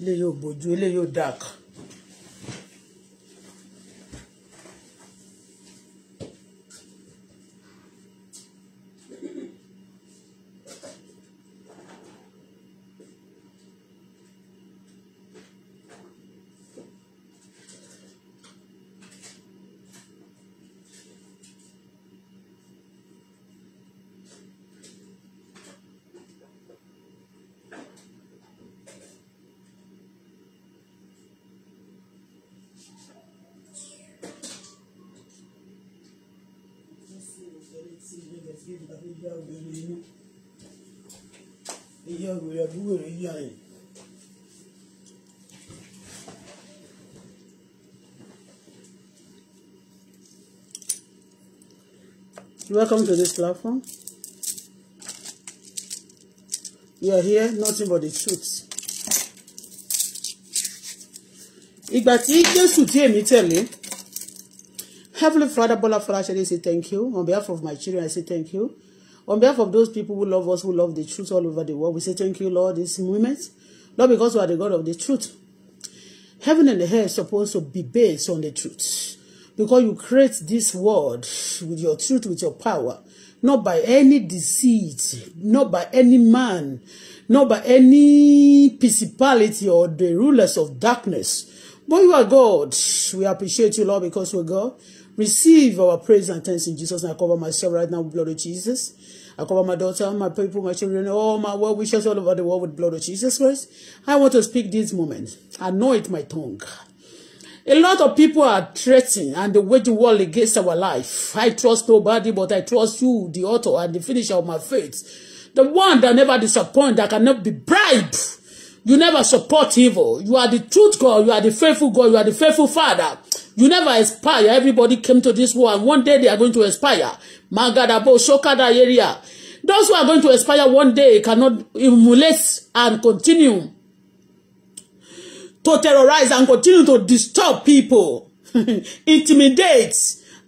eléyìí ò gbójú eléyìí ò dark ìyá òwèrè inú ìyá òwèrè àbúwèrè Welcome to this platform. You are here, nothing but the truth. Ìgbà tí Jésù tí èmi tẹ̀lé, Heavenly Father Bola Fọláṣadé say thank you. On behalf of my children, I say thank you. On behalf of those people who love us, who love the truth all over the world, we say thank you, Lord, this moment. Lord, because you are the God of the truth. Heaven and earth supposed to be based on the truth. Because you create this world with your truth, with your power, not by any deceit, not by any man, not by any principality or the rulers of darkness. But you are God. We appreciate you, Lord, because are God. Receive our praise and thanks in Jesus. And I cover myself right now with blood of Jesus. I cover my daughter, my people, my children, all my well wishes all over the world with blood of Jesus Christ. I want to speak this moment. Anoint my tongue. A lot of people are threatening and they wage war against our life. I trust nobody, but I trust you, the author and the finisher of my faith. The one that never disappoints, that cannot be bribed. You never support evil. You are the truth God. You are the faithful God. You are the faithful Father. You never expire. Everybody came to this world, one day they are going to expire. Magada, Magadabo, Shokada area. Those who are going to expire one day cannot emulate and continue to terrorize and continue to disturb people, intimidate.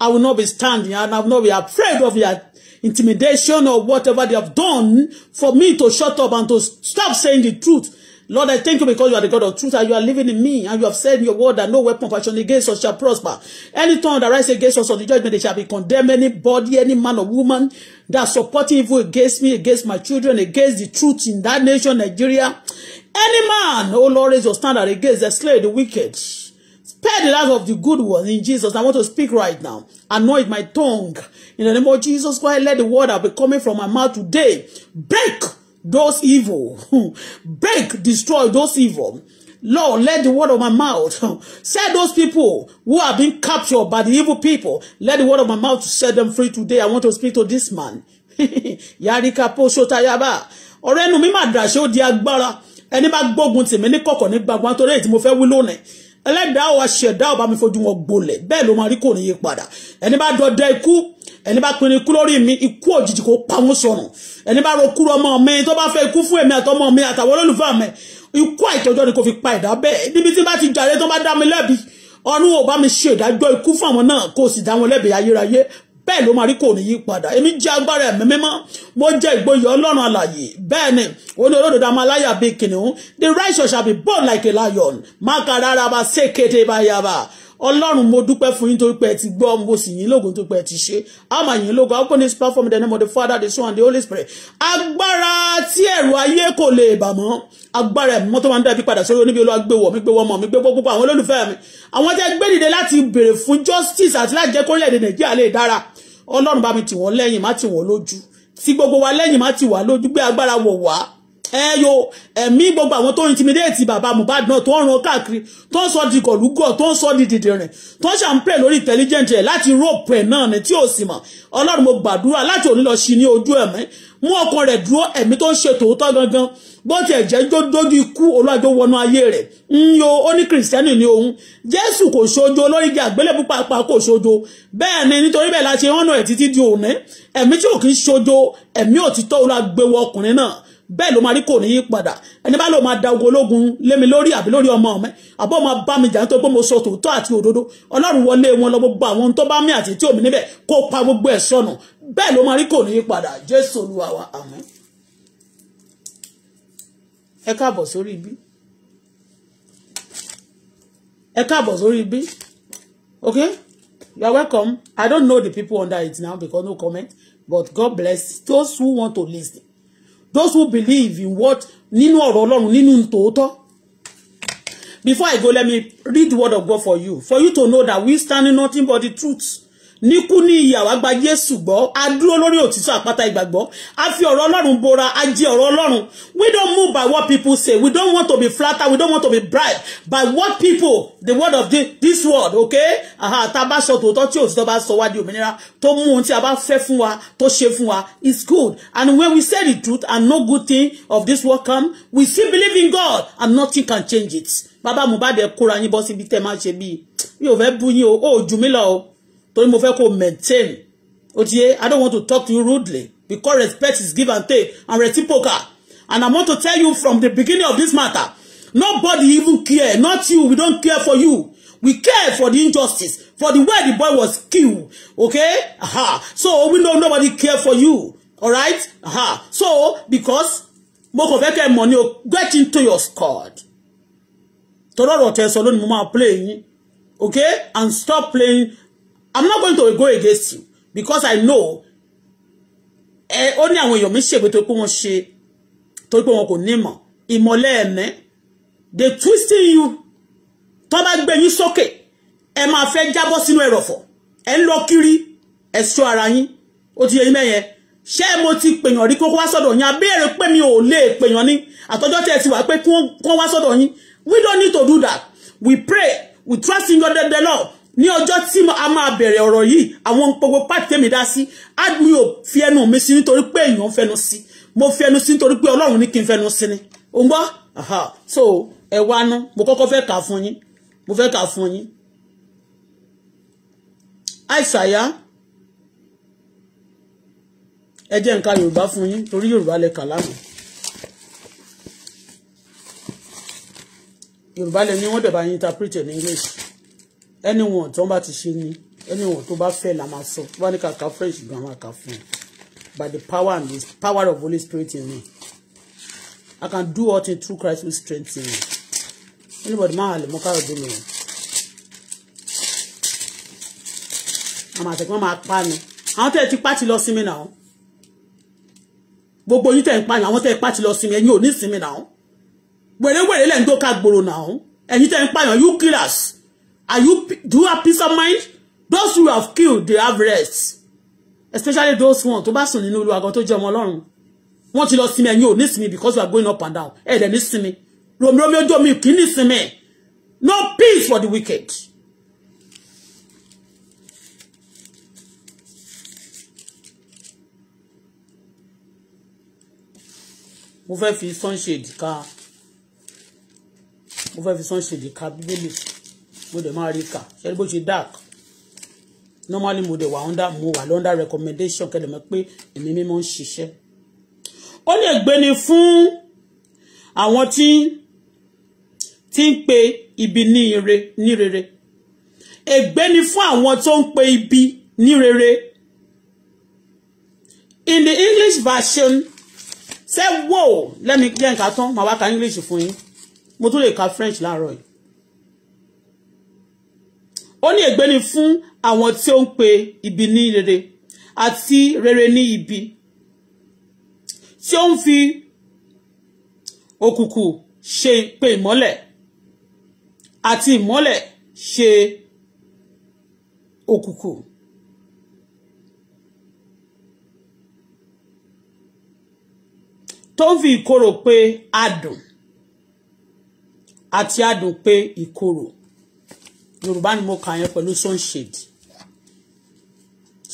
I will not be standing and I will not be afraid of your intimidation or whatever they have done for me to shut up and to stop saying the truth Lord, I thank you because you are the God of truth and you are living in me and you have said in your word that no weapon fashioned against us shall prosper. Any tongue that rises against us on the judgment, they shall be condemned. Anybody, any man or woman that supporting evil against me, against my children, against the truth in that nation, Nigeria. Any man, oh Lord, raise your standard against the slave, the wicked. Spare the life of the good one in Jesus. I want to speak right now. Anoint my tongue. In the name of Jesus Christ, let the word that be coming from my mouth today break those evil. Break, destroy those evil. Lord, let the word of my mouth set those people who have been captured by the evil people. Let the word of my mouth set them free today. I want to speak to this man. Yarika Poshotayaba. Ọ̀rẹ́ nu mi máa dàṣẹ́ ó di agbára. Ẹni bá gbógun tèmi ní kọ̀kọ̀ ní gbàgbọ́n mo fẹ́ wí lónìí. Ẹlẹ́dàá ò wá ṣẹ̀dá mi fojú wọn gbolẹ̀. Bẹ́ẹ̀ ló máa rí kò ní yí padà. Ẹni bá dọdẹ ẹni bá pinnu ikú lórí mi ikú òjijì kò pa wọ́n sọ̀rọ̀ ẹni bá rokú ọmọ mi tó bá fẹ́ ikú fún èmi àtọmọ mi àtàwọn olólùfẹ́ mi ikú àìtọ́jọ́ ni kò fi pa ẹ̀dá bẹ́ẹ̀ níbi tí bá ti jàre tó bá dá mi lẹ́bi ọ̀run ò bá mi ṣe ìdájọ́ ikú fún àwọn náà kó sì dá wọn lẹ́bi ayérayé bẹ́ẹ̀ ló máa rí kò ní yí padà èmi jẹ́ agbára ẹ̀mí mímọ́ mo jẹ́ ìgboyè ọlọ́run àlàyé bẹ́ẹ̀ ni òní olódodo àmọ́ aláyà bíi kìnìún the righteous shall be born like a lion mákàrà ara bá ṣèkété bá yaba ọlọ́run mo dúpẹ́ fún yín torí pé ẹ ti gbọ́ mo sì yín lógun tó pé ẹ ti ṣe àmà yín lógun I open this platform in the name of the Father the Son and the Holy Spirit agbára tí ẹ̀rù ayé kò lè bà mọ́ agbára ẹ̀mọ́ tó máa ń dábí padà sórí oníbi olúwa gbé wọ̀ mí gbé wọ́ mọ́ mi gbé wọ́ gbogbo àwọn olólùfẹ́ mi àwọn tẹ́ gbé dìde láti béèrè fún justice àti láti jẹ́ kórílẹ̀-èdè Nàìjíríà lè dára ọlọ́run bá mi tì wọ́n lẹ́yìn má tì wọ́n lójú tí gbogbo wa lẹ́yìn má tì wá lójú gbé agbára wọ̀ wá ẹyọ ẹ̀mí gbogbo àwọn tó intimidate bàbá Mohbad náà tó ń ran káàkiri tó ń sọ di gọ̀lúgọ̀ tó ń sọ di dìdìrìn tó ń ṣàǹpẹ̀ lórí intelligent ẹ̀ láti rope ẹ̀ náà ni tí ò sì mọ̀ ọlọ́run mo gbàdúrà láti òní lọ sí ní ojú ẹ̀mí mú ọkàn rẹ̀ dúró ẹ̀mí tó ń ṣe tòótọ́ gangan bó tiẹ̀ jẹ́ dójú ikú olóàjò wọnú ayé rẹ̀ ń yo ó ní kìrìsìtẹ́nì ní òun jésù kò ṣojo olórígi àgbélébú pàápàá kò ṣojo bẹ́ẹ̀ ni nítorí bẹ́ẹ̀ la ṣe hànà ẹ̀ títí di òní ẹ̀mí tí ò kí ń ṣojo ẹ̀mí òtítọ́ olóàgbéwọ̀ ọkùnrin náà bẹ́ẹ̀ ló máa rí kò ní yí padà ẹni bá lọ máa da ogun ológun lé mi lórí àbí lórí ọmọ mi àbọ̀ máa bá mi jà nítorí pé mo sọ tòótọ́ àti òdodo ọlọ́run wọlé wọn lọ gbogbo àwọn tó bá mí àti tí òmí níbẹ̀ kó pa gbogbo ẹ̀ sọnù bẹ́ẹ̀ ló máa rí kò ní yí padà jésù olúwa wa ẹ káàbọ̀ sórí ibi ẹ káàbọ̀ sórí ibi okay you are welcome i don't know the people under it now because no comment but god bless those who want to listen those who believe in what nínú ọ̀rọ̀ ọlọ́run nínú tòótọ́ before I go let me read the word of God for you for you to know that we stand in nothing but the truth níkú ní ìyà wá Jésù gbọ́ a dúró lórí òtítọ́ àpáta ìgbàgbọ́ a fi ọ̀rọ̀ Ọlọ́run bora a jẹ ọ̀rọ̀ Ọlọ́run we don't move by what people say we don't want to be flattered we don't want to be bribed by what people the word of the, this world okay aha tá a bá sọ tòótọ́ tí òtítọ́ bá sọ wá di òmìnira tó mú ohun tí a bá fẹ́ fún wa tó ṣe fún wa it's good and when we say the truth and no good thing of this world come we still believe in God and nothing can change it bàbá Mohbad kóra yín bọ́ síbi tẹ́ máa ṣe bíi mi ò fẹ́ bú yín o ò jù mí lọ o torí mo fẹ́ kó maintain ó I don't want to talk to you rudely because respect is give and take and reciprocal and I want to tell you from the beginning of this matter nobody even care not you we don't care for you we care for the injustice for the way the boy was killed okay Aha. so we know nobody care for you all right Aha. so because mo kàn fẹ́ kẹ́ ẹ mọ̀ ni o get into your squad tọ́lọ́rọ̀ tẹ sọ lónìí mo máa play yín okay and stop playing i'm not going to go against you because i know ẹ ó ní àwọn èèyàn mi ṣègbè tó pé wọ́n ṣe tó pé wọn kò ní ìmọ̀ ìmọ̀lẹ́ ẹ̀mẹ́ they twisting you tó bá gbé yín sókè ẹ máa fẹ́ jábọ́ sínú ẹ̀rọ̀fọ̀ ẹ ń lọ kiri ẹ ṣọ́ ara yín ó ti yẹ yín mẹ́yẹn ṣé mo ti pèyàn rí kókó wá sọ́dọ̀ yín abéèrè pé mi ò lè pèyàn ní àtọ́jọ́ tẹ̀ ti wà pé kó wá sọ́dọ̀ yín we don't need to do that we pray we trust in God the Lord Ni ojo tí a máa bẹ̀rẹ̀ ọ̀rọ̀ yìí àwọn gbogbo pàtí tèmi dá sí á mi ò fi ẹnu mi sí nítorí pé èèyàn fẹnu sí mo fi ẹnu sí nítorí pé ọlọ́run ní kí n fẹnu ni ò ń gbọ́ so ẹ wá ná mo koko fẹ́ kà fún yín mo fẹ́ kà fún yín àìsàyá ẹ jẹ́ nǹkan yorùbá fún yín torí yorùbá lẹ kà lánàá yorùbá lẹ ní wọ́n dẹ̀ bá interpret in english anyone tó ń bá ti ṣe ni anyone tó bá fẹ́ la máa sọ tó bá ní kàkà french gan máa kà fún un by the power and the power of holy spirit in me i can do all things through christ who strengthens me anybody máa halẹ̀ mọ́ káyọ̀ dùn mí o àmọ́ àtẹ̀kọ́ máa pa ni àwọn tẹ̀ ti pa ti lọ sinmi náà gbogbo yín tẹ̀ ń pa ni àwọn tẹ̀ pa ti lọ sinmi ẹ̀yin ò ní sinmi náà wèrèwèrè lẹ́ ń dó ká gbòòrò náà ẹ̀yin tẹ̀ ń pa yàn you killers. Are you do you have peace of mind? Those who have killed, they have rest. Especially those ones tó bá sùn nínú Olúwa gan tó jẹ́ ọmọ Ọlọ́run. Wọ́n ti lọ sinmi ẹ̀yin ò ní sinmi because we are going up and down. Ẹ dẹ̀ ní sinmi. Romeo Romeo Jomi kì can ní me. No peace for the wicked. Move fẹ́ fi sunshade ká. Mo fẹ́ fi sunshade ká bíbélì mo dẹ̀ máa rí kà ṣe bó ṣe dark normally mo dẹ̀ wà under mo wà lọ́ndà recommendation kẹ́lẹ̀ mọ́ pé èmi mímọ́ ń ṣiṣẹ́ ó lè gbéni fún àwọn tí tí ń pe ibi ní rere ègbé fún àwọn tó ń pe ibi ní rere in the English version say wow lẹ́mi kí ẹ̀ tán màá wá ka English fún yín mo tún lè ka French láàárọ̀ yìí ó ní ègbé ni fún àwọn tí ó ń pe ibi ní rere àti rere ní ibi tí ó ń fi òkùnkùn ṣe pe ìmọ́lẹ̀ àti ìmọ́lẹ̀ ṣe òkùnkùn. tó ń fi ìkorò pe adùn àti adùn pe ìkorò yorùbá ni mo kà yẹn pẹ̀lú sunshade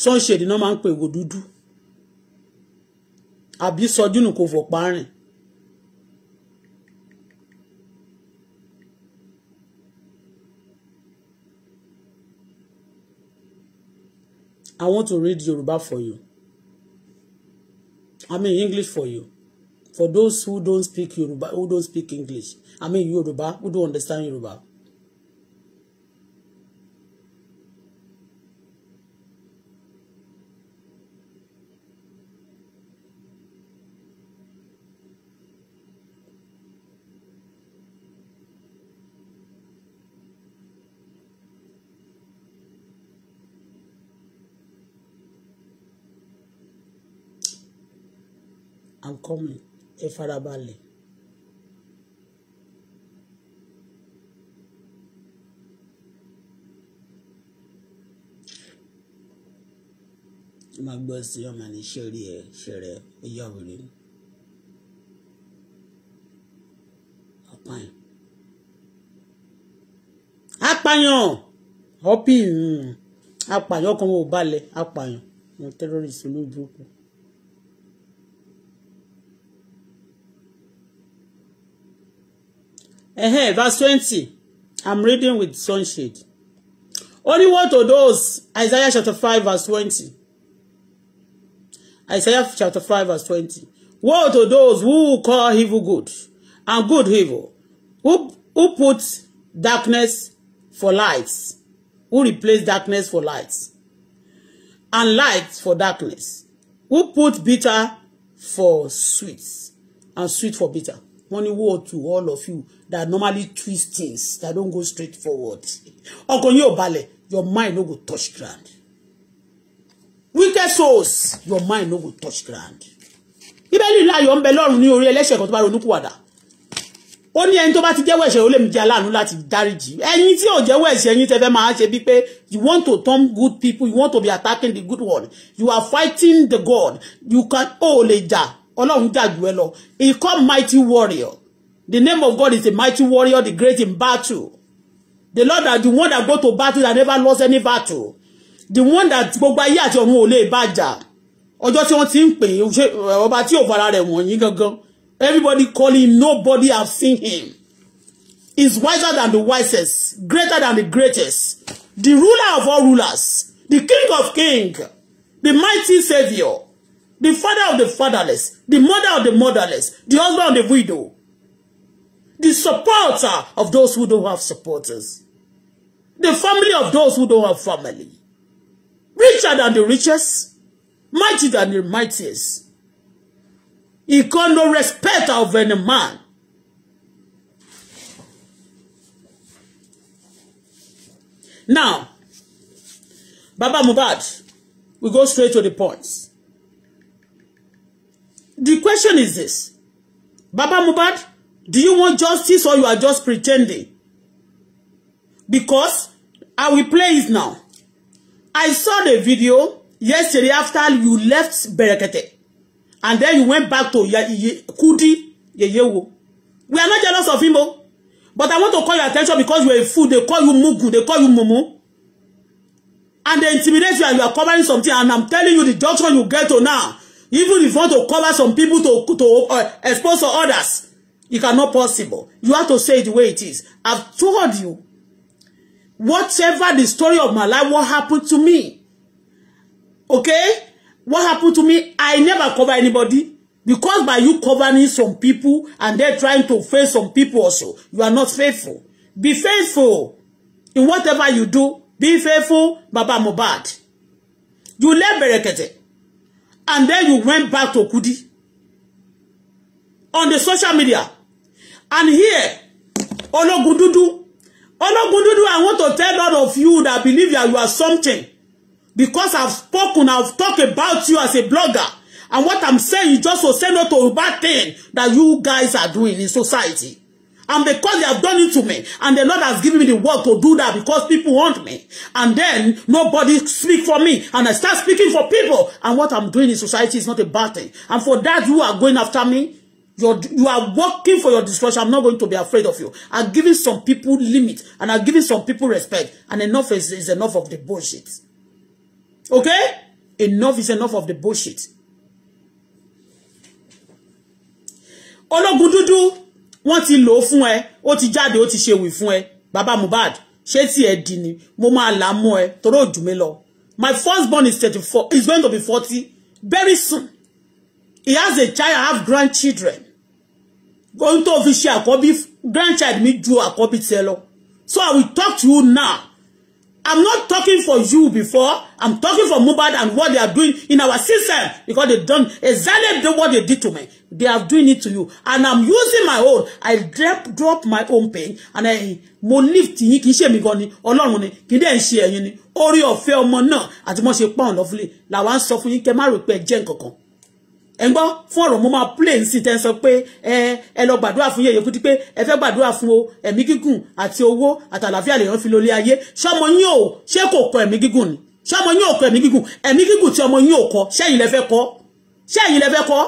sunshade náà máa ń pè wò dúdú àbí sọdúnù kò fò parìn I want to read Yoruba for you. I mean English for you. For those who don't speak Yoruba, who don't speak English. I mean Yoruba, who don't understand Yoruba. coming ẹ farabalẹ̀. máa gbọ́ sí ọmọ ní ṣẹ́rí ẹ̀ ṣẹ̀rẹ̀ ó yà wèrè ni. apààyàn apààyàn ọ̀pìn hmm, apààyàn ọkàn wọn ò balẹ̀ apààyàn wọn tẹ́rọ̀rìsì olóògbé òkú. uh-huh, verse twenty I'm reading with sunshade Only what to those Isaiah chapter five verse twenty Isaiah chapter five verse twenty woe to those who call evil good and good evil who who put darkness for light who replace darkness for light and light for darkness who put bitter for sweet and sweet for bitter wọ́n ní wọ́ọ̀ to all of you that normally twist things that don't go straight forward ọkàn yóò balẹ̀ your mind no go touch ground wicked souls your mind no go touch ground bíbélì ńlá ayọ̀ ń bẹ lọ́rùn ní orí ẹlẹ́ṣẹ̀ kan tó bá ronúkúwàdà ó ní ẹni tó bá ti jẹ́wọ́ ẹ̀ṣẹ̀ ó lè mí jẹ́ aláàánú láti dáríjì ẹ̀yin tí ò jẹ́wọ́ ẹ̀ṣẹ̀ yín tẹ́fẹ́ máa ṣe bí pé you want to turn good people you want to be attacking the good one you are fighting the God you can ó lè jà ọlọ́run dàjú ẹ lọ he called mighty warrior the name of God is a mighty warrior the great in battle the Lord are the one that go to battle that never lost any battle the one that gbogbo ayé àti ọ̀run ò lè bàjà ọjọ́ tí wọ́n ti ń pè é ọba tí ò fara rẹ̀ wọ̀nyí gangan everybody calling. nobody have seen him is wiser than the wisest greater than the greatest the ruler of all rulers the king of kings the mighty saviour the father of the fatherless, the mother of the motherless, the husband of the widow, the supporter of those who don't have supporters, the family of those who don't have family, richer than the richest, mighty than the mightiest. He got no respect of any man. Now, Baba Mubad, we go straight to the points. The question is this. Baba Mohbad, do you want justice or you are just pretending? Because I will play it now. I saw the video yesterday after you left Berekete. And then you went back to Kudi Yeyewo. We are not jealous of him, oh. But I want to call your attention because you are a fool. They call you Mugu. They call you Mumu. And they intimidate you and you are covering something. And I'm telling you the judgment you get to now Even if you want to cover some people to, to uh, expose others, it cannot possible. You have to say it the way it is. I've told you, whatever the story of my life, what happened to me, okay? What happened to me, I never cover anybody. Because by you covering some people and they're trying to face some people also, you are not faithful. Be faithful in whatever you do. Be faithful, Baba Mohbad. You left Berekete and then you went back to Kudi on the social media and here Ologun Dudu Ologun Dudu I want to tell all of you that believe that you are something because I've spoken I've talked about you as a blogger and what I'm saying is just to say no to bad thing that you guys are doing in society And because they have done it to me, and the Lord has given me the word to do that because people want me. And then nobody speak for me, and I start speaking for people. And what I'm doing in society is not a bad thing. And for that, you are going after me. You're, you are working for your destruction. I'm not going to be afraid of you. I'm giving some people limit, and I'm giving some people respect. And enough is, is enough of the bullshit. Okay? Enough is enough of the bullshit. Ológun dúdú wọ́n ti lò ó fún ẹ ó ti jáde ó ti ṣe wì fún ẹ bàbá Mohbad ṣé tí ẹ di ni mo máa là á mú ẹ torí òjò my first born is thirty four is going to be forty very soon he has a child i have grandchildren Going to fi ṣe àkọ́bí grandchild mi ju àkọ́bí tiẹ̀ lọ so i will talk to you now I'm not talking for you before. I'm talking for Mubad and what they are doing in our system because they done exactly what they did to me. They are doing it to you. And I'm using my own. I drop, drop my own pain and I mo lift yín kì mi gan ni ni kì í dẹ̀ ń ni orí ọ̀fẹ́ ọmọ náà àti mo ṣe pọ́n lọ́fúnlé làwa ń sọ fún yín kẹ́ má rò pé ẹ jẹ́ kan ẹ ń gbọ́ fún ọ̀rọ̀ mo máa play ń sì tẹ́ ń sọ pé ẹ ẹ lọ gbàdúrà fún yẹ̀yẹ̀ kúti pé ẹ fẹ́ gbàdúrà fún o ẹ̀mí gígùn àti owó àtàlàfíà lèèyàn fi lólé ayé ṣọmọ yín ò ṣé kò kọ ẹ̀mí gígùn ni ṣọmọ yín ò kọ ẹ̀mí gígùn ẹ̀mí gígùn tí ọmọ yín ò kọ ṣẹ́yìn lẹ fẹ́ kọ́ ṣẹ́yìn lẹ fẹ́ kọ́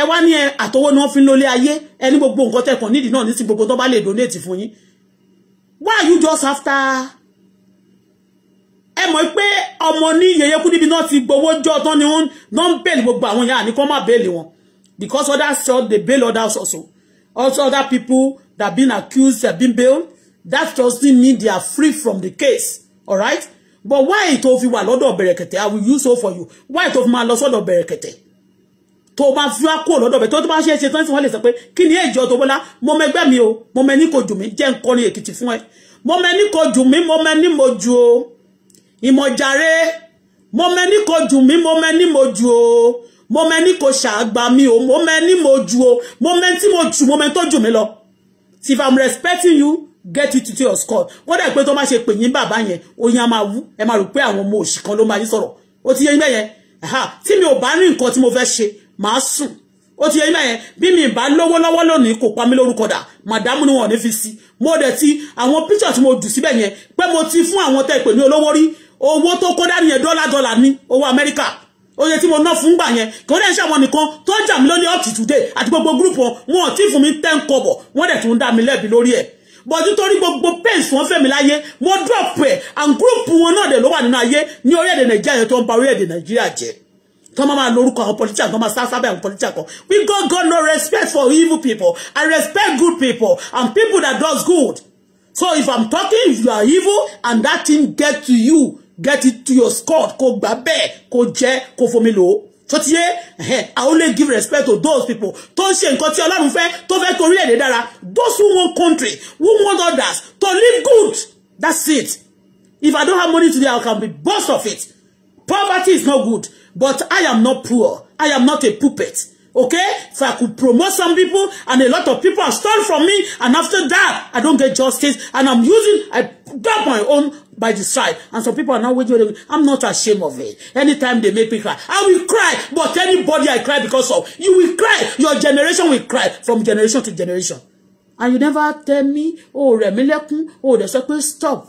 ẹ wá ní àtọwọ́ ni wọ́n fi lólé ayé ẹ ní gbogbo nǹkan tẹ̀kàn nídìí náà nísìn gbogbo tó bá lè donate fún yín why you just after ẹ mọ̀ pé ọmọ ní yẹyẹkú níbi náà ti gbowó jọ tán ni wọ́n ń bẹ̀lì gbogbo àwọn yàrá ní kọ́ má bẹ̀lì wọn because other saw they bail others also also other people that been accused that been bailed that doesn't mean they are free from the case all right but why of you, wà lọ́dọ̀ bẹ̀rẹ̀kẹ̀tẹ̀ i will use so for you why of fi máa lọ sọ́dọ̀ bẹ̀rẹ̀kẹ̀tẹ̀ tó bá fi wá kó lọ́dọ̀ bẹ̀ tó tó bá ṣe ṣe tán tí wọ́n lè sọ pé kí ni ẹ̀jọ́ tó bọ́lá mo mẹgbẹ́ mi o mo mẹ ní kò jù jẹ́ ń kọrin èkìtì fún ẹ mo mẹ ní kò jù mo mẹ ní mo o ìmọ̀jàre mo mẹ́ni kò jù mí mo mẹ́ni mo jù o mo mẹ́ni kò ṣàgbà mi o mo mẹ́ni mo jù o mo mẹ́ni tí mo jù mo mẹ́ni tó jù mí lọ if i'm respecting you get you to your score kódà pé tó má ṣe pè yín bàbá yẹn oyin á máa wú ẹ máa rò pé àwọn ọmọ òṣì kan ló máa yín sọ̀rọ̀ ó ti yẹ yín bẹ́yẹn tí mi ò bá ní nǹkan tí mo fẹ́ ṣe màá sùn ó ti yẹ yín bẹ́yẹn bí mi bá lówó lọ́wọ́ lónìí kò pa mí lórúkọ dà màdámù ni wọn ò ní fi sí mo dẹ̀ ti àwọn píṣọ̀ tí mo jù síbẹ̀ yẹn pé mo ti fún àwọn tẹ́ pè ní olówó rí owó tó kó dání yẹn dọ́là dọ́là ní owó amẹ́ríkà oye tí mo ná fún gbà yẹn kí wọ́n dẹ̀ ń ṣe nìkan tó jà mí lórí up to today àti gbogbo gúrùpù wọn ò tí fún mi ten kọ́bọ̀ wọ́n dẹ̀ tún dá mi lẹ́bi lórí ẹ̀ bọ̀dún torí gbogbo pains wọn fẹ́mi láyé mo drop ẹ̀ and gúrùpù wọn náà dẹ̀ ló wà nínú ayé ní orílẹ̀-èdè nàìjíríà yẹn tó ń ba orílẹ̀-èdè nàìjíríà jẹ́ tó máa máa lórúkọ àwọn politician tó máa sáfá àwọn politician kan we God got no respect for evil people I respect good people and people that does good so if I'm talking if you are evil and that thing get to you get it to your squad kò gbà bẹ́ẹ̀ kò jẹ́ kò fomi lò ó tó ti yé I only give respect to those people tó ń ṣe nǹkan tí ọlọ́run To tó fẹ́ torí èdè dára those who want country who want others to live good that's it if I don't have money today I can be boss of it poverty is not good but I am not poor I am not a puppet okay if i could promote some people and a lot of people are stolen from me and after that i don't get justice and i'm using i got my own by the side. And some people are now waiting. I'm not ashamed of it. Anytime they make me cry, I will cry. But anybody I cry because of, you will cry. Your generation will cry from generation to generation. And you never tell me, oh, rẹ̀ oh, the circle stop.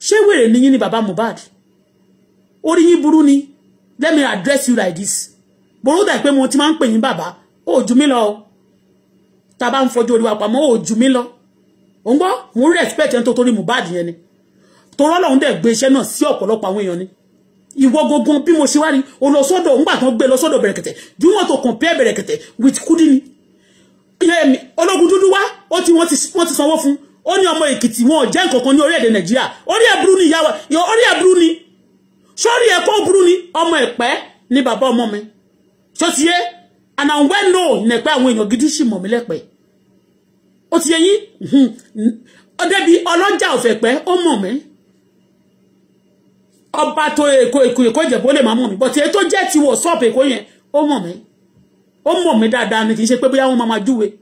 Ṣé wèrè ni yín ni bàbá Mohbad? Orí yín burú ni. Let me address you like this. Boro da pé mo ti máa ń pè yín bàbá. Ó jù mí lọ o. Tá bá ń fojú orí wa pamọ́ ó jù mí lọ. Ó ń respect en tó torí Mohbad yẹn ni torọ́ lọ́hún dẹ̀ gbé iṣẹ́ náà sí ọ̀pọ̀lọpọ̀ àwọn èèyàn ni ìwọ bí mo ṣe wá rí o lọ sọ́dọ̀ tán gbé lọ bẹ̀rẹ̀kẹ̀tẹ̀ do you want to compare bẹ̀rẹ̀kẹ̀tẹ̀ with Kúdínì ìyẹn mi ológun dúdú wá ó ti wọ́n ti sanwó fún ó ní ọmọ Èkìtì wọn ò jẹ́ nǹkankan ní orílẹ̀-èdè Nàìjíríà orí ẹ̀ ni ìyá wa orí ẹ̀ ni sórí ẹ̀ kó burú ni ọmọ Ẹ̀pẹ́ ni bàbá ọmọ mi ṣó ti yé and I'm well known nẹ̀pẹ́ àwọn èèyàn gidi sì mọ̀ mí lẹ́pẹ́ ó ti yẹ yín ọdẹ hmm. bíi ọlọ́jà ọ̀fẹ́ ó mọ̀ mí ọba tó èkó èkó èkó ìjẹ̀bú ó lè máa mọ̀ mí bọ̀tí èyí tó jẹ́ ti wò sọ́ọ̀pù èkó yẹn ó mọ̀ mí ó mọ̀ mí dáadáa ni kì í ṣe pé bóyá wọ́n máa máa júwe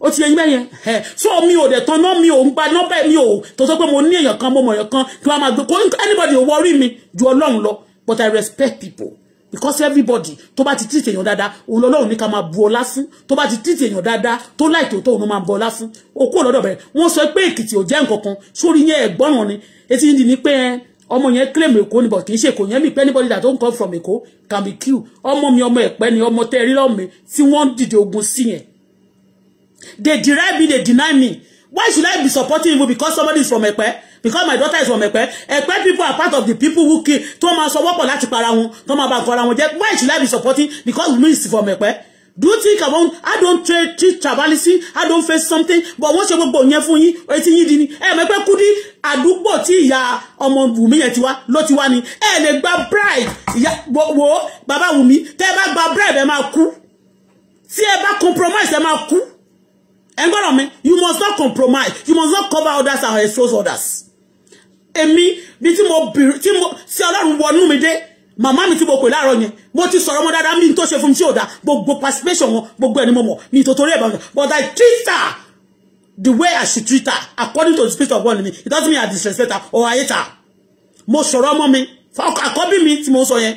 ó ti yẹn bẹ́yẹn ẹ̀ so mi ò dẹ̀ tán náà mi ò ń gba nọ́bẹ̀ mi ò tó sọ pé mo ní èèyàn kan mo mọ̀ èèyàn kan kí wọ́n máa gbé kó anybody ò wọrí mi ju ọlọ́run lọ but I respect people because everybody tó bá ti treat èèyàn dáadáa òun lọ́lọ́run ní ká máa bu ọlá fún tó bá ti treat èèyàn dáadáa tó láì tòótọ́ òun máa bu ọlá fún okú ọ̀lọ́dọ̀ bẹ̀rẹ̀ wọ́n sọ pé èkìtì ò jẹ́ nǹkan kan sórí yẹn ẹ̀gbọ́ràn ni etí yìí ni pé ọmọ yẹn claim èkó ni but kì í ṣe èkó yẹn mi pé anybody that don come from èkó can be killed ọmọ mi ọmọ ẹ̀pẹ́ ni ọmọ tẹ́ rí lọ́mọ mi tí wọ́n dìde ogun sí yẹn they deride me they deny me why should I be supporting you because somebody is from ẹ̀pẹ́ because my daughter is from ẹ̀pẹ́ ẹ̀pẹ́ people are part of the people who kill tó máa sọ wọ́pọ̀ láti para wọn tó máa bá nǹkan ara wọn jẹ́ why should I be supporting because me is from ẹ̀pẹ́ do you think about i don't trade travel, see i don't face something but wọ́n ṣe gbogbo yẹn fún yín etí yín di ni ẹ mọ̀ pé Kudi àdúgbò tí ìyá ọmọ Wùmí yẹn ti wá ló ti wá ni ẹ eh, lè gba bride ìyá wo bàbá Wùmí tẹ́ ẹ bá gba bride ẹ máa kú tí ẹ bá compromise ẹ máa kú ẹ gbọ́dọ̀ mi you must not compromise you must not cover others and expose others èmi bí tí mo bìrì tí mo tí Ọlọ́run wọnú mi dé. Mama, mi tí mo pè láàárọ̀ yẹn mo ti sọ̀rọ̀ wọn dáadáa mi tó ṣe fún mi tí ò gbogbo participation wọn gbogbo ẹni mo mọ̀ ní ìtòtòrí ẹ̀bọ̀n but I treat her the way I should treat her according to the spirit of God in me it doesn't mean I disrespect her or I hate her mo sọ̀rọ̀ ọmọ mi àkọ́bí mi tí mo sọ yẹn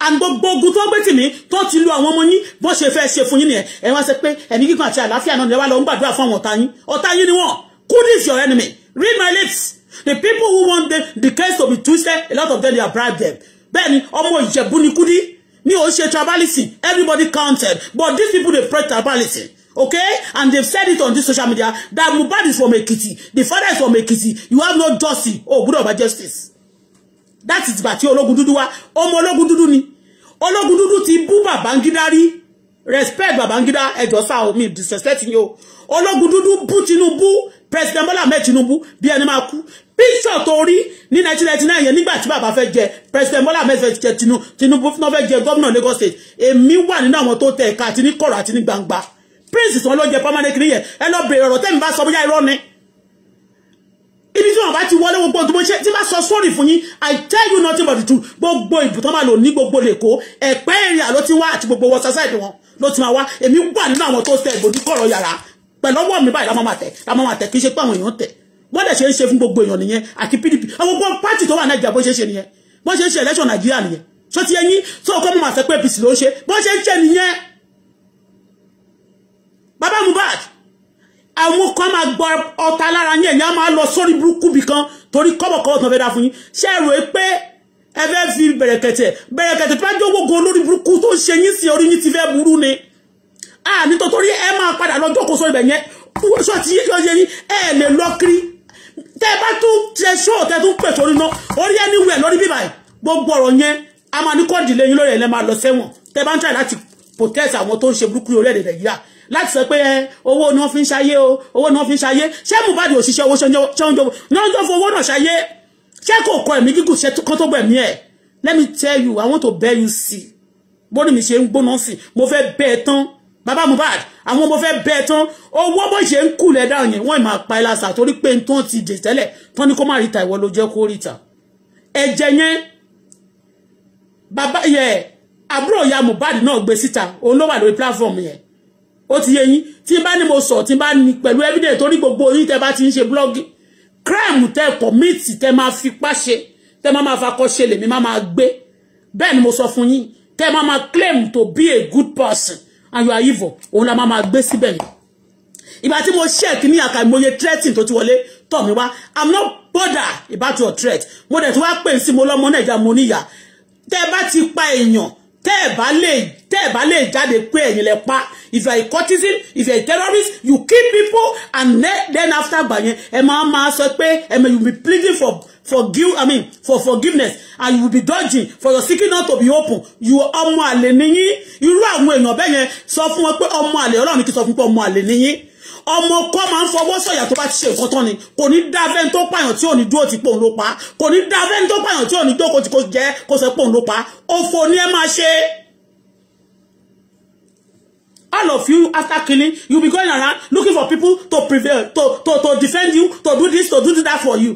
and gbogbo ogun tó ń gbé tì mí ti lu àwọn ọmọ yín bó ṣe fẹ́ ṣe fún yín nìyẹn ẹ wá sọ pé ẹ̀mí kíkan àti àlàáfíà náà ni ẹ wá lọ ń gbàdúrà fún àwọn ọ̀tá yín ọ̀tá yín ni wọ́n kudis your enemy read my lips the people who want the, the case to be twisted a lot of them they are bribed them bẹ́ẹ̀ ni ọmọ ìjẹ̀bú ni kúdí mi ò ṣe tribalism everybody counted but these people dey pray tribalism okay and they've said it on this social media that Mohbad is from Ekiti the father is from Ekiti you have no justice o gbúdọ̀ bá justice that is gbà tí ológun dúdú wá ọmọ ológun dúdú ni ológun dúdú ti bú Babangida rí respect Babangida ẹjọ sá omi disrespect yín o ológun dúdú bú Tinubu president Bola Ahmed Tinubu bí ẹni máa kú picture tó rí ní 1999 yẹn nígbà tí bàbá fẹ́ jẹ president Bola Ahmed fẹ́ jẹ Tinubu náà fẹ́ jẹ gómìnà Lagos state èmi wà nínú àwọn tó tẹ ẹ̀ka àti ní kọ̀rọ̀ àti ní gbangba prince sọ ló jẹ permanent kiri yẹn ẹ lọ bèrè ọ̀rọ̀ tẹ́mi bá sọ bóyá irọ́ ni ibi tí wọn bá ti wọlé gbogbo tí mo ṣe tí bá sọ sórí fún yín i tell you nothing but the truth gbogbo ìbùtọ́ máa lò ní gbogbo lẹ́kọ́ ẹ̀pẹ́ ìrìn àlọ́ ti wá àti gbogbo wọ́n society wọn ló ti máa wá èmi wà nínú àwọn tó tẹ ìbòjú kọ̀rọ̀ yàrá pẹ̀lú ọwọ́ mi báyìí lámọ́ máa tẹ̀ lámọ́ máa tẹ̀ kì í ṣe pé àwọn èèyàn tẹ̀ wọ́n dẹ̀ ṣe ń ṣe fún gbogbo èèyàn nìyẹn àti pdp àwọn gbogbo pátì tó wà nàìjíríà bó ṣe ṣe nìyẹn bó ṣe ń ṣe election nàìjíríà nìyẹn tó ti ẹyin tó kọ́ mọ́ máa sọ pé apc ló ń ṣe bó ṣe ń ṣe nìyẹn. bàbá Mohbad àwọn kan máa gbọ́ ọ̀tá lára yẹn ẹ̀yìn á máa lọ sórí burúkú bì kan torí kọ́bọ̀kọ́bọ̀ tó àní ah, tó torí ẹ máa padà lọ jókòó sórí ibẹ̀ yẹn wọ́ṣọ́ ti yé lọ́yẹ yín ẹ lè lọ kiri tẹ bá tún ṣe ṣó tẹ tún pè sórí náà orí ẹni wẹ̀ lórí bíbà gbogbo ọ̀rọ̀ yẹn a máa ní kọ́ọ̀dì lẹ́yìn lórí ẹ̀lẹ́ máa lọ sẹ́wọ̀n tẹ bá ń tàyè láti protest àwọn tó ń ṣe burúkú orílẹ̀-èdè nàìjíríà láti sọ pé owó ni wọ́n fin ń ṣayé o owó ni wọ́n fi ń ṣayé ṣé Mohbad òṣìṣẹ́ owó ṣe ń jọ fún owó náà ṣayé ṣé kò kọ ẹ̀mí gígùn ṣe kán tó gbẹ̀mí ẹ̀ let me tell you i want to bear you see bó ni mi ṣe ń gbóná sí mo fẹ́ bẹ́ẹ̀ tán Baba Mohbad àwọn ọmọ fẹ́ bẹ́ẹ̀ tán owó bó ṣe ń kù lẹ́dá yẹn wọ́n máa pa ẹ́ lásà torí pé tó ti dè tẹ́lẹ̀ tán ni kó má ríta ìwọ ló jẹ́ kó ríta ẹ̀jẹ̀ yẹn bàbá yẹ àbúrò ìyá Mohbad náà gbé síta òun ló wà lórí platform yẹn ó ti yẹ yín tí bá ní mo sọ tí bá ní pẹ̀lú evidence torí gbogbo yín tẹ́ bá ti ń ṣe blogging crime tẹ́ commit tẹ́ máa fipá ṣe tẹ́ máa máa fakọ́ ṣe lèmi máa máa gbé bẹ́ẹ̀ ni mo sọ fún yín tẹ́ máa máa claim to be a good person and you are evil òun la máa gbé síbẹ̀ yẹn ìgbà tí mo check ní àkàìmọye threatening tó ti wọlé tọ̀ mí wá i'm not bothered about your threat mo dẹ̀ tí wá pè sí mo lọ́mọ nàìjíríà mo níyà tẹ́ ẹ bá ti pa èèyàn tẹ́ ẹ̀ bá lè tẹ́ ẹ̀ bá lè jáde pé ẹ̀yin lẹ pa if you are a courtesan if you are a terrorist you kill people and then after gbàyẹn ẹ máa máa sọ pé ẹ you be pleading for forgive i mean for forgiveness and you will be dodging for your seeking not to be open you ọmọ àlè nìyí irú àwọn èèyàn bẹ́ẹ̀ yẹn sọ fún wọn pé ọmọ àlè ọlọ́run kì í sọ fún pé ọmọ àlè nìyí ọmọ ọkọ máa ń fọwọ́ sọ̀yà tó bá ti ṣe nǹkan tán ni kò ní dá fẹ́ni tó pààyàn tí ò ní dúró ti pòun ló pa kò ní dá fẹ́ni tó pààyàn tí ò ní jókòó tí kò jẹ́ kó sọ pòun ló pa òfò ni ẹ máa ṣe. all of you after killing you be going around looking for people to prevail to to to defend you to do this to do that for you.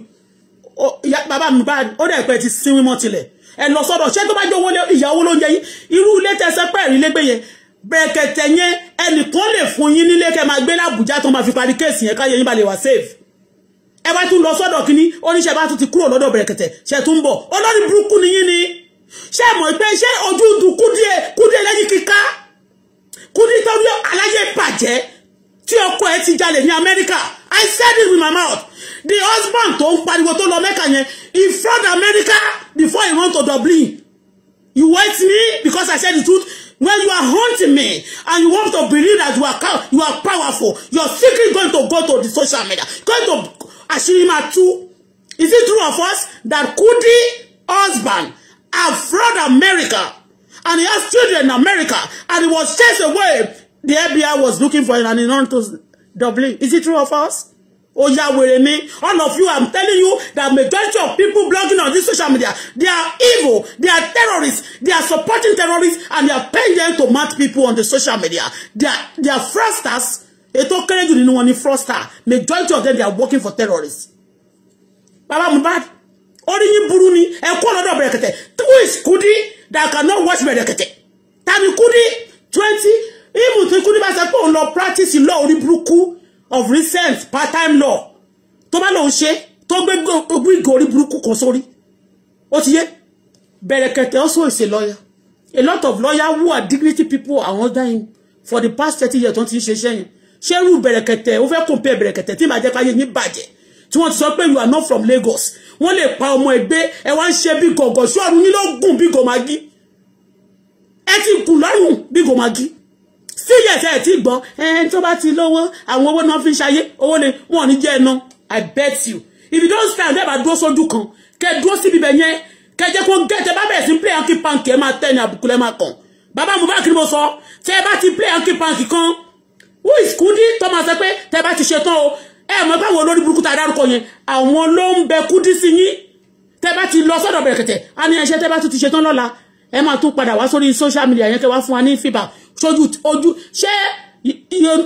bàbá mi bá ó dẹ̀ pẹ́ ti sinmi mọ́ tilẹ̀ ẹ lọ sọ́dọ̀ ṣé tó bá jẹ́ owó ìyàwó lóúnjẹ yìí irú ilé tẹ̀sẹ̀ pẹ́ẹ́rì lẹ́gbẹ̀ẹ́ yẹn bẹ̀kẹ̀tẹ̀ yẹn ẹnìkan lè fún yín nílé kẹ́ máa gbé lábùjá tó máa fi parí kéèsì yẹn káyé yín bá lè wá save ẹ bá tún lọ sọ́dọ̀ kínní oníṣẹ́ bá tún ti kúrò lọ́dọ̀ bẹ̀rẹ̀kẹ̀tẹ̀ ṣe tún bọ̀ olórí burúkú ni yín ni ṣé mọ̀ pé ṣé ojú dùn kúdíẹ̀ kúdíẹ̀ lẹ́yìn kíká kúdí tó ní aláyé bàjẹ́ tí ọkọ ẹ ti jalè ní Amẹ́ríkà I said it with my mouth the husband tó ń pariwo tó lọ Mẹ́kà yẹn he fled America before he went to Dublin you wait me because I said the truth When you are hunting me and you want to believe that you are you are powerful, you're secretly going to go to the social media, going to Ashirima too. Is it true of us that Kudi husband have fraud America and he has children in America and he was chased away? The FBI was looking for him and he ran to Dublin. Is it true of us? Oh yeah, wèrè me. All of you, I'm telling you that majority of people blogging on this social media, they are evil, they are terrorists, they are supporting terrorists, and they are paying them to mad people on the social media. They are, they are fraudsters. Ètò kéré jù nínú wọn fraudster. Majority of them, they are working for terrorists. Baba mubad. orí buruni. burú ni, ẹ kó lọ́dọ̀ Who is Kudi that cannot watch berekete. Tani Kudi, 20, even Kudi bá sọ pé òun lọ practice law orí bruku of recent part time law tó bá lòun ṣe tó gbé gbogbo ìgò orí burúkú kan sórí ó ti yé Bẹ̀rẹ̀kẹ̀tẹ̀ also is a lawyer a lot of lawyer who are dignity people are under him for the past thirty years tó ti ń ṣe iṣẹ́ yẹn ṣé irú Bẹ̀rẹ̀kẹ̀tẹ̀ ó fẹ́ compare Bẹ̀rẹ̀kẹ̀tẹ̀ tí màá jẹ́ káyé yín bàjẹ́ tí wọ́n ti sọ pé you are not from Lagos wọ́n lè pa ọmọ ẹgbẹ́ ẹ wá ń ṣe bí gọ̀gọ̀ ṣọ́ọ̀rù yín ló gùn bí gòmágí ẹ ti kù lọ́rùn bí gòmágí sí yẹ̀sẹ̀ ẹ̀ tí gbọ́ ẹni tó bá ti lówó àwọn owó náà fi ń ṣayé owó ni wọn ò ní jẹ́ ẹnu i bet you if you don't stand there bá dúró sójú kan kẹ dúró síbi bẹ̀ yẹn kẹ jẹ́ kó gẹ́tẹ̀ bá bẹ̀rẹ̀ sí ń play hanky panky ẹ máa tẹ́ ní àbùkù lẹ́ máa kàn bàbá Mohbad ni mo sọ tẹ́ ẹ bá ti play hanky panky kan who is Kudi tó máa sọ pé tẹ́ ẹ bá ti ṣetán o ẹ mọ̀ báwo lórí burúkú tá a dárúkọ yẹn àwọn ló ń bẹ Kudi sí yín tẹ́ bá ti lọ sọ́dọ̀ bẹ̀rẹ̀kẹ̀tẹ̀ a ní ẹṣẹ́ tẹ́ bá tún ti ṣetán lọ́la ẹ máa tún padà wá sórí social media yẹn kẹ́ wá fún wa ní feedback ṣojú ojú ṣé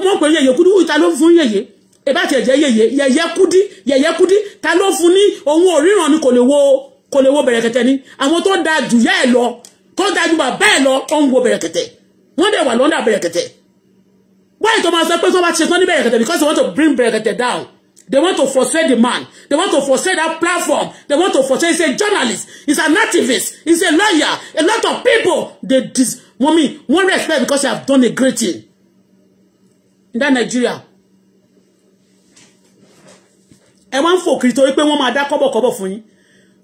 wọ́n pè yèyé kúdí ta ló fún yèyé ìbá tiẹ̀ jẹ́ yèyé yèyé kúdí yèyé kúdí ta ló fún ní òun òríran ni kò lè wo kò lè wo bẹ̀rẹ̀kẹ̀tẹ̀ ni àwọn tó da jù yá ẹ̀ lọ tó da jù bàbá ẹ̀ lọ ó ń wo bẹ̀rẹ̀kẹ̀tẹ̀ wọ́n dẹ̀ wà lọ́ndà bẹ̀rẹ̀kẹ̀tẹ̀ why tó máa sọ pé tó bá ti ṣetán ní bẹ̀rẹ̀kẹ̀tẹ̀ because they want to bring bẹ̀rẹ̀kẹ̀tẹ̀ down They want to forsake the man. They want to forsake that platform. They want to forsake. He's a journalist. He's an activist. He's a lawyer. A lot of people, they dis wọ́n mi wọ́n respect because you have done a great thing in that Nigeria ẹ wá ń fò kiri torí pé wọ́n máa dá kọ́bọ̀kọ́bọ̀ fún yín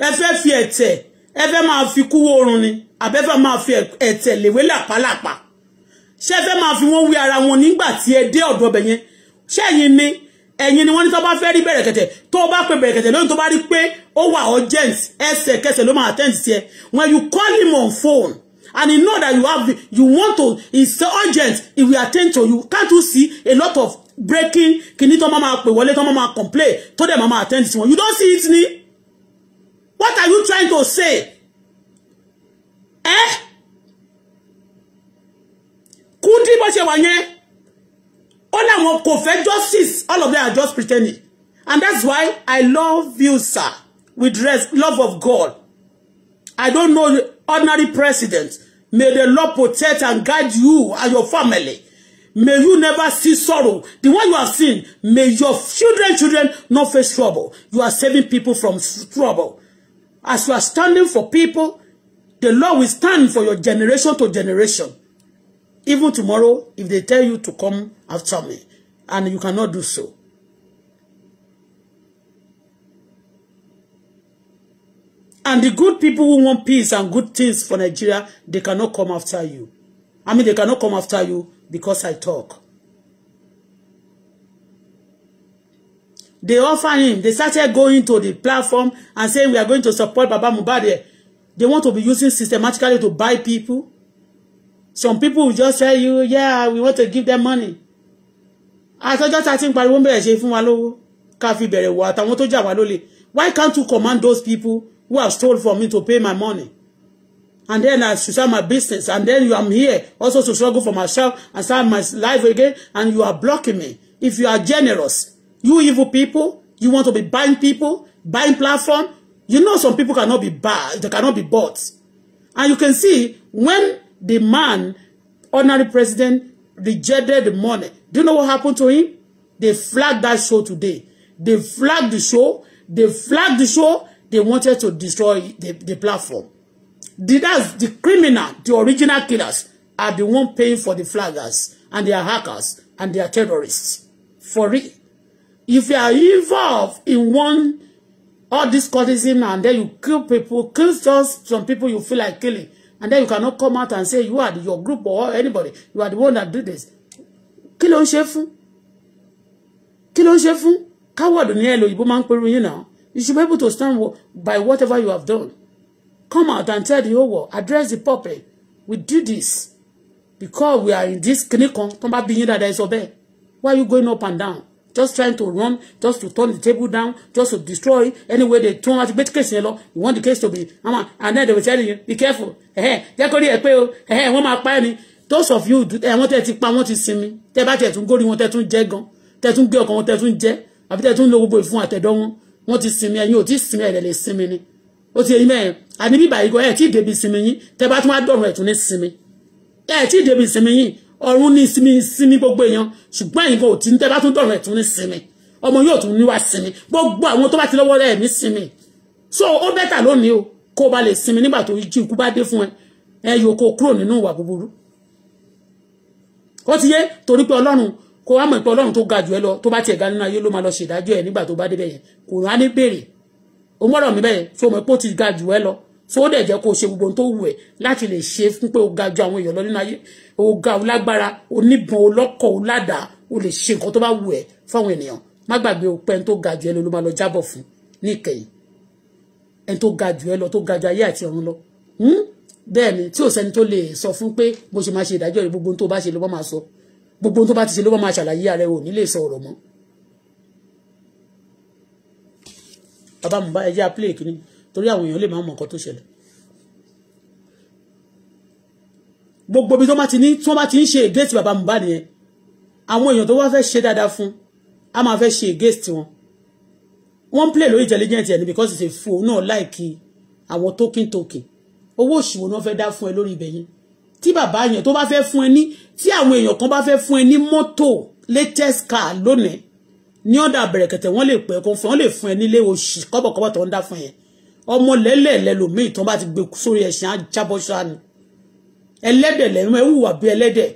ẹ fẹ́ fi ẹ̀tẹ̀ ẹ fẹ́ máa fi kúwó oorun ni àbẹ́fẹ́ máa fi ẹ̀tẹ̀ lèwé làpálàpà ṣé ẹ fẹ́ máa fi wọ́n wí ara wọn nígbà tí ẹ dé ọ̀dọ̀ ọbẹ̀ yẹn ṣé ẹ̀yin ni ẹ̀yin ni wọ́n ní tó bá fẹ́ rí bẹ̀rẹ̀kẹ̀tẹ̀ tó bá pe bẹ̀rẹ̀kẹ̀tẹ̀ lóyún tó bá rí pé ó wà urgent ẹsẹ̀kẹsẹ̀ ló máa attend sí ẹ when you call him on phone and he know that you have you want to it's urgent if we attend to you can't you see a lot of breaking kìíní tó Mama? máa pè wọlé tó complain tó dẹ̀ máa máa attend to wọn you don't see it ni what are you trying to say eh Kudi bó ṣe wà yẹn ó láwọn kò fẹ́ justice all of them are just pretending and that's why I love you sir with res love of God I don't know ordinary president May the Lord protect and guide you and your family. May you never see sorrow. The one you have seen, may your children, children not face trouble. You are saving people from trouble. As you are standing for people, the Lord will stand for your generation to generation. Even tomorrow, if they tell you to come after me, and you cannot do so. And the good people who want peace and good things for Nigeria, they cannot come after you. I mean, they cannot come after you because I talk. They offer him. They started going to the platform and saying, we are going to support Baba Mohbad. They want to be using systematically to buy people. Some people will just tell you, yeah, we want to give them money. I thought just ti ń pariwo ń bẹ̀rẹ̀ ṣe fún wa lówó. Why can't you command those people who have stole from me to pay my money. And then I should start my business. And then you am here also to struggle for myself and start my life again. And you are blocking me. If you are generous, you evil people, you want to be buying people, buying platform. You know some people cannot be bought. They cannot be bought. And you can see when the man, ordinary president, rejected the money. Do you know what happened to him? They flagged that show today. They flagged the show. They flagged the show they wanted to destroy the, the platform. The, that's the criminal, the original killers, are the one paying for the flaggers and their hackers and their terrorists. For it. If you are involved in one, all this cultism and then you kill people, kill just some people you feel like killing, and then you cannot come out and say you are your group or anybody, you are the one that did this. Kill on ń Kill on Kí ló ń ṣe fún? Coward ni ẹ lóyìnbó máa ń pẹ̀rù You should be able to stand by whatever you have done. Come out and tell the whole world, address the public. We do this because we are in this kìnnìkan tó ń bá that yín dáadáa ẹ Why are you going up and down? Just trying to run, just to turn the table down, just to destroy. Anyway, they turn out great case yẹn lọ. You want the case to be, and then they will tell you, be careful. Jẹ́ kó rí ẹ pé o, those of you ẹ̀wọ̀n want to take, wọ́n ti to see me. tẹ̀ tún górí wọn tẹ́ tún jẹ́ gan tẹ́ tún gé ọkàn wọn tẹ́ tún jẹ́ àbí tẹ́ tún lo gbogbo ìfun àtẹ̀dọ́ wọ́n ti sinmi ẹ̀yin ò tí sinmi ẹ̀rẹ̀ lè sinmi ni ó ti ẹ̀yin mẹ́rin àní bíbà yìí gan e tí ì débi sinmi yín tẹ́ bá tún wá dọ̀rùn ẹ̀ tún ní sinmi ẹ̀ tí ì débi sinmi yín ọ̀run simi, sinmi sinmi gbogbo èèyàn ṣùgbọ́n ẹ̀yin gan ò tí tẹ́ bá tún dọ̀rùn ẹ̀ tún ní sinmi ọmọ yóò tún níwá sinmi gbogbo àwọn tó bá ti lọ́wọ́ rẹ̀ ní sinmi so ó bẹ́tà lónìí o kó o bá lè sinmi nígbà tó jí ikú bá dé fún ẹ ẹ yòókó kúrò nínú ìwà búburú ó ti yé torí pé ọlọ́run kó wá mọ̀ pé ọlọ́run tó ga jù ẹ lọ tó bá tiẹ̀ ga nínú ayé ló máa lọ ṣèdájọ́ ẹ nígbà tó bá débẹ̀ yẹn kò rán á ní béèrè o mọ̀rọ̀ mi bẹ́ẹ̀ so mọ̀ pé ó ti ga jù ẹ lọ so ó dẹ̀ jẹ́ kó o ṣe gbogbo ohun tó wù ẹ́ láti lè ṣe fún pé o ga ju àwọn èèyàn lọ nínú ayé o ga o lágbára o níbọn o lọ́kọ̀ o ládàá o lè ṣe nǹkan tó bá wù ẹ́ fáwọn ènìyàn má gbàgbé o pé ẹni tó ga jù ẹ lọ ló máa lọ jábọ̀ fún ní ìkẹyìn ẹni tó ga jù ẹ lọ tó ga jù ayé àti ọ̀run lọ hmm? bẹ́ẹ̀ ni tí ò sẹ́ni tó lè sọ fún pé bó ṣe máa ṣe ìdájọ́ rẹ gbogbo ohun tó bá ṣe ló máa sọ gbogbo tó bá ti ṣe ló bá máa ṣàlàyé ààrẹ ò ní lè sọ ọ̀rọ̀ mọ́. bàbá mi bá ẹ jẹ́ àpilẹ̀ kìíní torí àwọn èèyàn lè máa mọ̀ nǹkan tó ṣẹlẹ̀. gbogbo ibi tó bá ti ní tí wọ́n bá ti ń ṣe ègéètì bàbá mi bá nìyẹn àwọn èèyàn tó wá fẹ́ ṣe dáadáa fún a máa fẹ́ ṣe ègéètì wọn. wọ́n ń play lórí intelligent ẹni because it's a fool náà láìkí àwọn token token owó òṣùwọ̀n náà fẹ́ dá fún ẹ lórí ibẹ̀ yẹn tí bàbá yẹn tó bá fẹ́ fún ẹ ní tí àwọn èèyàn kan bá fẹ́ fún ẹ ní mọ́tò latest car lónìí ní ọ̀dà bẹ̀rẹ̀kẹ̀tẹ̀ wọ́n lè pẹ́ kó fún ẹ wọ́n lè fún ẹ nílé oṣù kọ́bọ̀kọ́bọ̀ tó ń dá fún ẹ ọmọ lẹ́lẹ̀lẹ́ lòmíì tó bá ti gbé sórí ẹ̀sìn ajábọ́ṣá ni ẹlẹ́dẹ̀ lẹ́nu ẹ hùwà bí ẹlẹ́dẹ̀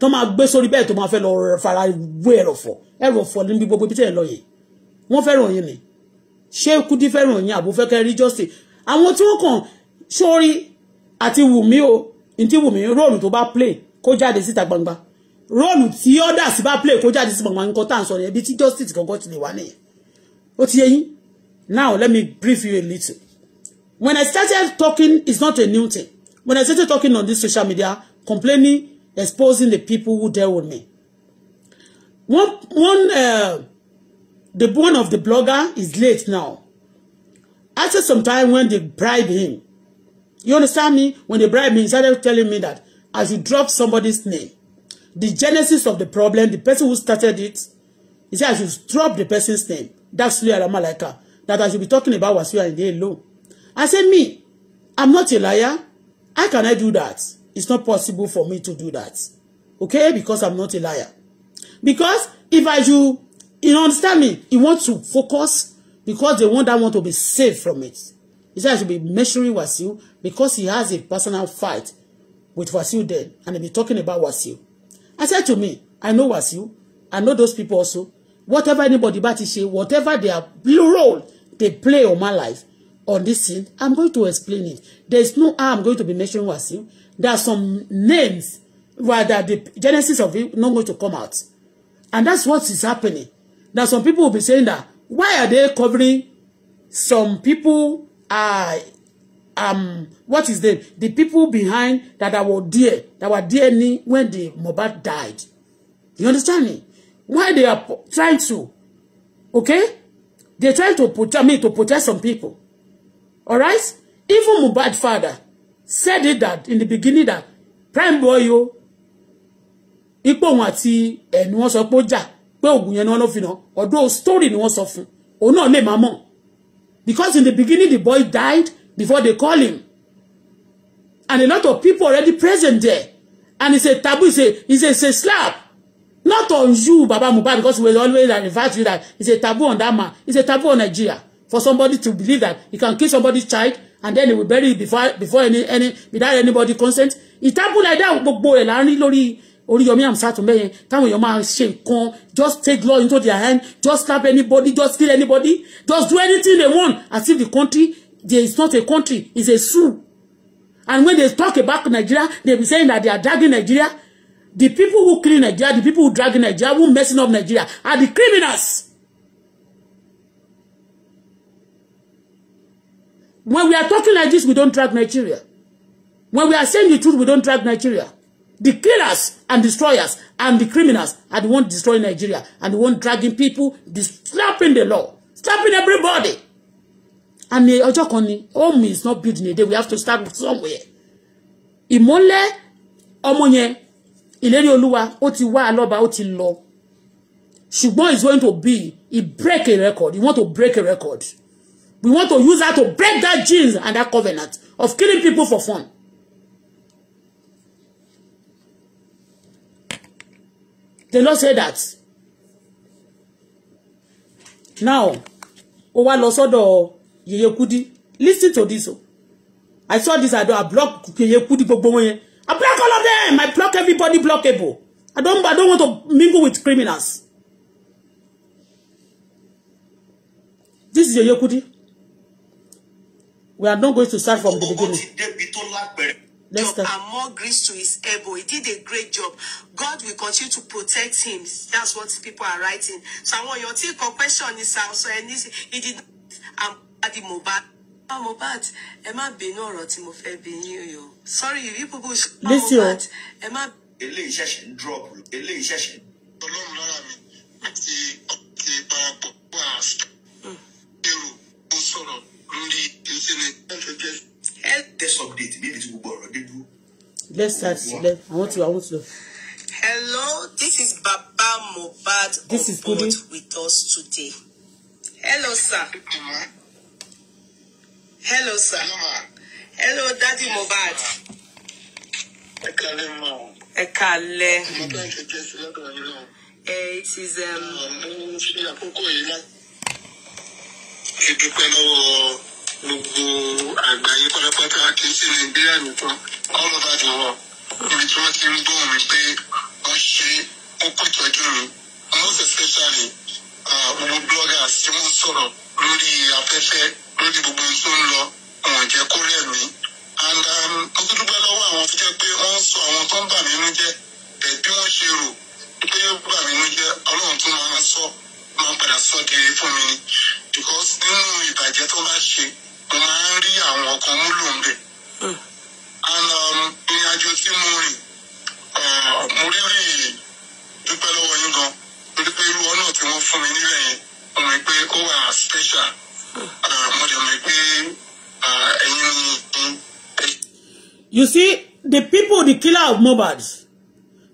tó máa gbé sórí bẹ́ẹ̀ tó máa fẹ́ lọ fara wé ẹ̀rọ̀fọ̀ ẹ̀rọ̀fọ̀ níbi gbogbo ibi tẹ̀ lọ yìí wọ́n fẹ́ràn yín ni ṣé kudi fẹ́ràn yín àbò fẹ́kẹ́ rí jọ́sì àwọn tí wọ́n kàn sórí àti wùmí o ní wùmí róòlù tó bá play kó jáde síta gbangba róòlù tí ọ́dà sí bá play kó jáde sí gbangba nǹkan tá à ń sọ nìyẹn bí tí justice kankan ti lè wà nìyẹn ó ti yẹ yín now let me brief you a little when I started talking it's not a new thing when I started talking on this social media complaining exposing the people who dealt with me one one uh, the one of the blogger is late now after some time when they bribe him you understand me when they bribe me he started telling me that as you drop somebody's name, the genesis of the problem, the person who started it, he said, I should drop the person's name. That's like her. Ah, that as you be talking about was you in there. alone. I said, me, I'm not a liar. How can I do that? It's not possible for me to do that. Okay? Because I'm not a liar. Because if I you, you understand me, you want to focus because they want that one to be saved from it. He said, I should be measuring Wasiu because he has a personal fight with Wasiu then, and they be talking about Wasiu. I said to me, I know Wasiu. I know those people also. Whatever anybody bá ti ṣe, whatever their blue role they play on my life, on this thing, I'm going to explain it. There's no how I'm going to be mentioning Wasiu. There are some names rather the genesis of it not going to come out. And that's what is happening. Now some people will be saying that, why are they covering some people are uh, um what is the the people behind that I were there that were there when the Mohbad died you understand me why they are trying to okay they try to protect me to protect some people all right even Mohbad father said it that in the beginning that prime boy yo ipò òun àti ẹ̀ ni wọ́n sọ pé ó jà pé oògùn yẹn ni wọ́n lọ story ni wọ́n sọ fún òun náà lè máa because in the beginning the boy died before they call him. And a lot of people already present there. And it's a taboo, it's a, it's a, it's a slap. Not on you, Baba Mohbad, because we always refer you that it's a taboo on that man. It's a taboo on Nigeria. For somebody to believe that he can kill somebody's child and then he will bury it before, before any, any, without anybody consent. It happened like that. Gbogbo ẹ̀ la ń rí lórí Oríyọmí Amsatu mẹ́yẹn táwọn èèyàn máa ṣe nǹkan just take law into their hand just slap anybody just kill anybody just do anything they want as if the country there is not a country, it's a zoo. And when they talk about Nigeria, they be saying that they are dragging Nigeria. The people who clean Nigeria, the people who drag Nigeria, who messing up Nigeria, are the criminals. When we are talking like this, we don't drag Nigeria. When we are saying the truth, we don't drag Nigeria. The killers and destroyers and the criminals are the ones destroying Nigeria and the ones dragging people, slapping the law, slapping everybody. And the kan ni home is not building a day we have to start somewhere ìmọ́lẹ̀ ọmọ yẹn ìlérí olúwa ó ti wá alọ́ba ó ti lọ ṣùgbọ́n it's going to be he break a record he want to break a record we want to use that to break that jeans and that covenant of killing people for fun. The Lord said that. Now, ó wá lọ sọ́dọ̀ Yeye Kudi listen to this o oh. I saw this I do I block Yeye Kudi gbogbo wọn yẹn I block all of them I block everybody blockable I don't I don't want to mingle with criminals this is Yeye Kudi we are not going to start from the beginning. Let's start. Among grace to his elbow. He did a great job. God will continue to protect him. That's what people are writing. So I want your take on question is also and he did um dadi Mohbad ah Mohbad ẹ má bínú ọ̀rọ̀ tí mo fẹ́ bí yín o sorry you people should ah Mohbad ẹ má. eléyìí ṣẹ̀ṣẹ̀ ń drop eléyìí ṣẹ̀ṣẹ̀. ọlọ́run lára mi àti ọ̀kẹ́ parapọ̀ wà á hmm. èrò mo sọ̀rọ̀ lórí ìṣẹ̀lẹ̀ ẹ̀ẹ́dẹ́gbẹ́. health update níbi tí gbogbo ọ̀rọ̀ dé dúró. let's start sílẹ̀ àwọn tí àwọn tí hello this is baba Mohbad on board with us today hello sir hello sir hello daddy Mohbad. ẹ kálẹ́ mọ. ẹ kálẹ́. it is. um. fi ah, àkókò yìí láti. ìdúpẹ́ all over the world ibi tí wọ́n ti ń gbọ́ mi pé most especially ah, gbogbo bloggers tí wọ́n sọ̀rọ̀ lórí afẹ́fẹ́ lójú gbogbo ibi tó ń lọ wọn jẹ́ kó rẹ̀ mí and mo um, tún dúpẹ́ lọ́wọ́ àwọn tó jẹ́ pé wọ́n ń sọ àwọn tó ń bà mí nú jẹ́ bẹ̀ bí wọ́n ṣe rò pé yóò bà mí nú jẹ́ ọlọ́run tó máa ń sọ máa ń padà sọ kiri fún mi ni because nínú ìbàjẹ́ tó bá ṣe mo máa ń rí àwọn ọkàn mú lò ń bẹ̀ hmm. and um, tí mo rìn mo rí rí dúpẹ́ lọ́wọ́ yín gan torí pé irú ọ̀nà tí wọ́n fún mi nílẹ̀ yẹn mo rí pé ó wà special you see the people the killer of Mohbad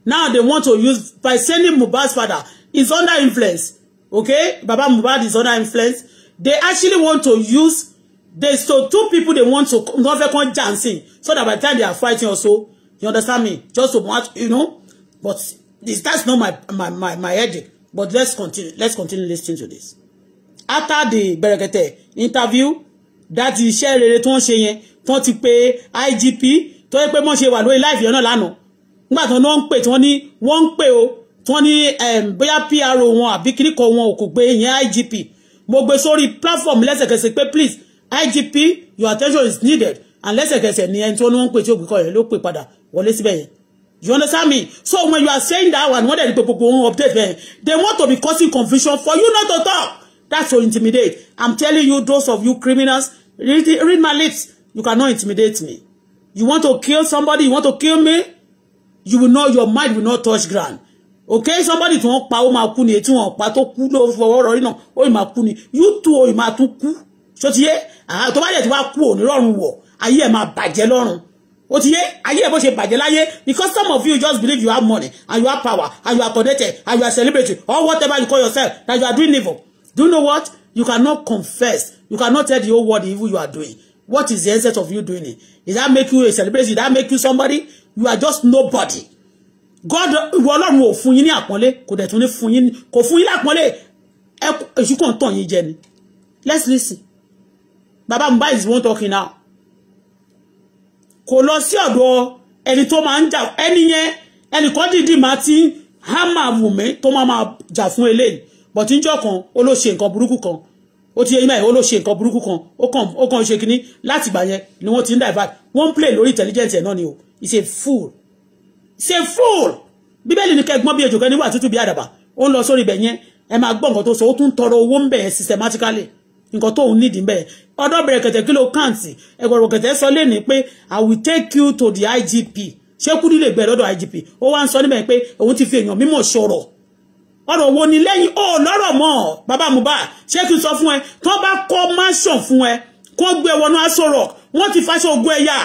now they want to use by sending Mohbad's father is under influence okay Baba Mohbad is under influence they actually want to use They so two people they want to nkan fẹ́ dancing so that by the time they are fighting also you understand me just to match you know but this that's not my my my, my headache but let's continue let's continue listening to this after the bẹ̀rẹ̀kẹ̀tẹ̀ interview that iṣẹ́ rere tó ń ṣe yẹn tó ti pe IGP tó yẹ pé wọ́n ṣe wà lórí láìfì yẹn náà lánàá nígbà tí wọ́n ń pè tí wọ́n ní wọ́n ń pè o tí wọ́n ní bóyá PRO wọn àbí kíríkọ wọn ò kò gbé yẹn IGP mo gbé sórí platform lẹ́sẹ̀kẹsẹ̀ pé please IGP your attention is needed and lẹ́sẹ̀kẹsẹ̀ ni ẹni tí wọ́n ń pè tí ó gbìkọ̀ yẹn ló pè padà wọlé síbẹ̀ yẹn you understand me so when you are saying that one wọ́n dẹ̀ ní pé gbogbo wọn update bẹ́ẹ̀ they want to be causing confusion for you not to talk That's to intimidate. I'm telling you, those of you criminals, read, read my lips. You cannot intimidate me. You want to kill somebody, you want to kill me, you will know your mind will not touch ground. Okay, somebody to wọ́n pa ó máa kú ni, tí wọ́n pa tó kú ló fọwọ́ rọrí náà, ó máa kú ni. You too, ó máa tún kú. Ṣó ti yé? Àá ah, tó bá yẹ ti wá kú ò ní rọrùn wọ̀, ayé ẹ̀ máa bàjẹ́ lọ́rùn. Ó ti yé? Ayé ẹ̀ bó ṣe bàjẹ́ láyé because some of you just believe you have money and you have power and you are connected and you are celebrity or whatever you call yourself that you are doing evil. Do you know what? You cannot confess. You cannot tell the whole world the evil you are doing. What is the essence of you doing it? Is that make you a celebrity? Is that make you somebody? You are just nobody. God, ìwọ are not more yín in àpọ́nlé, kò dẹ̀ tún ní fún yín, kò fún yín lápọ́nlé, èṣù kàn tàn yín Let's listen. Baba Mba is one talking now. Kò lọ Any ọ̀dọ̀ any tó máa ń Martin, hammer yẹn ẹnìkan dìdì máa ti hámà but níjọ́ kan ó lọ ṣe nǹkan burúkú kan ó ti yẹ yín báyìí ó lọ ṣe nǹkan burúkú kan ó kàn ó kàn ṣe kinní láti ìgbà yẹn ni wọ́n ti ń divert wọ́n ń play lórí intelligence ẹ̀ náà ni o it's a fool it's a fool bíbélì ni kẹgbọ́n bí ejò kan níwà tútù bí àdàbà ó ń lọ sórí ibẹ̀ yẹn ẹ máa gbọ́ nǹkan tó sọ ó tún tọrọ owó ń bẹ̀ systematically nǹkan tó ń nídìí bẹ́ẹ̀ ọdọ́ bẹ̀rẹ̀ kẹ̀tẹ̀ kí ló kàǹtì ẹgbẹ̀rún kẹ̀tẹ̀ sọ lẹ́ni pé i will take you to the igp ṣé kúrú lè gbẹ̀ lọ́dọ̀ igp ó wá ń sọ níbẹ̀ pé òun ti fi èèyàn mímọ̀ sọ̀rọ̀ ọ̀rọ̀ wo ni lẹ́yìn ó lọ́rọ̀ mọ́ bàbá Mohbad ṣé kí n sọ fún ẹ tó bá kọ́ mansion fún ẹ kó gbé wọnú aṣọ rock wọ́n ti faṣọ ògùn ẹ̀yà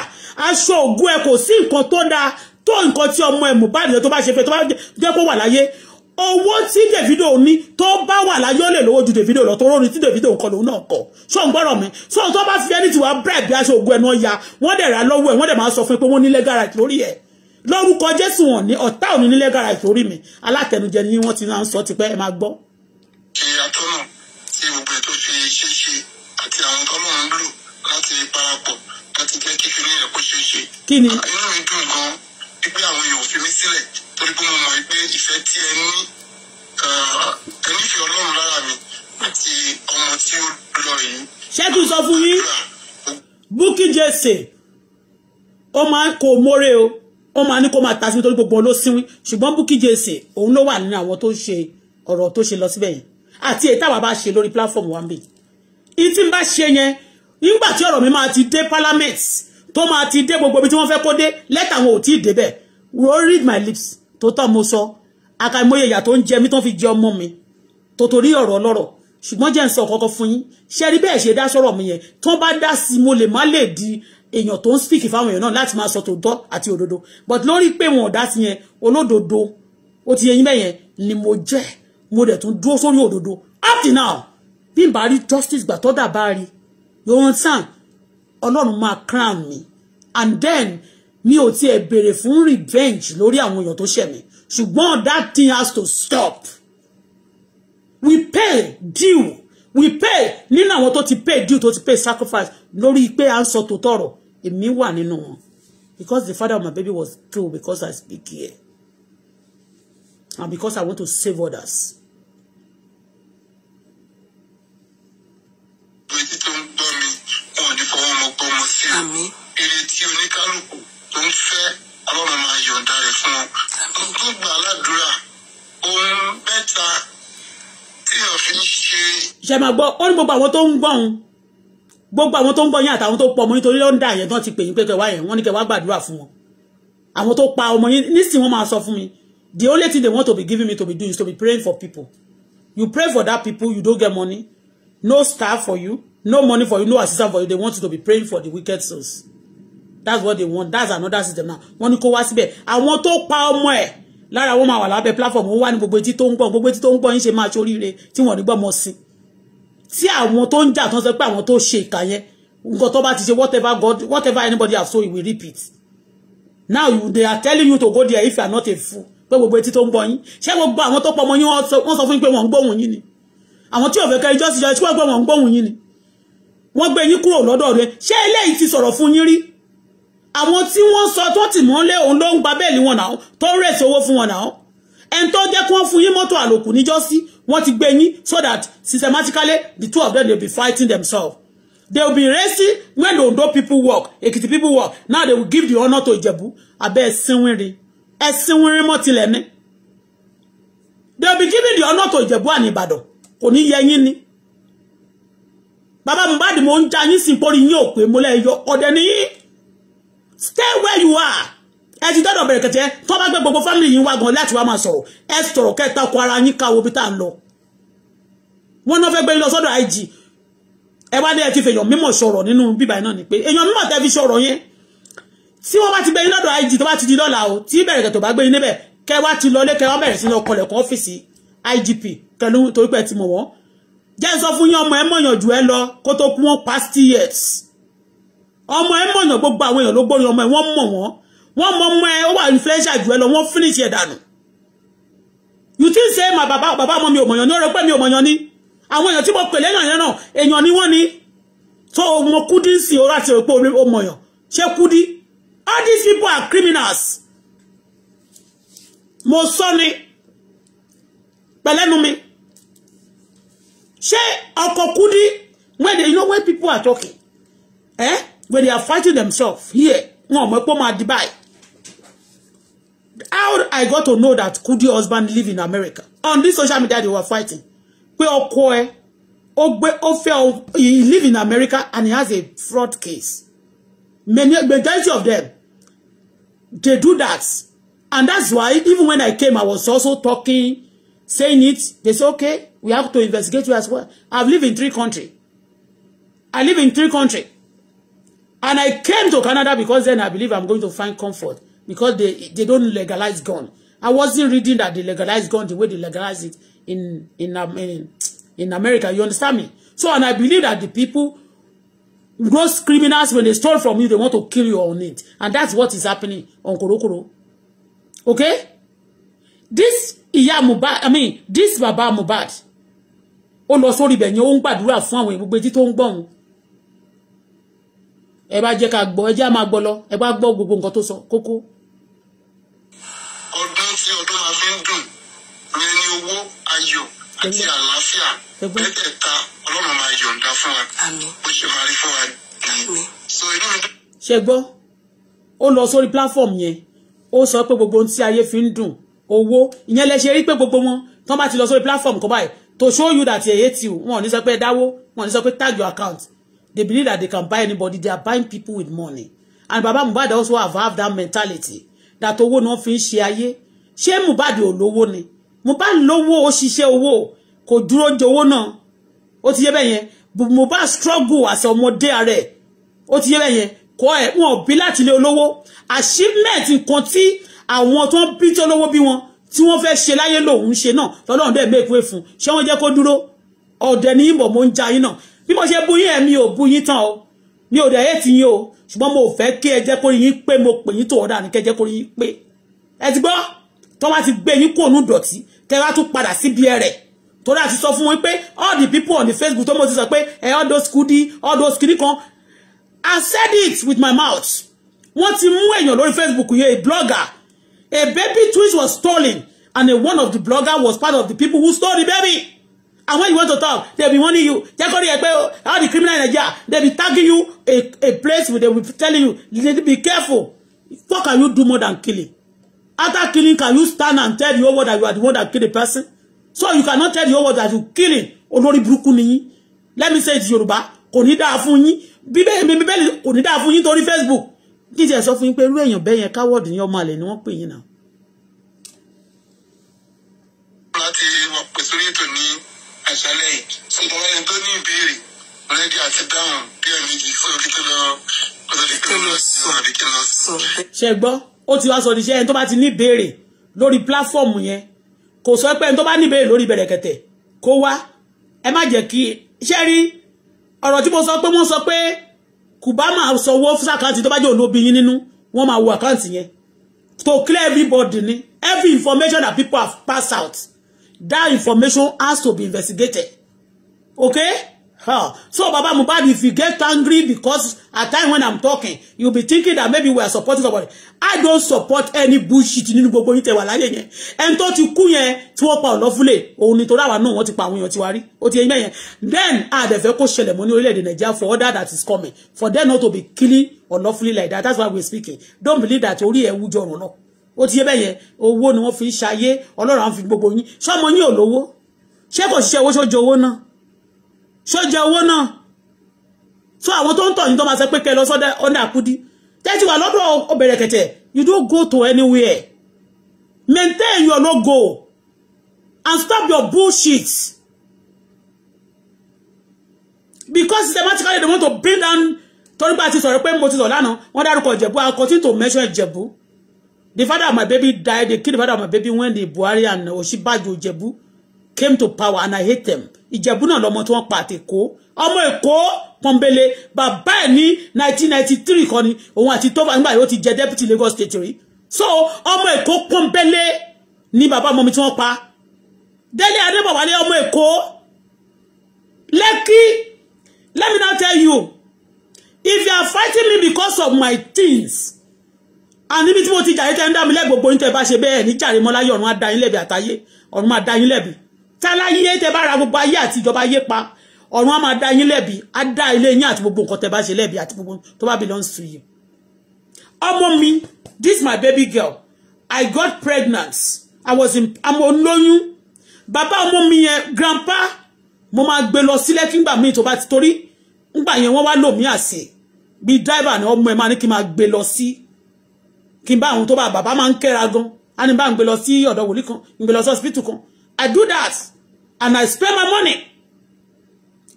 aṣọ ògùn ẹ kò sí nǹkan tó dáa tó nǹkan tí ọmọ ẹ̀ Mohbad tó bá ṣe fẹ́ tó bá jẹ́ kó wà láyé owó tí Davido ní tó bá wà láyé ó lè lówó ju Davido lọ tó rórin tí Davido ń kọ lòun náà kọ ṣó ń gbọ́rọ̀ mi ṣó tó bá fi ẹni tí wàá bribe aṣọ ògùn ẹ̀ náà ya wọ́n dẹ̀ ra lọ́wọ́ ẹ̀ wọ́n dẹ̀ máa sọ fún pé wọ́n ní legal lórí ẹ̀ lórúkọ jésù wọn ní ọ̀tá òní nílẹ̀ gara ìtòrí mi alátẹnujẹ ni wọ́n ti náà ń sọ tipẹ́ ẹ máa gbọ́. ṣe atọ́nà tí gbogbo ètò fi ṣe ṣe àti àwọn tọ́nà ń lò láti parapọ̀ láti jẹ́ kí fínú kó ṣe ṣe. kí ni. inú mi dùn gan pípé àwọn èèyàn fi mí sílẹ̀ torí pé mo mọ̀ pé ìfẹ́ tí ẹ ní ẹ nífẹ̀ẹ́ ọlọ́run lára mi àti ọmọ tí ó lọ yìí. ṣé sọ fún yín Bukky Jesse ó máa ń kó mórè o o máa ní kó máa ta sí nítorí gbogbo ló síwín ṣùgbọ́n Bukky Jesse òun ló wà nínú àwọn tó ṣe ọ̀rọ̀ tó ṣe lọ síbẹ̀ yẹn àti èyí táwa bá ṣe lórí platform wa ń bì yìí tí n bá ṣe yẹn nígbà mi máa ti dé parliament tó máa ti dé gbogbo ibi tí wọ́n fẹ́ kó dé lẹ́tà wọn ò tí ì débẹ̀ wọ́n read my lips tó tọ́ mo sọ àkàìmọye ìyà tó ń jẹ mí tó fi jẹ ọmọ mi tó torí ọ̀rọ̀ ọlọ́rọ̀ ṣùgbọ́n jẹ́ ń sọ kọ́kọ́ fún yín ṣe rí bẹ́ẹ̀ ṣe dá mi yẹn tó bá dá sí mo lè má lè di èèyàn tó ń speak fáwọn èèyàn náà láti máa sọ tòótọ́ àti òdodo but lórí pé wọn ò dá sí yẹn olódodo ó ti yẹyin bẹ́yẹn ni mo jẹ́ mo dẹ̀ tún dúró sórí òdodo up till now bí n bá rí justice gbà tọ́dà bá rí yòówọ́n tán ọlọ́run máa crown me, and then mi ò tiẹ̀ béèrè fún revenge lórí àwọn èèyàn tó ṣẹ̀ mí ṣùgbọ́n that thing has to stop we pay due we pay nínú àwọn tó ti pay due tó ti pay sacrifice lórí pé à ń sọ tòótọ́ ọ̀rọ̀ èmi wà nínú wọn because the father of my baby was killed because I speak here and because I want to save others. Àmín. Èrè tí oníkálukú tó ń fẹ́ àwọn ọmọ máa yọ̀ǹda rẹ̀ fún ọ. Gbogbo àládùúrà ohun mẹ́ta téèyàn fi ń ṣe. ṣe máa gbọ́ ó ní gbogbo àwọn tó ń gbọ́ òun gbogbo àwọn tó ń gbọ́ yín àtàwọn tó pọ̀ ọmọ yín torí ló ń dà yẹn tán ti pè yín pé kẹwà yẹn wọ́n ní kẹwà gbàdúrà fún wọn àwọn tó pa ọmọ yín nísìnyí wọ́n máa sọ fún mi the only thing they want to be giving me to be doing is to be praying for people you pray for that people you don't get money no staff for you no money for you no assistant for you they want you to be praying for the wicked souls that's what they want that's another system now wọ́n ní kó wá síbẹ̀ àwọn tó pa ọmọ ẹ̀ lára wọn máa wà lábẹ́ platform wọn wà ní gbogbo etí tó ń gbọ́ gbogbo etí tó ń gbọ́ yín ṣe máa ṣoríire tí wọ́n ní gbọ́ mọ́ sí tí àwọn tó ń jà tán sọ pé àwọn tó ṣe ìkà yẹn nǹkan tó bá ti ṣe whatever God whatever anybody has so he will repeat now you, they are telling you to go there if you are not a fool pé gbogbo etí tó ń gbọ́ yín ṣé gbogbo àwọn tó pọ̀ mọ́ yín wọ́n sọ fún yín pé wọ́n ń gbóhùn yín ni àwọn tí òfin kẹrin jọ́sìn jọ́sìn pé wọ́n ń gbóhùn yín ni wọ́n gbé yín kúrò lọ́dọ̀ rẹ̀ ṣé eléyìí ti sọ̀rọ̀ fún yín rí àwọn tí wọ́n sọ tó tì mọ́lé òun ló ń gba bẹ́ẹ̀lì wọn náà tó ń rèsì owó fún wọn náà ẹni tó jẹ́ kí wọ́n fún yín mọ́tò àlòkù níjọ́sí wọ́n ti gbé yín so that systematically the two of them will be fighting themselves they will be racing when the Ondo people work Ekiti people work now they will give the honour to Ìjẹ̀bú abẹ́ ẹ̀sìnwìnrin ẹ̀sìnwìnrin mọ́ tilẹ̀ ní they will be giving the honour to Ìjẹ̀bú àní Ìbàdàn kò ní yẹ yín ni bàbá Mohbad mo ń já yín sí porí yín òpè mo lẹ́yọ ọ̀dẹ̀ nìyí stay where you are ẹ ti dọ́dọ̀ bẹ̀rẹ̀ kẹ̀tẹ́ tó bá gbé gbogbo family yìí wá gan láti wá máa sọ̀rọ̀ ẹ sọ̀rọ̀ kẹta kó ara yín káwo bí tá à ń lọ wọn náà fẹ́ gbé lọ sọ́dọ̀ IG ẹ wá ní ẹ ti fèèyàn mímọ̀ sọ̀rọ̀ nínú bíbá náà ni pé èèyàn mímọ̀ tẹ́ fi sọ̀rọ̀ yẹn tí wọ́n bá ti gbé yín lọ́dọ̀ IG tó bá ti di lọ́la o tí bẹ̀rẹ̀ kẹ̀tọ̀ bá gbé yín níbẹ̀ kẹ́ wá ti lọlé kẹ́ wá bẹ̀rẹ̀ sí ní ọkọlẹ̀kọ̀ ọ́fíìsì IGP kẹlu torí pé ẹ ti mọ̀ wọ́n jẹ́ sọ fún yín ọmọ ẹ mọ̀yàn jù ẹ lọ kó tó kún wọn past years ọmọ ẹ mọ̀yàn gbogbo àwọn èèyàn ló gbóyàn ọmọ ẹ wọ́n mọ̀ wọ́n wọ́n mọ ọmọ ẹ ó wà influential jù ẹ lọ wọ́n finish ẹ̀ dànù you think say my baba baba ọmọ mi ò mọ̀yàn ní ó rẹ pé mi ò mọ̀yàn ní àwọn èèyàn tí mo pè lẹ́yìn yẹn náà èèyàn ni wọ́n ni tó mo kúdí sí oró àti rò pé ó mọ̀yàn ṣé kúdí all these people are criminals mo sọ ni pẹ̀lẹ́nu mi ṣé ọkọ̀ kúdí when they you know when people are talking eh? when they are fighting themselves here no, my pé ó máa how I got to know that Kudi husband live in America on this social media they were fighting Where ọkọ ẹ̀ ó gbé he live in America and he has a fraud case many majority of them they do that and that's why even when I came I was also talking saying it they say okay we have to investigate you as well I've lived in three countries I live in three countries And I came to Canada because then I believe I'm going to find comfort because they, they don't legalize gun. I wasn't reading that they legalize gun the way they legalize it in, in, um, in, in America. You understand me? So, and I believe that the people, those criminals, when they stole from you, they want to kill you on it. And that's what is happening on Kurokuro. Okay? This Iya Mohbad, I mean, this Baba Mohbad, ó lọ sórí ibẹ̀ yẹn, ó ń gbàdúrà fún àwọn ìgbèjì tó ń gbọ́n ẹ bá jẹ́ ká gbọ́ ẹ jẹ́ á máa gbọ́ lọ ẹ bá gbọ́ gbogbo nǹkan tó sọ kókó. ọdún tí ọdún máa fi ń dùn rẹ ní owó ayọ̀ àti àlàáfíà mẹ́tẹ̀ẹ̀ta ọlọ́run máa yọ̀ǹda fún wa bó ṣe máa rí fún wa nìyí. ṣe gbọ́ ó lọ sórí platform yẹn ó sọ pé gbogbo ohun tí ayé fi ń dùn owó ìyẹn lẹ ṣe rí pé gbogbo wọn tán bá ti lọ sórí platform kọ báyìí to show you that they hate you wọn ò ní sọ pé dáwó wọn ò ní sọ pé tag your account They believe that they can buy anybody. They are buying people with money. And Baba Mubad also have, have that mentality that owó no fi ń ṣe ayé. Mubad Mohbad ò lówó ni? Mohbad lówó ó ṣiṣẹ́ owó kò dúró jowó náà. Ó ti yé bẹ́ẹ̀ yẹn. Mohbad struggle as ọmọdé ara ẹ̀. Ó ti le bẹ́ẹ̀ yẹn. Kọ́ ẹ̀ wọn bí láti ilé olówó. Achievement nǹkan tí àwọn tó ń bí tí olówó bí wọn tí wọ́n fẹ́ ṣe láyé lòun ṣe náà lọ́lọ́run dẹ̀ mẹ́kúwé fún ṣé wọ́n jẹ́ kó dúró ọ̀dẹ̀ ní ìbọ̀ mo ń ja yín bí mo ṣe bú yín ẹ̀ mi ò bú yín tán o mi ò dẹ̀ yé ti yín o ṣùgbọ́n mo fẹ́ kí ẹ jẹ́ kó yín pé mo pè yín tó ọ̀dà ní kẹjẹ́ kó yín pé ẹ ti gbọ́ tó wá ti gbé yín kó ònú dọ̀tí kẹ́ wá tún padà síbi ẹ̀rẹ̀ torí àti sọ fún wọn pé all the people on the Facebook tó mo ti sọ pé ẹ all those kudi all those kiri kan I said it with my mouth wọ́n ti mú èèyàn lórí Facebook yẹn a blogger a baby twins was stolen and a one of the blogger was part of the people who stole the baby. And when you want to talk, they'll be warning you. They're calling All the criminal in Nigeria, they'll be tagging you a, a place where they will be telling you, little be careful. What can you do more than killing? After killing, can you stand and tell your word that you are the one that killed the person? So you cannot tell your word that you killing. Olórí burúkú Let me say it Yoruba. Kò ní dáa fún yín. Bíbélì kò ní dáa fún Facebook. Kí tiẹ̀ sọ fún yín pé a coward in your àlè you wọ́n pè yín náà. Láti wọ́n pèsè orí ètò àṣálẹ́ yìí so mo wá ẹni tó ní ìbéèrè rẹ́dí àti dáhùn bí ẹ̀mí jì fún orí tó lọ ọ̀dọ̀ kí lọ sọ àbí kí lọ sọ. ṣe gbọ́ ó ti wá sọ ní iṣẹ́ ẹni tó bá ti ní ìbéèrè lórí pílàfọ́ọ̀mù yẹn kò sọ pé ẹni tó bá ní ìbéèrè lórí bẹ̀rẹ̀kẹ̀tẹ̀ kó wá ẹ má jẹ́ kí ṣe rí ọ̀rọ̀ tí mo sọ pé wọ́n sọ pé kùbá máa sanwó fún àkáǹtì tó bá jẹ́ olóbi yín nínú wọ́n máa wo àkáǹtì yẹn to clear everybody ni every information that people have passed out that information has to be investigated okay huh. so baba Mubad, if you get angry because at time when i'm talking you'll be thinking that maybe we are supporting somebody i don't support any bullshit nínú gbogbo yín tẹ́ wà láyé yẹn ẹni tó ti kú yẹn tí wọ́n pa ọlọfúnlẹ òun nítorí àwa náà wọ́n ti pa àwọn èèyàn tiwa rí ó ti yẹ then àdẹfẹ kó ṣẹlẹ̀ mọ́ ní orílẹ̀ for order that is coming for them not to be killing ọlọfúnlẹ like that that's why we're speaking don't believe that orí ẹ wújọrùn náà ó ti yé bẹ́ẹ̀ yẹn owó ni wọ́n fi ń ṣayé fi gbogbo yín ṣọ́mọ yín ò lówó ṣé kò ṣiṣẹ́ owó ṣójú owó náà ṣójú owó náà so àwọn tó ń tọ̀ yín tó máa sọ pé kẹ lọ sọ́dọ̀ ọ̀nà àkúdí tẹ́tí wà lọ́dọ̀ obìnrin kẹ̀tẹ̀ you don't go to anywhere maintain your logo and stop your bullshit because systematically they want to bring down torí pé a ti sọ̀rọ̀ pé mo ti sọ̀rọ̀ lánàá wọ́n dárúkọ ìjẹ̀bú I continue to mention ìjẹ̀bú. The father of my baby died. They killed the father of my baby when the Buhari and Oshibajo Jebu came to power and I hate them. Ìjẹ̀bú náà lọmọ tí wọ́n pa àti Èkó. Ọmọ Èkó pọ̀nbélé bàbá ẹ̀ ní 1993 kan ni òun àti tó nígbà yóò ti jẹ deputy Lagos state rí. So ọmọ Èkó pọ̀nbélé ni bàbá ọmọ mi tí wọ́n pa. Délé Adébọ̀wálé ọmọ Èkó Lekki let me now tell you if you are fighting me because of my things àní bí tí mo ti jàre tẹ́ ń dá mi lẹ́bi gbogbo yín tẹ́ bá ṣe bẹ́ẹ̀ ní jàre mọ́ láyé ọ̀run á dá yín lẹ́bi àtayé ọ̀run máa dá yín lẹ́bi táláyé tẹ́ bá ra gbogbo ayé àti ìjọba ayé pa ọ̀run á máa dá yín lẹ́bi á dá ilé yín àti gbogbo nǹkan tẹ́ bá ṣe lẹ́bi àti gbogbo tó bá belongs to you. ọmọ mi this my baby girl I got pregnant I was in àmọ́ lóyún bàbá ọmọ mi yẹn grandpa mo máa gbé lọ sílẹ̀ kí ngbà míì tó bá ti torí ngbà yẹn wọ́n wá lò mí àsè bíi driver ni ọmọ ẹ máa ní kí n máa gbé lọ sí kí n bá àwọn tó bá bàbá máa ń kẹ́ra gan á bá ń gbé lọ sí ọ̀dọ̀ wòlíì kan ń gbé lọ sí hospital kan I do that and I spend my money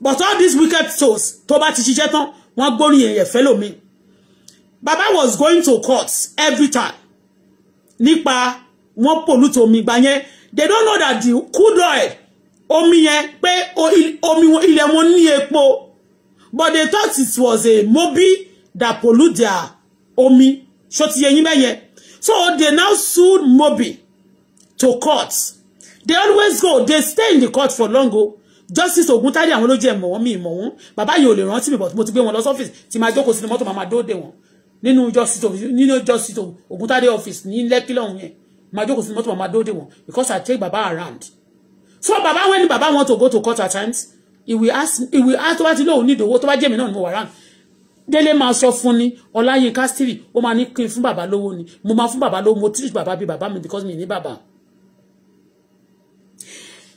but all these wicked souls tó bá ti ṣiṣẹ́ tán wọ́n gbóríyìn èèyàn fẹ́ lómi bàbá was going to court every time nípa wọ́n pollute omi gbà yẹn they don't know that the crude oil omi yẹn pé omi ilẹ̀ wọn ní epo but they thought it was a mobi that pollute their omi so they now sued Mobi to court they always go they stay in the court for long o justice Oguntade àwọn ló jẹ mi mọ̀ wọ́n bàbá yìí ò lè mi but mo ti gbé wọn lọ sọ́fíìsì tí máa jókòó sínú mọ́tò màmá dóde wọn nínú justice nínú justice Oguntade office ní Lẹ́kí lọ́hùn yẹn máa jókòó sínú mọ́tò màmá dóde wọn because I take baba around so baba when baba want to go to court at times he will ask he will ask tó bá ti lóun ní ìdòwò tó bá mi náà ni mo délé máa sọ fún ni ọláyínká stevie ó máa ní kí n fún bàbá lówó ni mo máa fún bàbá lówó mo treat bàbá bíi bàbá mi because mi ní bàbá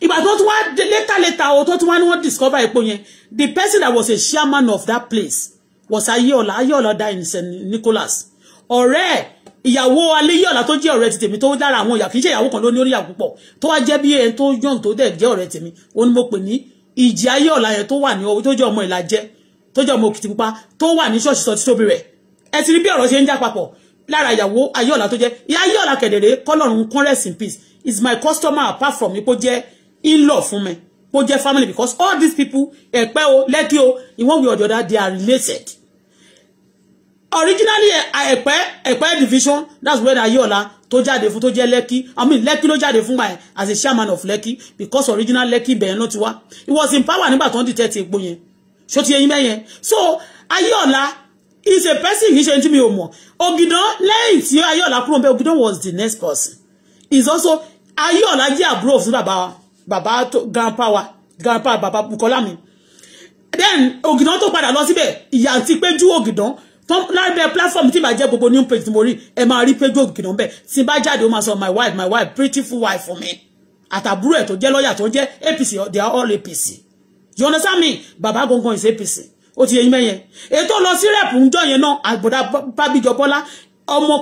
ìgbà tó tún wá later later o tó tún wá ní wọ́n discover epo yẹn the person that was a chairman of that place was ayéọlá ayéọlá died in St Nicholas ọ̀rẹ́ ìyàwó aléyọ̀lá tó jẹ́ ọ̀rẹ́ ti tèmi tó dára àwọn ìyà kì í ṣe ìyàwó kan ló ní oríyà púpọ̀ tó wá jẹ́ bí ẹn tó yàn tó dẹ̀ jẹ́ ọ̀rẹ́ tèmi ó ní mo pè ní ìjì ayéọlá yẹn tó wà ní ọwọ́ tó jẹ́ ọmọ ìlàjẹ́ tó jẹ́ ọmọ òkìtì pupa tó wà ní ṣọ́ọ̀ṣì sọ títóbi rẹ̀ ẹ ti rí bí ọ̀rọ̀ ṣe ń já papọ̀ lára ìyàwó ayéọ̀lá tó jẹ́ ìyá ayéọ̀lá kẹ̀dẹ̀rẹ̀ kọ́lọ́run kún rest in peace is my customer apart from mi kó jẹ́ in-law fún mi kó jẹ́ family because all these people ẹ̀pẹ́ o lẹ́kí o in one way or the other they are related originally ẹ̀pẹ́ ẹ̀pẹ́ division that's where ayéọ̀lá tó jáde fún tó jẹ́ lẹ́kí i mean lẹ́kí ló jáde fún báyìí as a chairman of lẹ́kí because original lẹ́kí ibẹ̀ yẹn ló ti wá it was in power nígbà tó ń dìtẹ́ ti epo yẹn ṣó ti eyín bẹ́yẹn so ayéọ̀la is a person kì í ṣe tí mi ò mọ̀ ògìdán lẹ́yìn tí ayéọ̀la kúrò bẹ́ẹ̀ was the next person is also ayéọ̀la jẹ́ àbúrò fún Baba wa bàbá grandpa wa grandpa Baba Bukola mi then ògìdán tó padà lọ síbẹ̀ ìyá àti péjú ògìdán tó lábẹ́ platform tí màá jẹ́ gbogbo new page tí mo rí ẹ máa rí péjú ògìdán bẹ́ẹ̀ tí n bá jáde ó máa sọ my wife my wife pretty full wife for me àtàbúrò ẹ̀ tó jẹ́ lọ́ọ̀yà tó jẹ́ APC they are all APC you understand me Baba gangan is apc ó ti yẹ yín mẹ́yẹn ètò lọ sí rẹ̀pù ń jọ yẹn náà àgbọ̀dá bábíjọ bọ́lá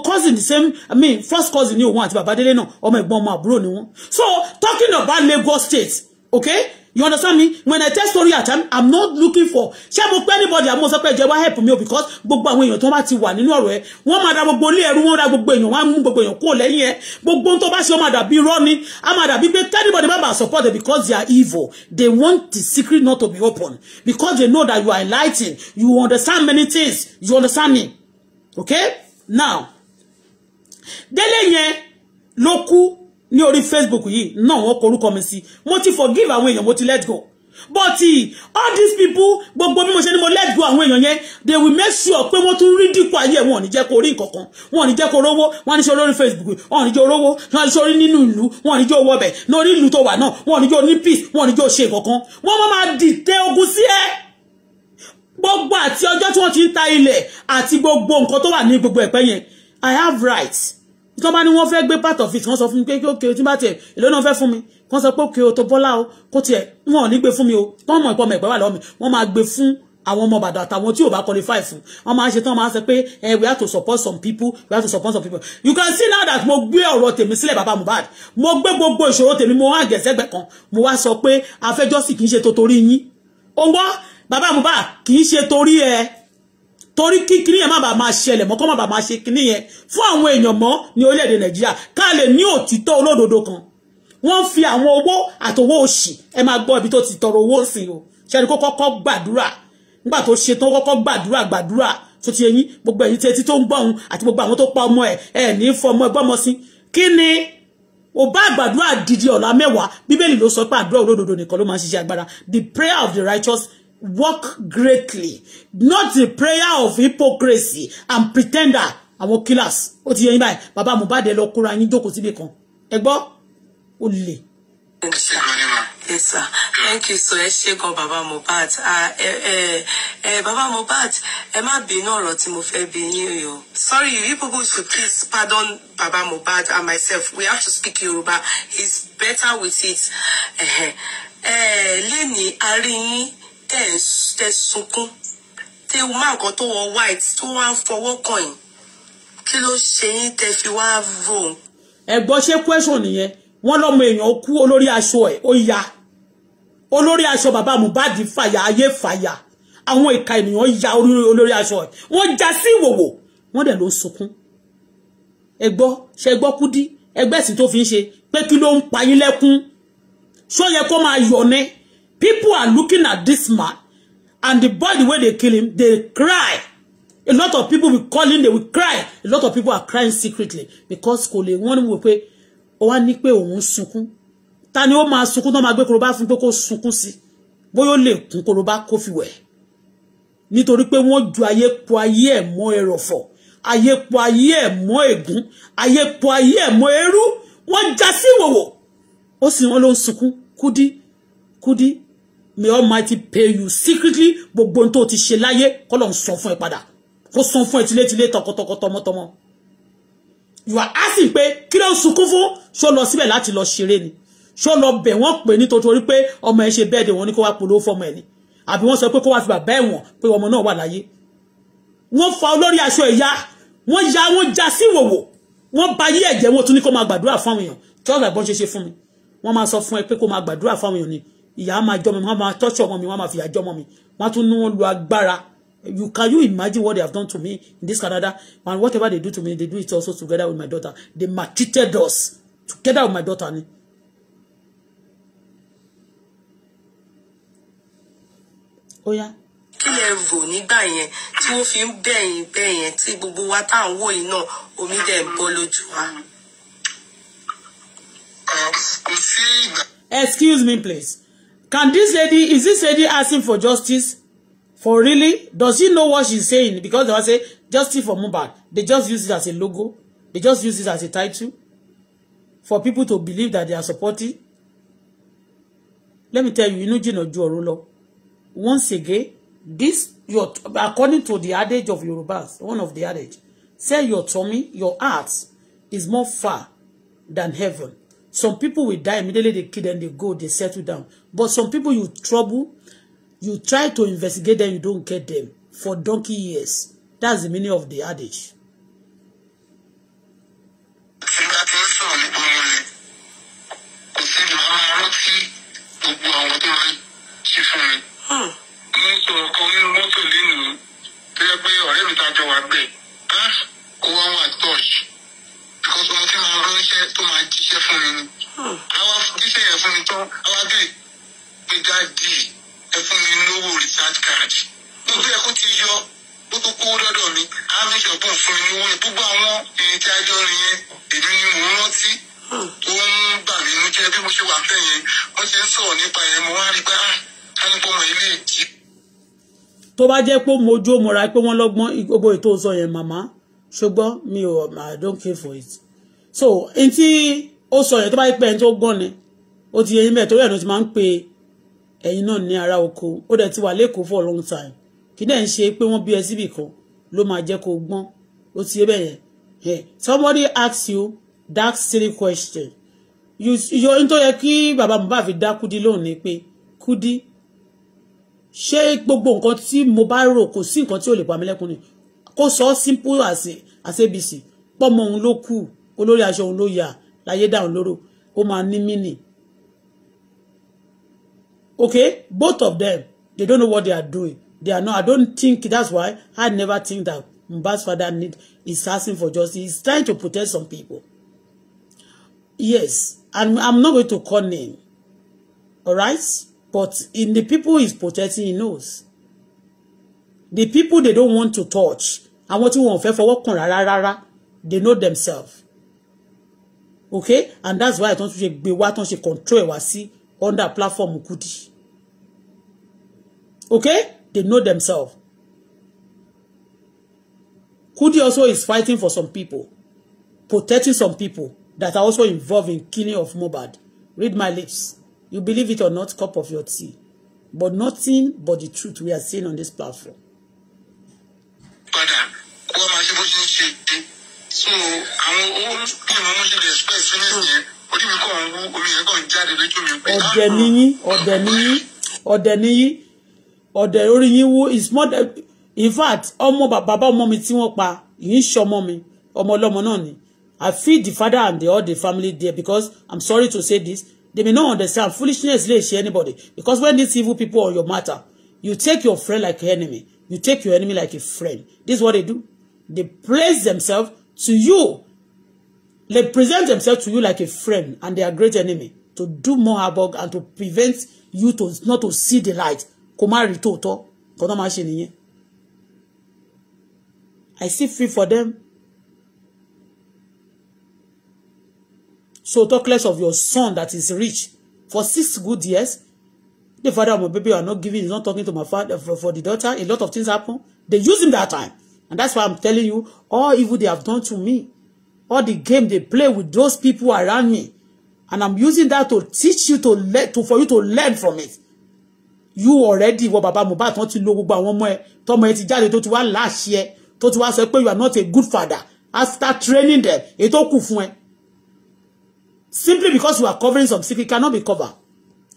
cousin the same i mean first cousin you want, Baba bàbá délé náà ọmọ ẹ̀gbọ́n ọmọ àbúrò ni wọ́n so talking about Lagos state okay You understand me? When I tell story at time, I'm not looking for. Ṣé mo pé anybody I'm not supposed to. wá help me because book àwọn èèyàn tó bá ti wà nínú ọ̀rọ̀ ẹ̀ wọ́n máa da gbogbo ilé ẹ̀rú wọ́n da gbogbo èèyàn wọ́n á mú gbogbo call kúrò lẹ́yìn ẹ̀ gbogbo tó bá your mother be running. I'm ni á máa dàbí pé anybody bá support them because they are evil. They want the secret not to be open because they know that you are enlightened. You understand many things. You understand me? Okay? Now, délé yẹn ló ní orí Facebook yìí náà wọ́n korúkọ mi sí mo ti forgive àwọn èèyàn mo ti let go but eh, all these people gbogbo bí mo ṣe ni mo let go àwọn èèyàn yẹn they will make sure pé wọ́n tún rí dínkù ayé wọn ò ní jẹ́ kó rí nǹkankan wọn ò ní jẹ́ kó rówó wọn Facebook wọn ò ní jẹ́ olówó wọn ò ní ṣe orí nínú ìlú wọn ò ní jẹ́ owó ọbẹ̀ lórí ìlú tó wà náà wọn ò ní jẹ́ oní peace wọn ò ní jẹ́ ṣe nǹkankan wọ́n máa máa dìtẹ̀ ogun sí ẹ gbogbo àti ọjọ́ tí wọ́n ti ta ilẹ̀ àti gbogbo nǹkan tó wà ní gbogbo ẹ̀pẹ́ yẹn I have rights tí wọ́n bá ní wọ́n fẹ́ gbé part of it wọ́n sọ fún mi pé ókè o tí bá tiẹ̀ èló náà fẹ́ fún mi wọ́n sọ pé ókè o to bọ́lá o kó tiẹ̀ wọn ò ní gbé fún mi o tọ́ mọ̀ ìpọ́mọ̀ ìpẹ́ wà lọ́wọ́ mi wọ́n máa gbé fún àwọn ọmọ Ìbàdàn àtàwọn tí ò bá qualify fún wọ́n máa ń ṣe tán máa ń sọ pé ẹ eh, we have to support some people we have to support some people you can see now that mo gbé ọ̀rọ̀ tèmi sílẹ̀ bàbá Mohbad mo gbé gbogbo ìṣòro tèmi mo hàn gẹ̀ẹ́sẹ̀gbẹ̀ kan mo wá sọ pé afẹ́jọ́sì kì í ṣe torí yín owó bàbá Mohbad kì í ṣe torí ẹ torí kí kíní yẹn má bàa máa ṣẹlẹ̀ mọ́ kó má bàa máa ṣe kíní yẹn fún àwọn èèyàn mọ́ ní orílẹ̀-èdè nàìjíríà ká lè ní òtítọ́ olódodo kan wọ́n fi àwọn owó àtowó òṣì ẹ máa gbọ́ ibi tó ti tọrọ owó sí o ṣẹ́ni kó kọ́kọ́ gbàdúrà nígbà tó ṣe tán kọ́kọ́ gbàdúrà gbàdúrà tó ti ẹyin gbogbo ẹ̀yin tẹ́tí tó ń gbọ́ òun àti gbogbo àwọn tó pa ọmọ ẹ̀ ẹ̀ ní fọmọ ẹ̀ gbọ́mọ sí kí ni o bá àgbàdúrà didi ọ̀la mẹ́wàá bíbélì ló sọ pé àdúrà olódodo nìkan ló máa ṣiṣẹ́ agbára the prayer of the righteous work greatly not the prayer of hypocrisy and pretender àwọn killers ó ti yẹ yín báyìí bàbá Mohbad ẹ lọ kóra yín jókòó síbi kan ẹ gbọ́ ó lè. Yes, sir. Thank you so ẹ ṣé gan bàbá Mohbad ẹ ẹ bàbá Mohbad ẹ má bínú ọ̀rọ̀ tí mo fẹ́ bi yín o. Sorry, you people should please pardon Baba Mohbad and myself. We have to speak Yoruba. He's better with it. Eh, uh, lẹ́ni arí yín tẹ́ sunkún tẹ́ wá nǹkan tó wọ white tó wá ń fọwọ́ kàn yín kí ló ṣe yín tẹ́ fi wá vò. ẹ̀gbọ́n ṣé question nìyẹn wọ́n lọ́mọ èèyàn kú olórí aṣọ ẹ̀ ó ya olórí aṣọ bàbá Mohbad fàyà ayé fàyà àwọn ìka ènìyàn ya olórí aṣọ ẹ̀ wọ́n já sí ìwòwò wọ́n dẹ̀ ló ń sunkún ẹgbọ́ ṣe gbọ́ kúdí ẹgbẹ́ sì tó fi ń ṣe pé kí ló ń pa yín lẹ́kún ṣó yẹ kó máa yọ̀ ni. People are looking at this man and the boy, the way they kill him, they cry. A lot of people will call him, they will cry. A lot of people are crying secretly because kò lè wọ́n ní wọ́n pé ó wá ní pé òun Ta ni ó máa sunkún tó máa gbé korobá fún pé kó sunkún sí? Bóyá ó lè kún korobá fi wẹ̀. Nítorí pé wọ́n ju ayé po ayé ẹ̀ mọ́ ẹrọ̀fọ̀. Ayé po ayé ẹ̀ mọ́ ègún. Ayé po ayé ẹ̀ mọ́ eérú. Wọ́n já sí ìwòwò. Ó sì wọ́n ló ń sunkún kúdí may almighty pay you secretly gbogbo tó ti ṣe láyé kọ́lọ́n san fún ẹ padà kó san fún ẹ tilétilé tọkọtọkọ tọmọtọmọ you are asking pé kí ló ń sunkún fún ṣó lọ síbẹ̀ láti lọ ni ṣó lọ bẹ̀ wọ́n pè ní torí pé ọmọ ẹ ṣe bẹ́ẹ̀ dè wọ́n ní kó wá polówó fọmọ ẹ ni àbí wọ́n sọ ko wa wá fi bàbá ẹ̀wọ̀n pé ọmọ náà wà láyé wọ́n fa olórí aṣọ ìyá wọ́n ya Won já sí ìwòwò Won ba yí ẹ̀jẹ̀ wọn tún ní kó máa gbàdúrà fáwọn èèyàn tí ọ̀gá ìbọn ṣe ṣe fún mi wọ́n máa sọ fún ẹ pé kó máa gbàdúrà fáwọn èèyàn ni ìyá máa jọmọ mi wọ́n máa tọ́ṣọ̀ ọmọ mi wọ́n máa fìyà jọmọ mi wọ́n tún ní wọ́n lu agbára you can you imagine what they have done to me in this Canada and whatever they do to me they do it also together with my daughter they maltreated us together with my daughter ni. ó yá. kí lè rò nígbà yẹn tí wọ́n fi ń bẹ̀yìn bẹ̀yìn tí gbogbo wa tá à ń wò yìí náà omi dẹ̀ ń bọ́ lójú wa. excuse me please. Can this lady, is this lady asking for justice? For really? Does she know what she's saying? Because they will say, justice for Mohbad. They just use it as a logo. They just use it as a title. For people to believe that they are supporting. Let me tell you, Inú jìnnà ju ọ̀run lọ. Once again, this, your, according to the adage of Yorubas, one of the adage, say your tummy, your heart is more far than heaven. Some people will die immediately they kill them, they go, they settle down. But some people you trouble, you try to investigate them, you don't get them for donkey years. That's the meaning of the adage. Ah. mo because wọn hmm. I máa ránṣẹ́ tó máa jíṣẹ́ fún mi ni àwa jíṣẹ́ yẹn fún mi to. àwa bíi pé dáàdì ẹ fún mi lówó research card gbogbo ẹ kó ti yọ gbogbo kówó lọ́dọ̀ mi me. I make mi níwọ̀n gbogbo àwọn èyí tí a jọ rìn yẹn èmi ni mò ń rántí hmm. tó ń bà mí nínú jẹ́ bí mo ṣe wà fẹ́ yẹn wọ́n ṣe ń sọ̀rọ̀ nípa yẹn mo wá rí pé ah ká ní bọ́mọ ilé ìjì. tó bá jẹ́ pé mojú ó pé wọ́n lọ́gbọ́n gbogbo ètò sọ yẹn màmá ṣùgbọ́n mi ò I don't care for it so n tí ó sọ yẹn tó bá yí pé ẹni tó gbọ́n ni ó ti yẹ yín bẹ́ẹ̀ torí ẹ̀ ló ti máa ń pe ẹ̀yin náà ní ara oko ó dẹ̀ ti wà lẹ́kọ̀ọ́ for a long time kí dẹ̀ ń ṣe pé wọ́n bí ẹ síbì kan ló máa jẹ́ kó gbọ́n ó ti yẹ bẹ́ẹ̀ yẹn somebody asks you that silly question you yọ ní tó yẹ kí bàbá Mohbad fi dá Kudi lóhùn ni pé Kudi ṣé gbogbo nǹkan tí mo bá rò kò sí nǹkan tí ò lè pa mí lẹ́kùn ni kó sọ simple as as abc pọ́mọ òun ló kù olórí aṣọ òun ló yà láyé dá òun lóró ó máa ní mínì okay both of them they don't know what they are doing they are not i don't think that's why i never think that Mohbad's father need is asking for justice he's trying to protect some people yes and i'm not going to call name all right but in the people he's protecting he knows the people they don't want to touch àwọn tí wọn ò fẹ́ fọwọ́ kàn rárá rárá they know themselves okay and that's why tó ń ṣe gbé wá tó ń ṣe control ẹ̀ wá sí under platform Kudi okay they know themselves Kudi also is fighting for some people protecting some people that are also involved in killing of Mohbad read my lips you believe it or not cup of your tea but nothing but the truth we are seeing on this platform padà kó wá máa ṣe bó ṣe ń ṣe so àwọn owó bí ìmọ̀ mo ṣe lè express feelings yẹn orí mi kàn ń wú omi yẹn kàn ń jáde lójú mi pé. Ah, ọ̀dẹ̀ niyín ọ̀dẹ̀ niyín ọ̀dẹ̀ niyín ọ̀dẹ̀ orí yín wú is more than in fact ọmọ bàbá ọmọ mi tí wọ́n pa yìí ń ṣọmọ mi ọmọ ọlọ́mọ náà ni I feel the father and the, all the family there because I'm sorry to say this they may not understand foolishness lè ṣe anybody because when these evil people on your matter you take your friend like enemy You take your enemy like a friend. This is what they do. They place themselves to you. They present themselves to you like a friend and they are great enemy to do more havoc and to prevent you to not to see the light. Kumari má rí tòótọ́. Kò náà I see free for them. So talk less of your son that is rich for six good years The father of my baby are not giving, he's not talking to my father for, for the daughter. A lot of things happen. They use him that time. And that's why I'm telling you, all evil they have done to me, all the game they play with those people around me. And I'm using that to teach you to let to, for you to learn from it. You already, wọ Baba Mubat tán ti lo gbogbo àwọn ọmọ ẹ, to ẹ ti jáde tó ti wá you are not a good father. I start training them, èyí tó Simply because you are covering some secret cannot be covered.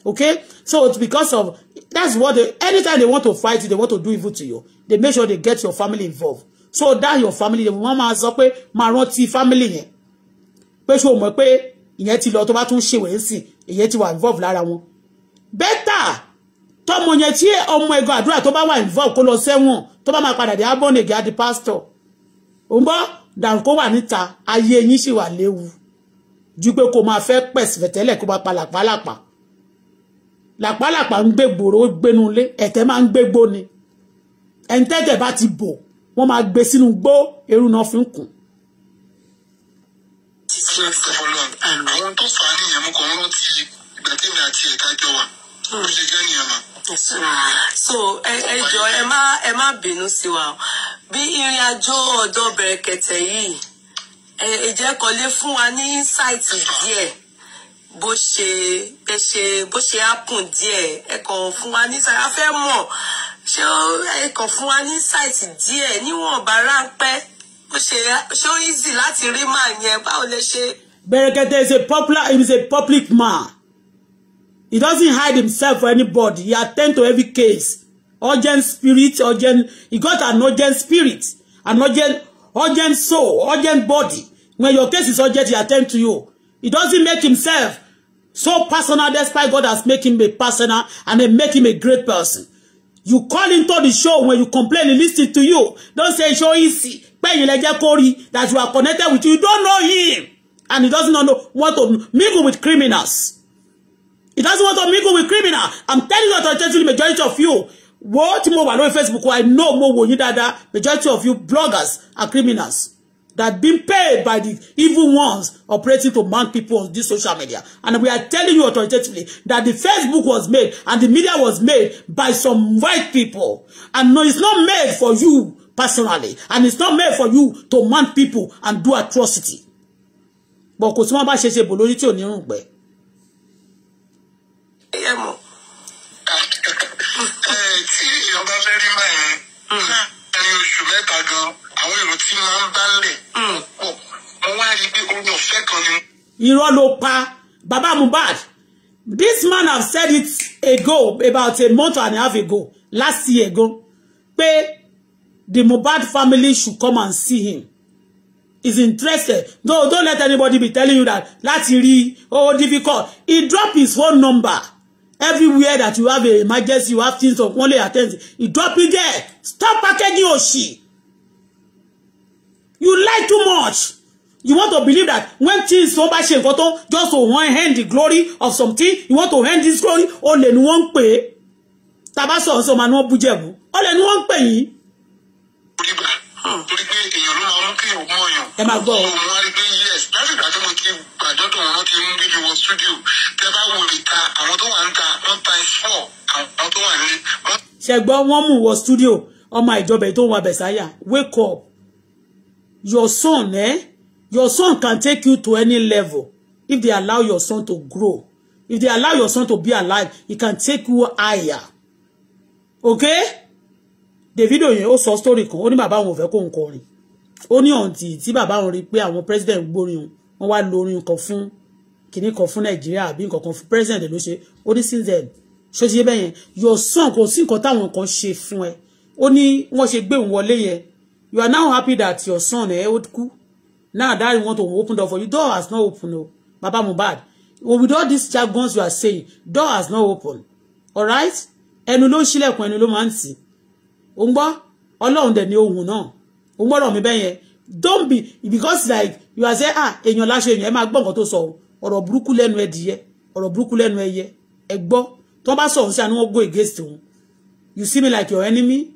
Okay? So it's because of that's what they anytime they want to fight you, they want to do evil to you. They make sure they get your family involved. So that your family, wọ́n máa up, pé máa rántí family yẹn. Pé ṣé o mọ̀ pé ìyẹn ti lọ tó bá tún ṣe wẹ̀ ń sìn, ìyẹn ti wà involve lára wọn. Better tọmọ yẹn tí ọmọ ẹgbẹ́ àdúrà to bá wà involve kó lọ sẹ́wọ̀n tó bá máa padà dé abọ́n ègé àti pastor. Ò dan bọ́ dàrú kó wà níta, ayé yín sì wà léwu. Ju pé kó máa fẹ́ pẹ̀sì fẹ̀tẹ́lẹ̀ kó máa palàpálàpà làpálàpá ń gbé gbòòrò ó gbénu lé ẹ̀tẹ̀ máa ń gbé gbó ni ẹni tẹ́tẹ̀ bá ti bò wọ́n máa gbé sínú gbó eru náà fi ń kùn. àwọn tó fà á nìyẹn mú kàn rántí ìgbà àti ẹ̀ka jọ wà ó lè gẹ́ nìyẹn mà. so ẹ jọ ẹ má ẹ má bínú sí wa bí ìrìn àjò ọ̀dọ́ bẹ̀rẹ̀ kẹ̀tẹ̀ yìí ẹ jẹ́ kọ́lé fún wa ní insight díẹ̀ bó ṣe bẹ ṣe bó ṣe ápùn díẹ̀ ẹ kàn fún wa ní sáà fẹ́ mọ̀ ṣé ẹ kàn fún wa ní sáìtì díẹ̀ níwọ̀nba ráńpẹ́ bó ṣe ṣó easy láti rí màá yẹn báwo lè ṣe. Berekete is a popular he is a public man he doesn't hide himself for anybody he attend to every case urgent spirit urgent he got an urgent spirit an urgent urgent soul urgent body when your case is urgent he attend to you he doesn't make himself So personal, despite God has made him a personal and then make him a great person. You call into the show when you complain, he listen to you. Don't say show easy. That you are connected with you. don't know him. And he doesn't know what to mingle with criminals. He doesn't want to mingle with criminals. I'm telling you I'm telling the majority of you, what more wà lórí Facebook, I know more? You that dáadáa, majority of you bloggers are criminals that being paid by the evil ones operating to mount people on this social media. And we are telling you authoritatively that the Facebook was made and the media was made by some white people. And no, it's not made for you personally. And it's not made for you to mount people and do atrocity. But kò sí wọn bá ṣe ṣe bò lórí tí ò ní rùn pẹ́. Tí ìyọ̀bá fẹ́ rí mẹ́rin láàárín hmm. oṣù mẹ́ta gan àwọn èrò tí mo ń bá lẹ̀ hmm. pọ̀ mo wá rí pé omi ọ̀fẹ́ kan ni. irọ́ ló pa baba Mohbad this man have said it ago about a month and a half ago last year ago pé the Mohbad family should come and see him is interested no don't let anybody be telling you that láti rí oh difficult he drop his phone number everywhere that you have a emergency you have things of one day at ten d he drop it there stop packaging oṣì you lie too much you want to believe that when things tó bá ṣe nǹkan tó just to wan end the glory of something you want to end this glory olè ni wọ́n ń pè é tàbá sọ̀rọ̀ sọ ma ni wọ́n bú jẹ̀bú olè ni wọ́n ń pè yín. torí pé èèyàn ló máa mú kí òun mọ̀ yàn. ẹ máa gbọ́ ọ. òun wá rí pé yes láti ìgbà tó mo ti gbàdọ́dọ̀ wọn ti mú bí mi wọ studio tẹ bá wo ìta àwọn tó wà ń ta one times four àwọn tó wà ní. ṣẹgbọ́n wọ́n mú wọ studio ọmọ ìjọba ètò ìwà bẹ̀sáyà wake up your son, eh? Your son can take you to any level if they allow your son to grow. If they allow your son to be alive, he can take you higher. Okay? Davido yẹn ó sọ story kan, ó ní bàbá òun ò fẹ́ oni ń kọrin. Ó ní ọ̀ǹtì tí bàbá president gbórin òun, wọ́n wá lo orin kan fún kìíní kan fún Nàìjíríà àbí nǹkan kan fún president ló ṣe. Ó ní since then, ṣó ti yé your son kò sí nǹkan táwọn kan ṣe fún ẹ. Ó ní wọ́n ṣe gbé òun wọlé You are now happy that your son, eh, would cool. Now that you want to open door for you, door has not opened. oh, Baba Mohbad. With all these jargons you are saying, door has not opened. All right? Ẹnu ló ṣílẹ̀kùn ẹnu ló máa ń tì. Ó ń ni ohun náà. Ó ń mi bẹ́ẹ̀ Don't be because like you are saying, ah, enyo láṣọ enyo. ẹ máa gbọ́ nǹkan tó sọ ọ̀rọ̀ burúkú lẹ́nu ẹdìyẹ, ọ̀rọ̀ burúkú lẹ́nu ẹyẹ, ẹ gbọ́. Tó bá sọ̀rọ̀ go against you. You see me like your enemy,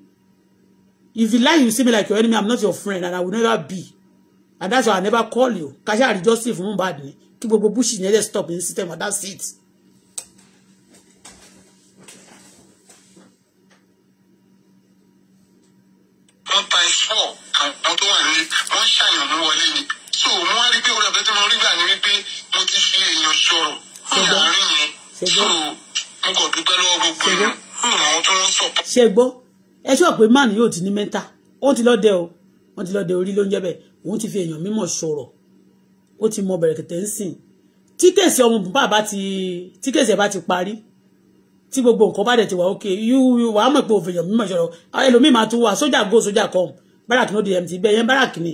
if you lie you see me like your enemy i'm not your friend and i will never be and that's why i never call you kasha rí justice fún Mohbad ni kí gbogbo bush yẹn dẹ stop in system and that's it. one times ẹ ṣọ́ pé man yóò ti ní mẹ́ta ó ti lọ́dẹ o wọ́n ti lọ́dẹ orí ló ń jẹ́ bẹ́ẹ̀ òun ti fi èèyàn mímọ̀ sọ̀rọ̀ ó ti mọ bẹ̀rẹ̀ kẹ̀tẹ̀ ń sìn tí kèsì ọmọ bàbá ti tí kèsì ẹ̀ bá ti parí tí gbogbo nǹkan bá dẹ̀ ti wà ókè yíwú wà á mọ̀ pé òfèèyàn mímọ̀ sọ̀rọ̀ ẹlòmíì máa tún wà sójà go sójà come barak no dey empty bẹ́ẹ̀ yẹn barrack ni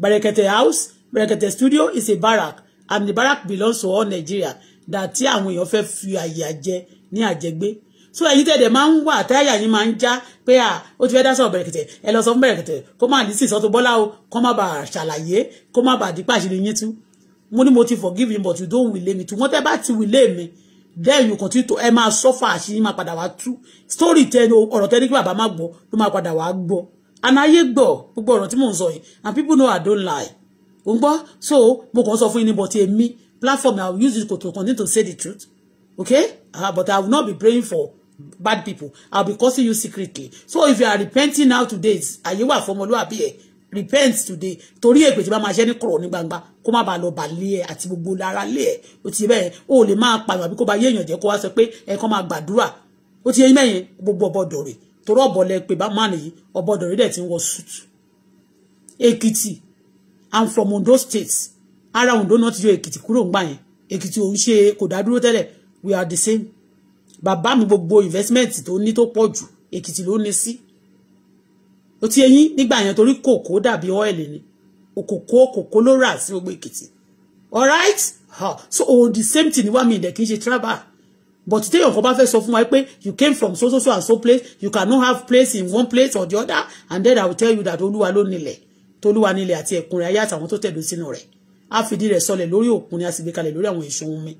bẹ̀rẹ̀kẹ̀tẹ̀ house bẹ̀rẹ̀kẹ̀tẹ̀ studio is a barrack and the barrack belongs to all Nigeria dàtí àwọn èèyàn fẹ́ fi àyè àjẹ ní àjẹgbé so ẹ̀yin tẹ̀dẹ̀ máa ń wà táyà yín máa ń já pé à ó ti fẹ́ dá sọ̀rọ̀ bẹ̀rẹ̀kẹ̀tẹ̀ ẹ lọ sọ fún bẹ̀rẹ̀kẹ̀tẹ̀ kó má lè sì sọ́tò bọ́lá o kó má bàa ṣàlàyé kó má bàa dípà ṣe lè yín tú mo ní mo ti forgive him but you don't will me too wọ́n tẹ́ bá ti will me then you continue to ẹ máa suffer àṣírí máa padà wá tú story tẹ ọ̀rọ̀ tẹ ní kí bàbá má gbọ́ ló máa padà wá gbọ́ anáyé gbọ́ gbogbo ọ̀rọ̀ tí mò ń sọ yìí and people know I don't lie ò so mo kàn sọ fún yín ní platform I will use it to continue to say the truth okay uh, but I will not be praying for bad people i'll be causing you secretly so if you are repenting now today àyè wà fọmọlúwàbí ẹ repent today torí èpè tí bá máa ṣe ni kọ̀rọ̀ ní gbangba kó má bàa lọ bà lé ẹ àti gbogbo lára lé ẹ ó ti bẹ́ẹ̀ ó lè máa pààyàn àbí kó bá yé èèyàn jẹ́ kó wá sọ pé ẹ̀kan máa gbàdúrà ó ti yẹ mẹ́yìn gbogbo ọbọ̀dọ̀ rẹ̀ torí ọ̀bọ̀ lẹ pé bá máa nìyí ọbọ̀dọ̀ rẹ̀ dẹ̀ ti ń suit Èkìtì I'm from Ondo state ara Ondo not ti Ekiti kuro kúrò ńgbà yẹn Èkìtì òun ṣe kò dá dúró we are the same bàbá mi gbogbo investment tó ní to pọ̀ Ekiti èkìtì ló ní sí ó ti eyín nígbà yẹn torí kòkó dàbí ọ́ìlì ni òkòkó òkòkó ló rà sí gbogbo èkìtì alright huh. so oh, the same thing ni wá mi ìdẹ̀ kì í travel but today èèyàn kan bá fẹ́ sọ fún wa pé you came from so so so and so place you cannot have place in one place or the other and then i will tell you that olúwa ló nílẹ̀ tolúwa nílẹ̀ àti ẹ̀kúnrẹ́ ayé àtàwọn tó tẹ̀dó sínú rẹ̀ á fìdí rẹ̀ sọlẹ̀ lórí òkun ni a sì gbé kalẹ̀ lórí àwọn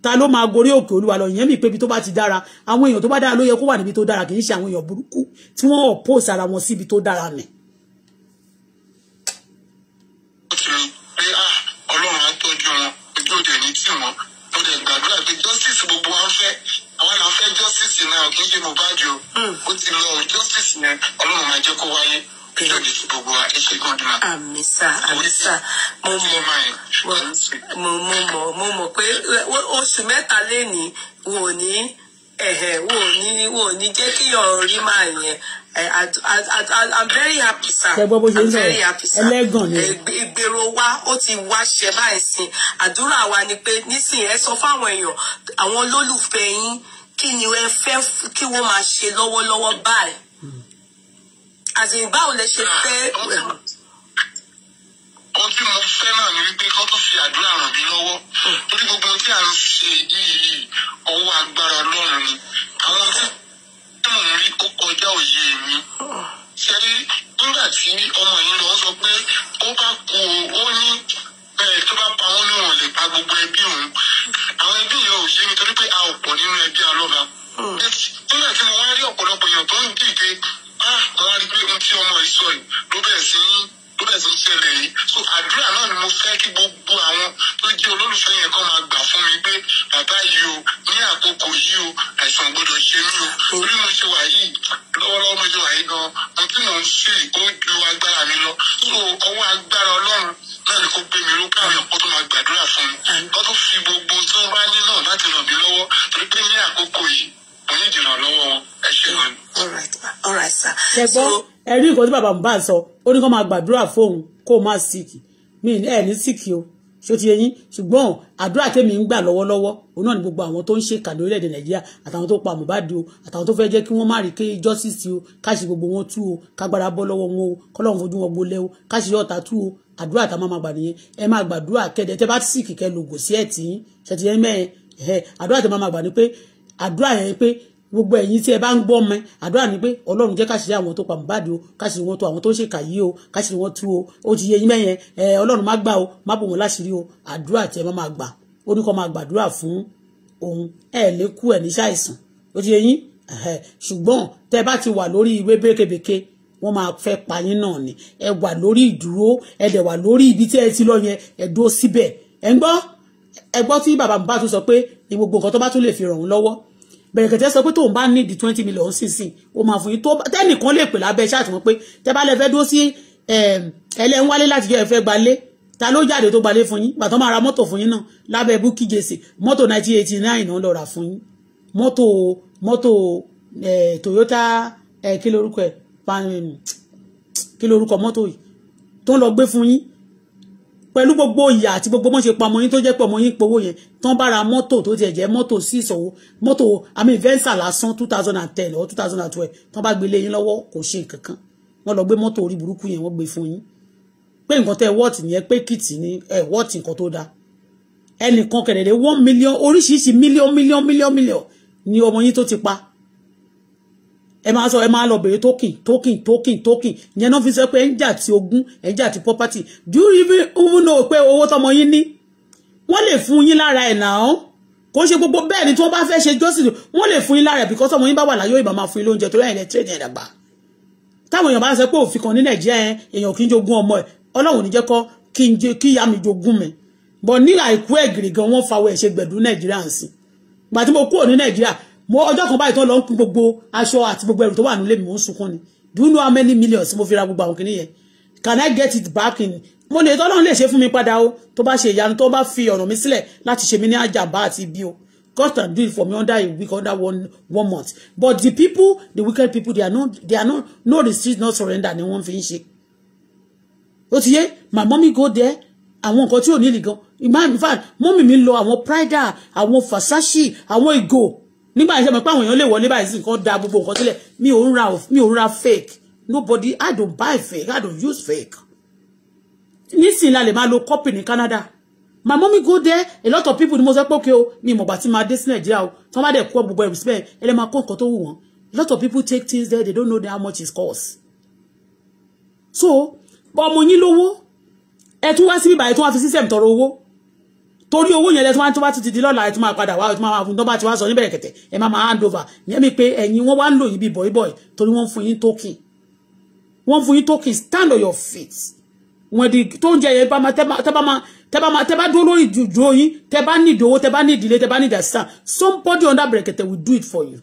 ta ló máa gorí òkè olúwa lọ ìyẹn mi pé ibi tó bá ti dára àwọn èèyàn tó bá dára ló yẹ kó wà níbi tó dára kì í ṣe àwọn èèyàn burúkú tí wọ́n oppose ara wọn síbi tó dára nì. Ah, ọlọ́run á tọ́jú wọn ojú mo dẹ̀ gbàdúrà pé justice gbogbo wa fẹ́ justice náà kì í ṣe Mohbad hmm. ó ti lọ justice yẹn ọlọ́run máa jẹ́ kó wáyé lòdì sí gbogbo wa ẹ ṣe gan ni ma. àmì sà àmì sà mo mọ mo mọ mo mọ pé oṣù mẹ́ta lẹ́ni wò ní ẹ̀hẹ̀ wò ní wò ní jẹ́ kí ọ̀rọ̀ rí máa yẹn I'm very happy sir I'm very happy sir ìgbèrò wa ó ti wá ṣe báyìí sí àdúrà wa ni pé nísìnyí ẹ sọ fáwọn èèyàn àwọn olólùfẹ́ yín kí ni ẹ fẹ́ kí wọ́n máa ṣe lọ́wọ́lọ́wọ́ báyìí àti báwo lẹ ṣe fẹ́. ohun ah, tí mo fẹ́ràn ni wípé kó tó fi àdúrà ràn mí lọ́wọ́ hmm. torí gbogbo ohun tí à ń ṣe yìí ọwọ́ agbára lọ́run ni àwọn tí mò ń rí ó kọjá òye mi ṣẹ́rí nígbà tí ọmọ yìí lọ sọ pé ó bá kú ó ní bẹ́ẹ̀ tó bá pa wọ́n ní wọn lè pa gbogbo ẹbí òun àwọn ẹbí yẹn ò yé mi torí pé a ò pọ̀ nínú ẹbí alọ́ba hmm. nígbà tí mo wá rí ọ̀pọ̀lọpọ̀ èèyàn tó ń dìde ah wọn á rí pé ohun tí ọmọ yìí sọ yìí ló bẹ̀rẹ̀ sí ló bẹ̀rẹ̀ sí ṣẹlẹ̀ yìí so àdúrà náà ni mo fẹ́ kí gbogbo àwọn tó jẹ́ olólùfẹ́ yẹn kan máa gbà fún mi pé bàbá yìí o ní àkókò yìí o àìsàn gbọdọ̀ ṣe mí o orí mo ṣe wà yìí lọ́wọ́lọ́wọ́ mo ṣe wà yìí gan ohun tí mò ń ṣe ó ju agbára mi lọ so ọwọ́ agbára ọlọ́run náà ni kò gbé mi lókè àwọn ọkọ tó máa gbàdúrà fún mi wọ́n tó fi gbogbo tó bá ní náà láti ràn mí lọ́wọ́ torí pé ní àkókò yìí mo ní ìdìrànlọ́wọ́ wọn ẹ ṣe wọn. ẹ gbọ́ ẹ rí nǹkan tí bàbá mi bá sọ ó ní kó máa gbàdúrà fóun kó má síkì mi ẹ ní síkì o ṣó ti yẹyin ṣùgbọ́n àdúrà tèmi ń gbà lọ́wọ́lọ́wọ́ òun náà ni gbogbo àwọn tó ń ṣèkà lórílẹ̀‐èdè nàìjíríà àtàwọn tó pa Mohbad o àtàwọn tó fẹ́ẹ́ jẹ́ kí wọ́n má rí kéye justice o káṣí gbogbo wọn tú o kágbára bọ́ lọ́wọ́ wọn o kọ́lọ́run fojú wọn gbolẹ́ o káṣí yọ̀ọ̀ta tú o àdúrà tá a máa gbà nìyẹn ẹ máa gbàdúrà kẹ́dẹ̀ tẹ́ bá sì kìkẹ́ lògò sí ẹ̀ tí ṣètìyẹn mẹ́ẹ̀ àdúrà tẹ́ máa gbà ní pé àdúrà yẹn pé gbogbo ẹ̀yin tí ẹ bá ń gbọ́ mi àdúrà ni pé ọlọ́run jẹ́ káṣíṣe àwọn tó pa Mohbad o káṣíṣe wọn tó àwọn tó ń ṣèkà yìí o káṣíṣe wọn tú o ó ti yẹ yín mẹ́yẹn ẹ ọlọ́run má gbà o má bò wọ́n láṣìírí o àdúrà tí ẹ má máa gbà ó ní kó máa gbàdúrà fún òun ẹ lè kú ẹ ní ṣàìsàn ó ti yẹ yín ṣùgbọ́n tẹ bá ti wà lórí ìwé békebèke wọ́n máa fẹ́ pa náà ni ẹ wà lórí ìdúró ẹ dẹ̀ wà lórí ibi tí ẹ ti lọ yẹn ẹ dúró síbẹ̀ ẹ ń gbọ́ ẹ gbọ́ tí bàbá Mohbad tún sọ pé ní gbogbo nǹkan tó bá tún lè fi ràn wọ́n lọ́wọ́ bẹ̀rẹ̀kẹ̀tẹ̀ sọ pé tóun bá ní di twenty million sísìn ó máa fún yín tó tẹ́nìkan lè pè lábẹ́ ṣáàtì wọn pé tẹ́ bá lẹ fẹ́ dúró sí ehm, ẹlẹ́ńwálé láti jẹ́ ẹ̀fẹ́ gbalé ta ló jáde tó gbalé fún yín bàtọ́ máa ra mọ́tò fún yín náà lábẹ́ búkì jèsè mọ́tò nineteen eighty nine náà lọ rà fún yín mọ́tò mọ́tò Toyota kí lorúkọ ẹ̀ kí lorúkọ mọ́tò yìí tó ń lọ gbé fún yín pẹ̀lú gbogbo ìyà àti gbogbo mọ́ṣe pa ọmọ yín tó jẹ́ pé ọmọ yín powó yẹn tán bára mọ́tò tó tiẹ̀ jẹ́ mọ́tò sí ìsọ̀wọ́ mọ́tò àmì Venza lásán two thousand and ten or two thousand and twelve tán bá gbélé yín lọ́wọ́ kò ṣe nǹkan kan wọ́n lọ gbé mọ́tò orí burúkú yẹn wọ́n gbé fún yín pé nǹkan tẹ́ wọ́ọ̀tì yẹn pé kìtì ni ẹ̀ wọ́ọ̀tì nǹkan tó dáa ẹnìkan kẹ̀dẹ̀dẹ̀ one million oríṣiríṣi million million million million ni ọmọ yín tó ti pa ẹ máa sọ ẹ máa lọ bèrè token token token token ìyẹn náà fi sọ pé ẹ ti ogún ẹ ti property do you even even know pé owó tọmọ yín ní wọ́n lè fún yín lára ẹ̀ náà kò ṣe gbogbo bẹ́ẹ̀ ni tí wọ́n bá fẹ́ ṣe jọ́sìn wọ́n lè fún yín lára ẹ̀ bíkọ́ sọmọ yín bá wà láyé ìbá máa fún to lóúnjẹ torí ẹ̀yìn tírẹ̀dì ẹ̀dàgbà táwọn èèyàn bá sọ pé òfin kan ní nàìjíríà yẹn èèyàn kì í jogún ọmọ ẹ̀ ọlọ́run ní jẹ́ kọ́ kí n jẹ mi jogún mi bọ̀ ní àìkú ẹ̀gìrì gan wọ́n fawọ́ ẹ̀ ṣe gbẹ̀dú nàìjíríà ń sìn gbà tí mo kúrò ní mo ọjọ́ kan báyìí tó lọ ń kú gbogbo aṣọ àti gbogbo ẹrù tó wà nílé mi mo ń sunkún ni do you know how many millions mo fi ra gbogbo àwọn kìnìyẹn can I get it back in mo lè tọ́lọ́run lè ṣe fún mi padà o tó bá ṣe ìyanu tó bá fi ọ̀nà mi sílẹ̀ láti ṣe mí ní àjàmbá àti ibi o God can do it for me under a week under one one month but the people the wicked people they are no they are no no restrict no surrender ni wọ́n fi ń ṣe ó ti yé my mommy go there àwọn nǹkan tí ò ní ìlì gan in fact mọ́mì mi lọ àwọn prada àwọn fasashi àwọn ìgò nígbà yẹn mọ̀ pé àwọn èèyàn lè wọlé báyìí sí nǹkan da gbogbo nǹkan sílẹ̀ mi ò ra mi ò ra fake nobody i don't buy fake i don't use fake nísìnyí la lè máa lo copy ní Canada my mommy go there a lot of people ni mo sọ pé okay o mi mọ̀gbà tí máa dé sí Nàìjíríà o tí wọ́n bá dẹ̀ kó gbogbo ẹ̀rù síbẹ̀ ẹ máa kó nǹkan tó wù wọ́n a lot of people take things there they don't know how much it cost so ọmọ yín lówó ẹ tún wá síbí báyìí tún wá fi sísẹ̀m tọrọ owó torí owó yẹn lẹ́tọ́ tó bá ti di lọ́la ẹ̀tún máa padà wá ẹ̀tún máa fún tó bá ti wá sọ níbẹ̀rẹ̀ kẹ̀tẹ̀ ẹ̀ máa máa hand over yẹn mi pé ẹ̀yin wọ́n wá ń lò yín bíi bọ̀í bọ̀í torí wọ́n fún yín token wọ́n fún yín token stand on your feet wọ́n di tó ń jẹ yẹn bá máa tẹ́ bá máa tẹ́bá máa tẹ́bá dúró lórí ìdúró yín tẹ́bá ní ìdòwó tẹ́bá ní ìdílé tẹ́bá ní ìdàsán somebody under bẹ̀rẹ̀kẹ̀tẹ̀ will do it for you.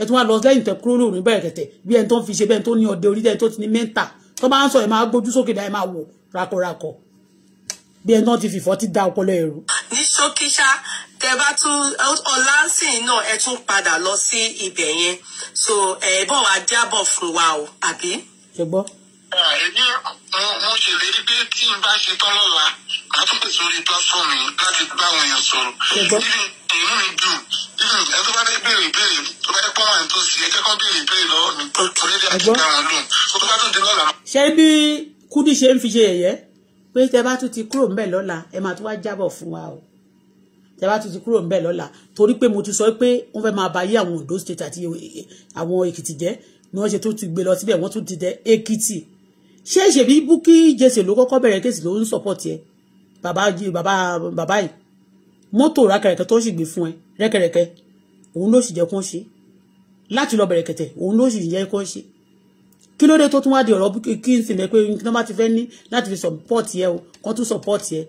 ẹ tún wá lọ lẹ́yìn tẹ kúrò lórí bẹ̀rẹ̀kẹ̀tẹ̀ bí ẹni tó ń fi ṣe bẹ́ẹ̀ tó ní ọdẹ orí dẹ́ni tó ti ní mẹ́ńtà tó bá ń sọ ẹ̀ máa gbójú sókè dá ẹ máa wò rákọ̀rákọ̀ bí ẹni náà ti fìfọ́ ti dá ọpọlọ ẹ̀rú. ní ṣókíṣá tẹ bá tún ọlánsìn náà ẹ tún padà lọ sí ibẹ̀ yẹn so ẹ bọ̀ wá jábọ̀ fún wa o àbí. ṣe gbọ́. ẹbí ah, mo ṣèlérí pé tí n bá ṣe tán lọ́la màá tún pèsè orí platform mi láti bá àwọn èèyàn sọ̀rọ̀. ṣe gbọ́. inú mi dùn ẹ tó bá dé béèrè béèrè tó bá yẹ kó wà tó sì ẹ jẹ́ kó béèrè béèrè lọ́wọ́ mi. ọ̀rẹ́dẹ̀ àti dáhùn lóhùn tó bá tún dé lọ́la. ṣé bí Kudi ṣe ń fi ṣe yẹ̀yẹ́ pé tẹ́ bá tún ti kúrò ńbẹ̀ lọ́la ẹ máa tún wá jábọ̀ fún wa o tẹ́ bá tún ti kúrò ńbẹ̀ lọ́la torí pé mo ti sọ pé wọ́n fẹ́ máa ba yé àwọn Ondo state àti eh, àwọn Èkìtì jẹ́ ni wọ́n ṣe tó ti gbé lọ síbẹ̀ wọ́n tún ti dẹ Èkìtì ṣé ìṣèbí Bukky Jesse ló kọ́kọ́ bẹ̀rẹ̀ kéèsì ló ń sọ̀pọ̀tì ẹ bàbá bàbá bàbá yìí mọ́tò rákẹ̀rẹ̀kẹ̀ tó sì gbé fún ẹ rẹ́kẹ̀rẹ̀kẹ̀ òun ló sì jẹ́ kó ń ṣe láti lọ bẹ̀rẹ̀ kẹ̀tẹ̀ òun ló sì jẹ́ kó ń ṣe kí ló dé tó tún wá di ọ̀rọ̀ kí n sì mẹ́ pé kí wọ́n bá ti fẹ́ ní láti fi support yẹ o kan tún support yẹ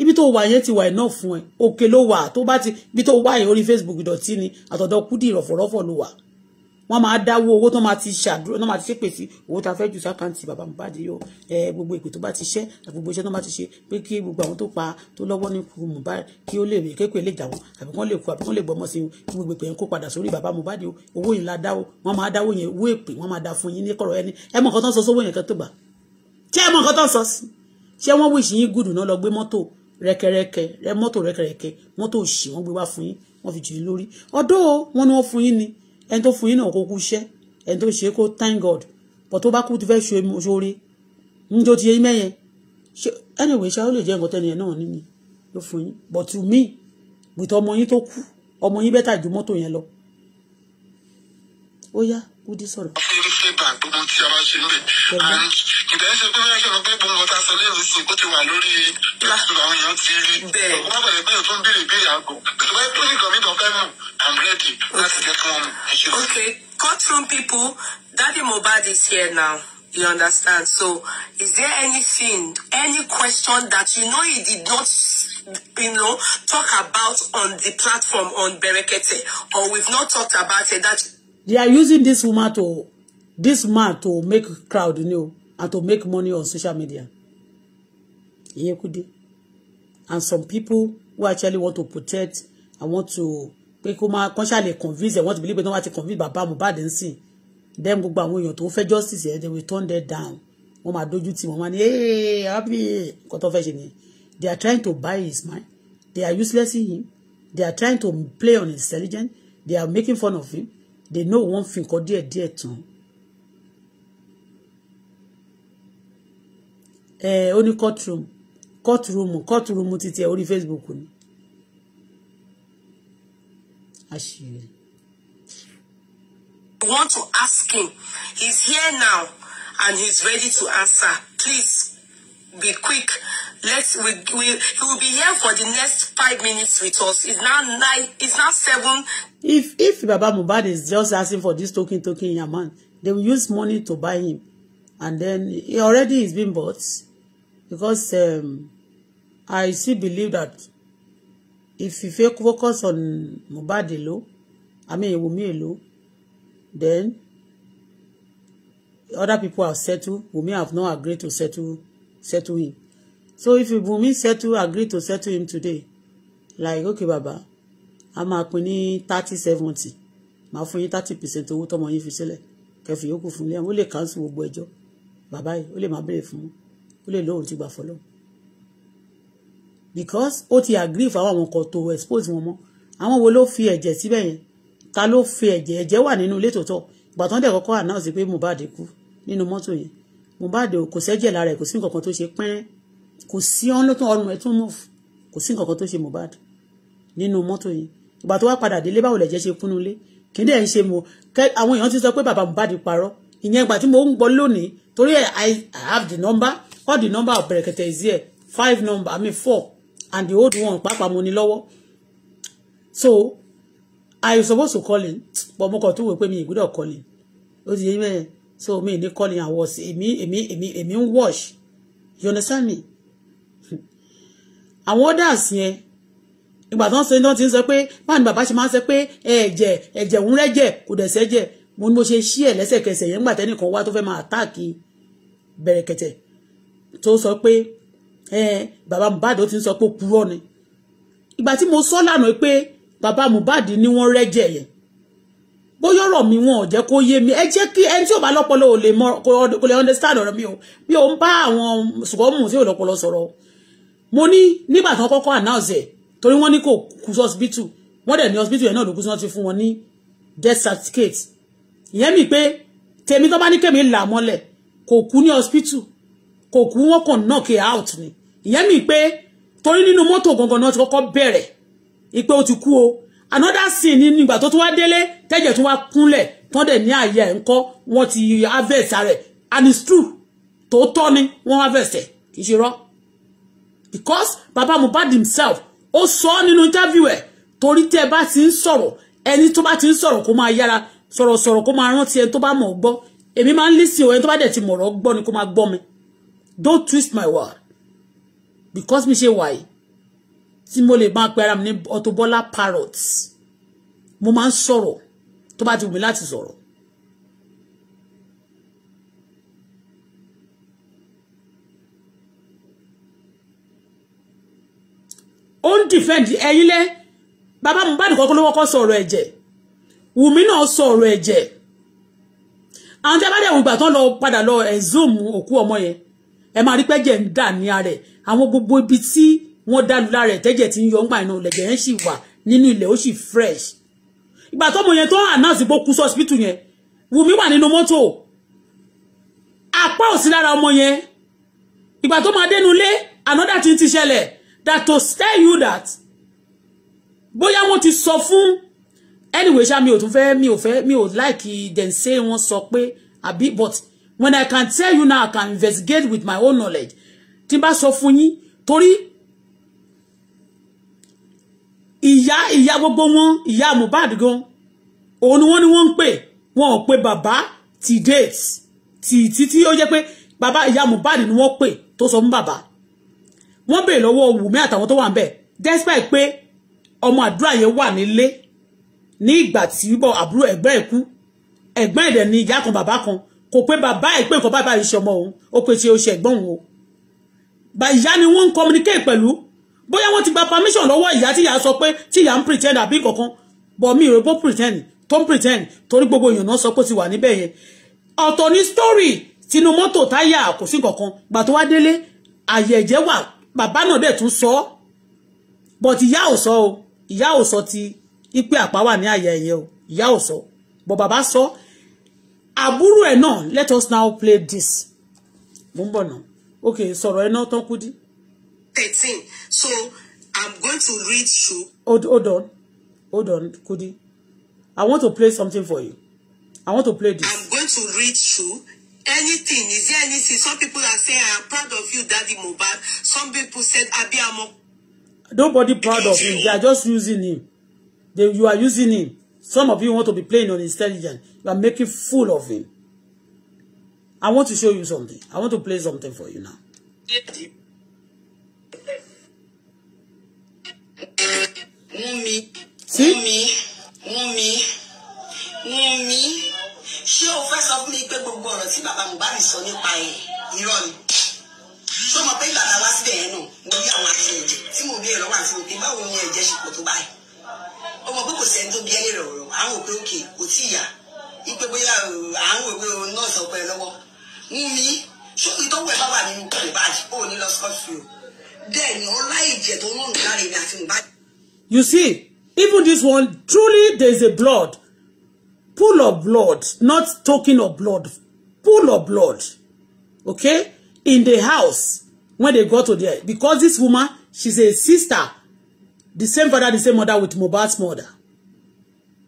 ibi tó wà yẹn ti wà iná fún ẹ òkè ló wà tó bá ti ibi tó wà yẹn orí Facebook ìdọ̀tí ni àtọ̀dọ̀ kúdì ìrọ̀fọ̀rọ̀fọ̀ ló wà wọ́n máa dáwó owó tó máa ti ṣàdúró tó máa ti ṣépè sí owó tá a fẹ́ jù sákàǹtì bàbá Mohbad yóò ẹ gbogbo ìpè tó bá ti ṣẹ́ gbogbo iṣẹ́ tó bá ti ṣe pé kí gbogbo àwọn tó pa tó lọ́wọ́ ní kú Mohbad kí ó lè rè kékeré lè jà wọ́n àbí kán lè kú àbí kán lè gbọ́mọ sí gbogbo ìpè yẹn kó padà sórí bàbá Mohbad yóò owó yìí la dáwó wọ́n máa dáwó yẹn owó èpè wọ́n máa dá fún yín ní kọ̀rọ̀ ẹni ẹ mọ̀ nǹkan tó ń sọ sówó yẹn kan tó gbà ṣé ẹ mọ̀ nǹkan tó ń sọ sí ṣé wọ́n wíṣì yín gùdù náà lọ gbé mọ́tò rẹ́kẹrẹ́kẹ rẹ mọ́tò rẹ́kẹrẹ́kẹ mọ́tò òṣì wọ́n gbé wá fún yín wọ́n fi jù ẹni tó fún yín náà kó kú iṣẹ́ ẹni tó ṣe kó thank God but tó bá kú tó fẹ́ ṣe oṣoore ń tó ti yẹ mẹ́yẹn ṣe anyway ṣá ó lè jẹ́ nǹkan tẹ́ni yẹn náà níní ló fún yín but to me with ọmọ yín tó kú ọmọ yín bẹ́tà ju mọ́tò yẹn lọ ó yá. Yeah. Kudi sọ̀rọ̀. wọ́n fún mi ní fébà gbogbo tí ṣe níbẹ̀ and ìbẹ̀rẹ̀ ṣe gbọ́dọ̀ ṣe pé gbogbo ọ̀tá sọ lẹ́yìn sísìn kó ti wà lórí platform àwọn èèyàn ti rí bẹ́ẹ̀ wọ́n bẹ̀rẹ̀ bẹ́ẹ̀ tó ń béèrè ìbéèrè àgọ́ ìṣòwò ẹ̀ tó ní kàn mí kàn fẹ́ mọ̀ I'm ready láti jẹ́ kí wọ́n mọ̀. courtroom people, Daddy Mohbad is here now. You understand? So, is there anything, any question that you know he did not, you know, talk about on the platform on Berekete, or we've not talked about it that they are using this woman to this man to make crowd you know and to make money on social media Yekudi and some people who actually want to protect and want to pé kó máa kán ṣàlè convince ẹ wọ́n ti believe pé wọ́n ti convince bàbá Mohbad ń sìn then gbogbo àwọn èèyàn tó fẹ́ justice here, they will turn them down wọ́n máa dojú tì wọ́n Hey, happy nǹkan tó fẹ́ they are trying to buy his mind they are useless in him they are trying to play on his intelligence they are making fun of him they know wọ́n fi nǹkan díẹ̀ díẹ̀ tán. Eh? ó ní courtroom courtroom courtroom títí ẹ orí Facebook ni àṣírí. I want to ask him he's here now and he's ready to answer please be quick Let's we we he will be here for the next five minutes with us. It's now nine. It's now seven. If if Baba Mubad is just asking for this token token in man, they will use money to buy him, and then he already is being bought because um, I still believe that if you focus on Mohbad alone, I mean Wunmi alone, then other people have settled. Wunmi have not agreed to settle settle him so if you Wunmi settle agree to settle him today like okay baba a máa pín ní thirty seventy máa fún yín thirty percent owó tọmọ yín fi sílẹ̀ kẹfì yòókù fún ilé àwọn ó lè cancel gbogbo ẹjọ́ bàbá yìí ó lè má béèrè fún ó lè lóhùn tí gbà fọlọ́ because ó ti agree fún àwọn kan tó expose wọn mọ́ àwọn wo ló fi ẹ̀jẹ̀ síbẹ̀ yẹn ta ló fi ẹ̀jẹ̀ ẹ̀jẹ̀ wà nínú ilé tòótọ́ ìgbà tó ń dẹ̀ kọ́kọ́ announce pé Mohbad kú nínú mọ́tò yẹn Mohbad kò sẹ́jẹ̀ lára ẹ̀ kò sí nǹkan kan tó ṣe pẹ́rẹ́ kò sí ọ́n ló tún ọrùn ẹ̀ tún move kò sí nǹkan kan tó ṣe Mohbad nínú mọ́tò yìí ìgbà tó wá padà délé báwo lẹ̀jẹ̀ ṣe kúnnú lé kí n dẹ̀ ṣe mo àwọn èèyàn ti sọ pé bàbá Mohbad parọ́ ìyẹn ìgbà tí mo ń gbọ́ lónìí torí ẹ̀ I have the number all the number of Brekete is here five number I mean four and the old one pàápàá mo ní lọ́wọ́ so I suppose to call him but mo kàn tún wò pé mi ìgbúdọ̀ call him ó ti yé mẹ́rin so mi ní calling I was èmi èmi èmi èmi ń wash you understand me àwọn others yẹn ìgbà tó ń sọ iná ti ń sọ pé báwo ni bàbá ṣe máa ń sọ pé ẹ̀jẹ̀ ẹ̀jẹ̀ òun rẹ́jẹ̀ kò dẹ̀ sẹ́jẹ̀ mo ní mo ṣe ṣí ẹ̀ lẹ́sẹ̀kẹsẹ̀ yẹn nígbà tẹ́nìkan wá tó fẹ́ máa táàkì bẹ̀rẹ̀kẹ̀tẹ̀ tó sọ pé bàbá Mohbad ó ti ń sọ pé ó purọ́ ni ìgbà tí mo sọ lánàá pé bàbá Mohbad ni wọ́n rẹ́jẹ̀ yẹn bóyá ọ̀rọ̀ mi wọn ò jẹ́ kó yé mi ẹ jẹ́ kí ẹni tí ò bá lọ́pọlọ ò lè mọ kò lè understand ọ̀rọ̀ mi o mi ò ń bá àwọn ṣùgbọ́n mò ń tí ò sọ̀rọ̀ mo ní nígbà tí wọ́n kọ́kọ́ announce ẹ̀ torí wọ́n ní kò kú sí hospital wọ́n dẹ̀ ní hospital yẹn náà ló kú sí wọ́n ti fún wọn ní death certificate ìyẹn mi pé tèmi tó bá ní kèmí là mọ́lẹ̀ kò kú ní hospital kò kú wọ́n kàn knock out ni ìyẹn mi pé torí nínú mọ́tò gangan náà ti kọ́kọ́ bẹ̀rẹ̀ ìpè ó ti kú o another scene ni nígbà tó tún wá délé tẹ́jẹ̀ tún wá kúnlẹ̀ tán dẹ̀ ní àyè ẹ̀ ńkọ́ wọ́n ti harvest rẹ̀ and it's true tòótọ́ ni wọ́n harvest ẹ̀ kì í ṣe rọ́ọ́ because baba Mohbad himself ó sọ nínú interview ẹ̀ torí tẹ́ bá ti ń sọ̀rọ̀ ẹni tó bá ti ń sọ̀rọ̀ kó máa yára sọ̀rọ̀ sọ̀rọ̀ kó máa rántí ẹni tó bá mọ̀ gbọ́ èmi máa ń lísì o ẹni tó bá dẹ̀ ti mọ̀rọ̀ gbọ́ ni kó máa gbọ́ mi don't twist my word because mi ṣe wà yìí tí mo lè máa pe ara mi ní Auto parrot mo máa ń sọ̀rọ̀ tó bá ti wù mí láti sọ̀rọ̀ ó ń defend ẹ̀yin lẹ́ Baba Mohbad kọ́kọ́ ló kọ́kọ́ sọ ọ̀rọ̀ ẹ̀jẹ̀ Wùmí náà sọ ọ̀rọ̀ ẹ̀jẹ̀ àwọn tí a bá dẹ̀ wùgbà tán lọ padà lọ zoom òkú ọmọ yẹn ẹ máa rí pẹ́jẹ̀ ń dà ní ara ẹ̀ àwọn gbogbo ibi tí wọ́n dá lára ẹ̀ tẹ́jẹ̀ tí ń yọ ńgbà iná lẹ̀jẹ̀ yẹn sì wà nínú ilẹ̀ ó sì fresh ìgbà tọ́mọ yẹn tó announce bó kú sí hospital yẹn Wùmí wà nínú mọ́tò apá òsì lára ọmọ yẹn ìgbà tó máa dénú lé another thing ti ṣẹlẹ̀ that to tell you that bóyá wọ́n ti sọ fún anyway ṣá mi ò tún fẹ́ mi ò fẹ́ mi ò like dem say wọ́n sọ pé àbí but when i can tell you now i can investigate with my own knowledge tí n bá sọ fún yín torí ìyá ìyá gbogbo wọn ìyá Mohbad gan òun ni wọ́n ní wọ́n ń pè wọn pe baba. ti date ti títí ó jẹ́ pé bàbá ìyá Mohbad ni wọ́n pè tó sọ fún bàbá wọ́n béèrè lọ́wọ́ Wùmí àtàwọn tó wà ń bẹ̀ despite pé ọmọ àdúrà yẹn wà nílé ní ìgbà tí bọ̀ àbúrò ẹ̀gbẹ́ ẹ̀ kú ẹ̀gbọ́n ẹ̀dẹ̀ ni ìyá kan bàbá kan kò pé bàbá ẹ̀ pé nǹkan bàbá yìí ṣọmọ òun ó pé tí ó ṣe ẹ̀gbọ́n òun o ìyá ni wọ́n ń communicate pẹ̀lú bóyá wọ́n ti gba permission lọ́wọ́ ìyá tí ìyá sọ pé tí ìyá ń pretend àbí kankan bọ̀ mi ìròbó pretend tó pretend torí gbogbo èèyàn náà so pé ó ti wà níbẹ̀ yẹn ọ̀tọ̀ ni story tinú mọ́tò táyà kò sí kankan gbà tó wá délé àyẹ̀jẹ̀ wà bàbá náà dẹ̀ tún sọ but ìyá ò sọ o ìyá ò sọ ti ipe àpá wà ní àyà ẹ̀yẹ o ìyá ò sọ but bàbá sọ àbúrò ẹ̀ náà let us now play this mo ń bọ̀ náà ok sọ̀rọ̀ ẹ̀ náà tán kú dí. thirteen so i'm going to read through. hold hold on hold on Kudi i want to play something for you i want to play this. i'm going to read through anything is there anything some people are saying i am proud of you daddy Mohbad some people said abiyamo. nobody proud of him they are just using him they, you are using him some of you want to be playing on intelligence you are making fool of him i want to show you something i want to play something for you now. Wumi, Mommy. Mommy. Mommy ṣé o fẹ́ sọ fún mi pé gbogbo ọ̀rọ̀ tí bàbá Mohbad sọ nípa ẹ̀ irọ́ ni ṣé o mọ̀ pé ìgbàlá wá síbẹ̀ yẹn náà mo rí àwọn àti ẹ̀jẹ̀ tí mo bí ẹ̀rọ wà fún òkè báwo ni ẹ̀jẹ̀ ṣe pọ̀ tó báyìí o mọ̀ pé kò sẹ́ni tó bí ẹ lérò ọ̀rọ̀ àwọn òpè òkè kò tí ì yá ipe bóyá àwọn òwe nọ́ọ̀sì ọ̀pẹ lọ́wọ́ Wúnmi ẹ bá wà nínú kò tó rọrùn láre ni àti Mohbad. You see, even this one truly there a blood pool of blood, not talking of blood, pool of blood, okay, in the house when they got to there. Because this woman, she's a sister, the same father, the same mother with Mohbad's mother.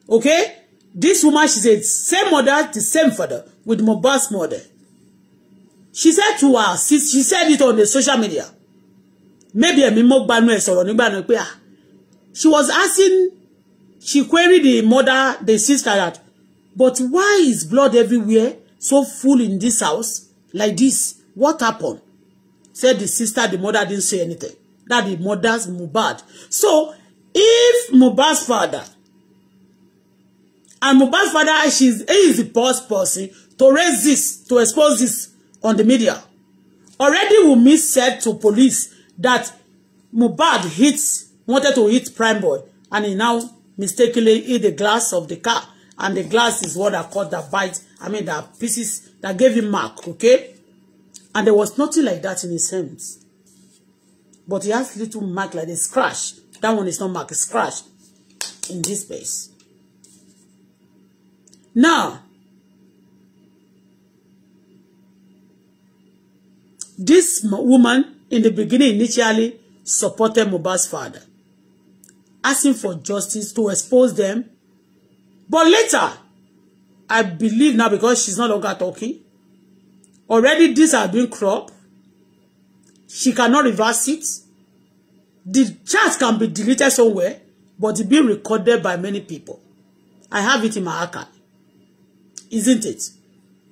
Okay? This woman, she's a same mother, the same father with Mohbad's mother. She said to her, she, said it on the social media. Maybe Èmi mo gbanu ẹ e sọ̀rọ̀ ah, She was asking, she queried the mother, the sister that But why is blood everywhere so full in this house like this? What happened? Said the sister, the mother didn't say anything. That the mother's Mohbad. So if Mohbad's father and Mohbad's father she's he is the first person to raise this, to expose this on the media. Already we miss said to police that Mohbad hits wanted to hit prime boy, and he now mistakenly hit the glass of the car and the glass is what I caught that bite, I mean that pieces that gave him mark, okay? And there was nothing like that in his hands. But he has little mark like a scratch. That one is not mark, it's scratch in this place. Now, this woman in the beginning initially supported Mohbad's father, asking for justice to expose them But later, I believe now because she's no longer talking, already this has been cropped. She cannot reverse it. The chat can be deleted somewhere, but it being recorded by many people. I have it in my archive. Isn't it?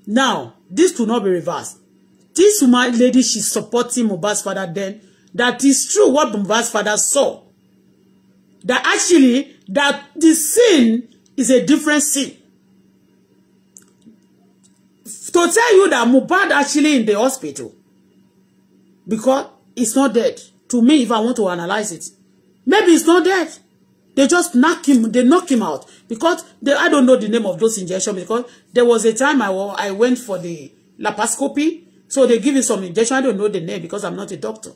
Now, this will not be reversed. This woman lady, she's supporting Mohbad's father then. That is true what Mohbad's father saw. That actually, that the scene is a different sin. To tell you that Mubad actually in the hospital because it's not dead. To me, if I want to analyze it, maybe it's not dead. They just knock him, they knock him out because they, I don't know the name of those injections because there was a time I, I went for the laparoscopy. So they give you some injection. I don't know the name because I'm not a doctor.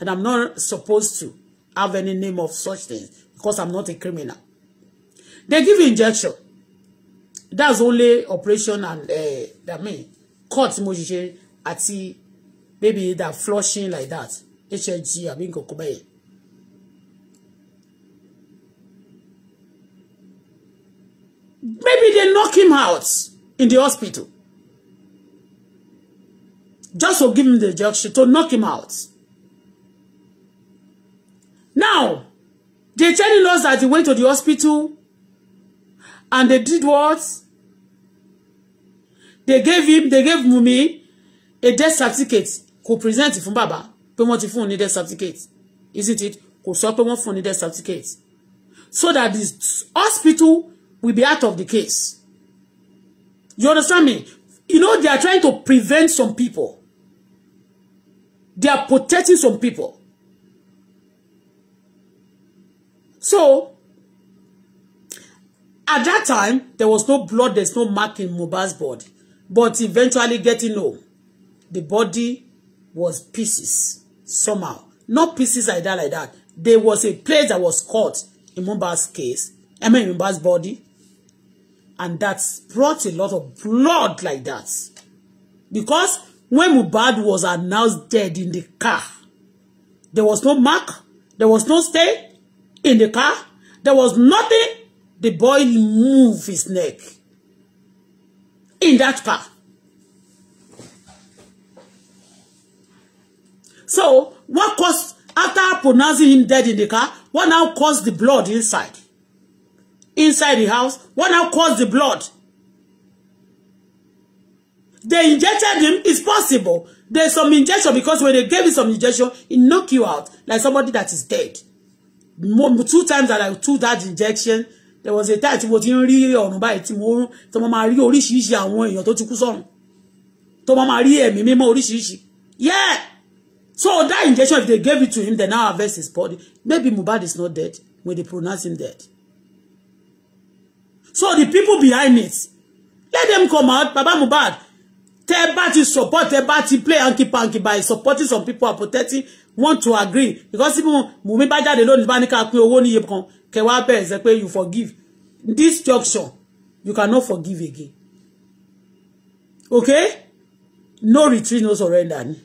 And I'm not supposed to have any name of such things because I'm not a criminal. They give you injection. That's only operation and uh, eh, that mean cut mo ṣe maybe that flushing like that. HLG I mean go bẹ́ẹ̀. Maybe they knock him out in the hospital. Just to give him the injection to knock him out. Now, they're telling us that he went to the hospital And they did what? They gave him, they gave Mumi a death certificate. Kò present it from Baba? wọ́n if you need a certificate. Isn't it? Kò sọ pé wọ́n fún un ní death certificate. So that this hospital will be out of the case. You understand me? You know, they are trying to prevent some people. They are protecting some people. So, At that time, there was no blood, there's no mark in Mohbad's body. But eventually getting home, the body was pieces somehow. Not pieces like that, like that. There was a place that was caught in Mohbad's case, I mean Mohbad's body. And that brought a lot of blood like that. Because when Mohbad was announced dead in the car, there was no mark, there was no stain in the car, there was nothing the boy move his neck in that car. So, what caused, after pronouncing him dead in the car, what now caused the blood inside? Inside the house, what now caused the blood? They injected him, it's possible. There's some injection because when they gave him some injection, it knocked you out like somebody that is dead. Two times that I took that injection, there was a time tí mo ti ń rí ọ̀run báyìí tí mo tí mo máa rí oríṣiríṣi àwọn èèyàn tó ti kú sọ̀run tó mo máa rí ẹ̀mí mímọ́ oríṣiríṣi yeah so that injection if they gave it to him then now harvest his body maybe Mubad is not dead when they pronounce him dead so the people behind it let them come out baba Mubad. tẹ bá ti support tẹ bá ti play hanky panky by supporting some people and protecting want to agree because even Wunmi bá jáde lónìí bá ní ká pín owó níye kan kẹ wá bẹ̀rẹ̀ sẹ́ pé you forgive this junction you cannot forgive again okay no retreat no surrender ni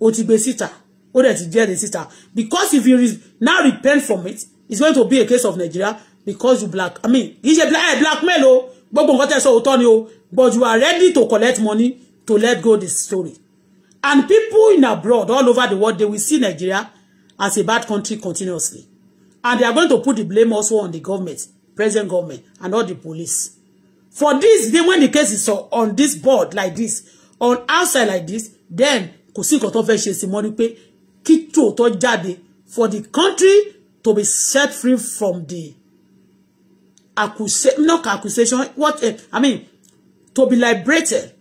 o ti gbé síta ó dẹ̀ ti jẹ́rìí síta because if you re now repent from it it's going to be a case of Nigeria because you black i mean kì í ṣe black eh, blackmail o gbogbo nǹkan tẹ́ sọ òótọ́ ni o but you are ready to collect money to let go the story and people in abroad all over the world they will see Nigeria as a bad country continuously And they are going to put the blame also on the government, present government, and all the police. For this, then when the case is on this board like this, on outside like this, then kò sí nǹkan tó fẹ́ ṣe sí for the country to be set free from the accusation not accusation what eh, I mean to be liberated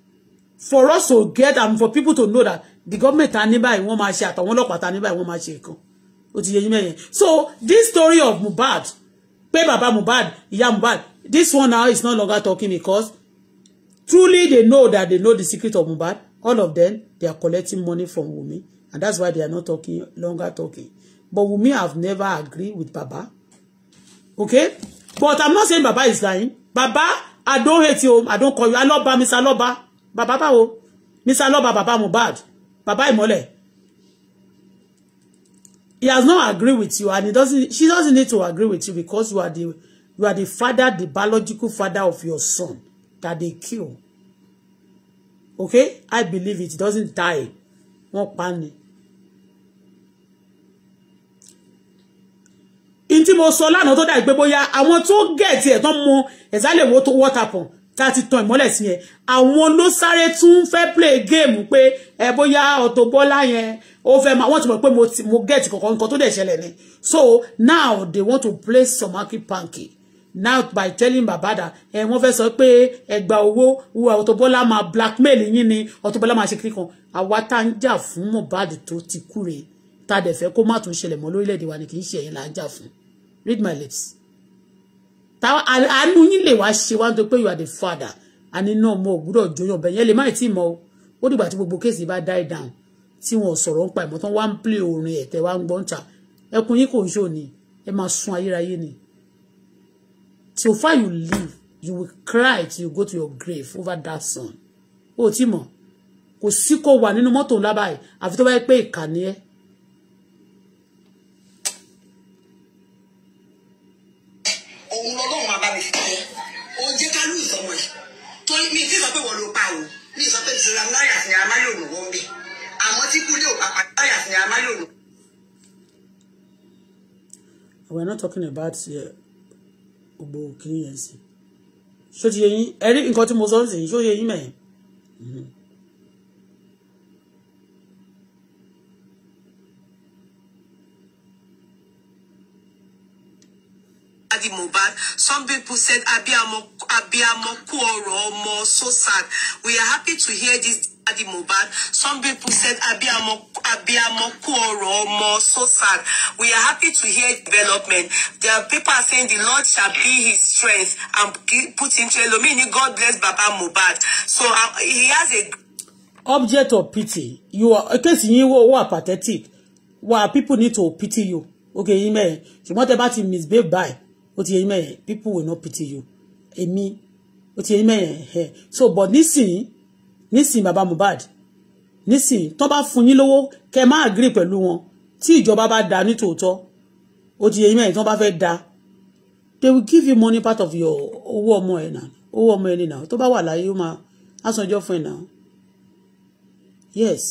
for us to get and for people to know that the government ta ní báyìí wọ́n máa ṣe àtàwọn ọlọ́pàá ta ní ó ti yé yín so this story of Mohbad pé Baba Mohbad ìyá Mohbad this one now is no longer talking because truly they know that they know the secret of Mohbad all of them they are collecting money from Wunmi and that's why they are not talking longer talking but Wunmi have never agree with baba okay but i'm not saying baba is lying baba i don't hate you i don't call you aloba mr aloba baba báwo mr aloba baba Mohbad baba Ìmọ́lẹ̀ he has not agreed with you and he doesn't she doesn't need to agree with you because you are the you are the father the biological father of your son that they kill okay I believe it he doesn't die wọ́n pa Intimo in tí mo sọ lánàá tó dà gbé bóyá àwọn tó gẹ̀ẹ́tì exactly what happened tá a ti tan ìmọ́lẹ̀ sí yẹn àwọn ló sáré tún fẹ́ play game pé ẹ bóyá Auto Bola yẹn ó fẹ́ máa wọ́n ti mọ̀ pé mo get kọ̀ọ̀kan nǹkan tó dẹ̀ ṣẹlẹ̀ ni so now they want to play some hanky panky now by telling Babada, da ẹ wọ́n fẹ́ sọ pé ẹgbà owó wo Auto Bola máa blackmail yín ni Auto Bola máa ṣe kiri kan àwa tá ń jà fún Mohbad tó ti kú rèé tá a dẹ̀ fẹ́ kó má tún ṣẹlẹ̀ mọ́ lórílẹ̀‐èdè wa ni kì í ṣe ẹ̀yin là ń read my lips àánú yín lè wá ṣe wá to pé you are the father àní no mo gbúdọ̀ jóyàn bẹ́ẹ̀ yẹn lè má ì tí mọ o ó dìgbà tí gbogbo kéèsì bá die down tí wọn sọ̀rọ̀ ń pa ìmọ̀ tán wá ń play orin ẹ̀tẹ̀ wá ń gbọ́n ta ẹkùn yín kò ń ṣò ní ẹ máa sun ayérayé ni so far you live you will cry till you go to your grave over that son ó tí mọ̀ kò sí kó wà nínú mọ́tò ńlá báyìí àfi tó bá yẹ pé ìkànnì ẹ̀ jẹ́ ká lù ìsọmọ yìí torí mi ti sọ pé wọ́n ló pa o mi sọ pé ìṣura náírà sí amáyòrò wọn bẹ̀ àmọ́ tí kúndé ò pàpà náírà sí amáyòrò. we're not talking about uh, gbogbo kìnìyẹn sí ṣó ti yẹ yín ẹ rí nǹkan tí mo sọ ń sìn ṣó yẹ yín mẹ́yìn. Mm-hmm. Daddy Mohbad. Some people said Abiyamo Abiyamo kú ọ̀rọ̀ ọmọ so sad. We are happy to hear this Daddy Mohbad. Some people said Abiyamo Abiyamo kú ọ̀rọ̀ ọmọ so sad. We are happy to hear development. There are people are saying the Lord shall be his strength and put him to Elomini. God bless Baba Mohbad. So uh, he has a object of pity. You are case yín wo wa pathetic. Why people need to pity you. Okay, amen. You want about ti misbehave báyìí ó ti yẹ people will not pity you èmi ó ti yẹ so but nísìnyí nísìnyí baba Mohbad nísìnyí tó bá fún yín lówó kẹ́ má agree pẹ̀lú wọn tí ìjọba bá da ní tòótọ́ ó ti yẹ yín mẹ́yẹn tó bá da they will give you money part of your owó ọmọ ẹ̀ náà owó ọmọ ẹni náà tó bá wà láyé ó máa á sanjọ́ fún ẹ̀ yes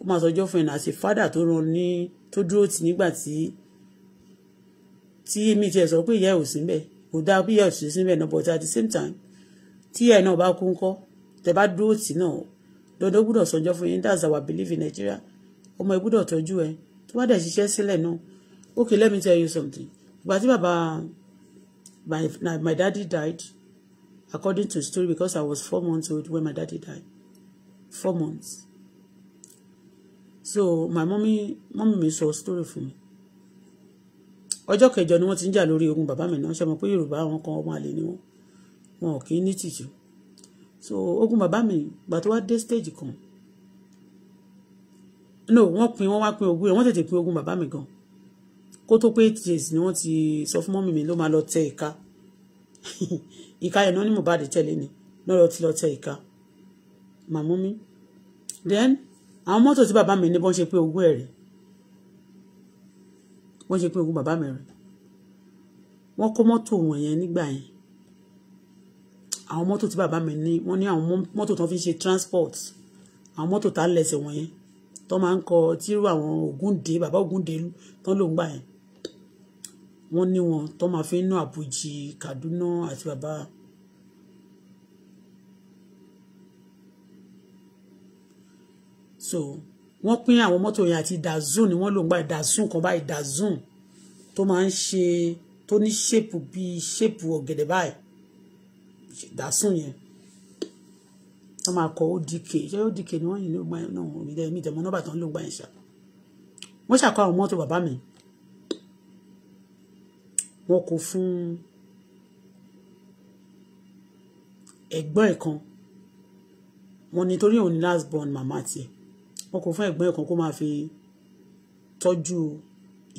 ó máa sanjọ́ fún ẹ̀ náà àti to tó ràn ní tó dúró tì tí mi tiẹ̀ sọ pé ìyá ẹ̀ ò sí mbẹ̀ kò dáa bí ìyá ẹ̀ ò sí síbẹ̀ náà but at the same time tí ìyá ẹ̀ náà bá kú ńkọ́ tẹ́ bá dúró tì náà dandan ó gbúdọ̀ sanjọ́ fún yín that's our belief in Nigeria ọmọ ẹ gbúdọ̀ tọ́jú ẹ tó bá dẹ̀ ṣiṣẹ́ sílẹ̀ náà okay let me tell you something ìgbà tí bàbá my, my daddy died according to story because I was four months old when my daddy died four months so my mommy mommy mi sọ story fún mi ọjọ́ kẹjọ ni wọ́n ti ń jà lórí ogun bàbá mi náà ṣe mọ̀ pé yorùbá àwọn kan ọmọ àlè ni wọ́n wọn ò kì ní tìjú so ogun bàbá mi gbà tó wá dé stage kan no wọ́n pin wọ́n wá pin ogun rẹ̀ wọ́n tètè pin ogun bàbá mi gan kó tó pé eight ni wọ́n ti sọ fún mọ́mì mi ló máa lọ tẹ ìka ìka yẹn náà ni Mohbad tẹ̀lé ni náà lọ ti lọ tẹ ìka màmú mi then àwọn mọ́tò tí bàbá mi ní bọ́n ṣe pé ogún ẹ̀ wọ́n ṣe pé ogún bàbá mi rẹ̀ wọ́n kó mọ́tò wọn yẹn nígbà yẹn àwọn mọ́tò tí bàbá mi ní wọ́n ní àwọn mọ́tò tó fi ṣe transport àwọn mọ́tò tá lẹ́sẹ̀ wọn yẹn tó máa ń kọ tírú àwọn Ògúndé bàbá Ògúndé tó ló ń gbà yẹn wọ́n ní wọn tó máa fi ń ná Àbújì Kaduna àti bàbá. So wọ́n pín àwọn mọ́tò yẹn àti dazun ni wọ́n lò ń gba dazun kan báyìí dazun tó máa ń ṣe tó ní ṣèpù bíi ṣèpù ọ̀gẹ̀dẹ̀ báyìí dazun yẹn wọ́n máa kọ odk ṣé odk ni wọ́n yìí ló gba náà orí dẹ́ mi ìtẹ̀mọ́ nọ́bà tán ló gba yẹn ṣá wọ́n ṣàkọ àwọn mọ́tò bàbá mi wọ́n kó fún ẹ̀gbọ́n ẹ̀ kan wọ́n nítorí òun ní last born màmá tiẹ̀ wọn kò fún ẹ̀gbọ́n ẹ̀ kan kó máa fi tọ́jú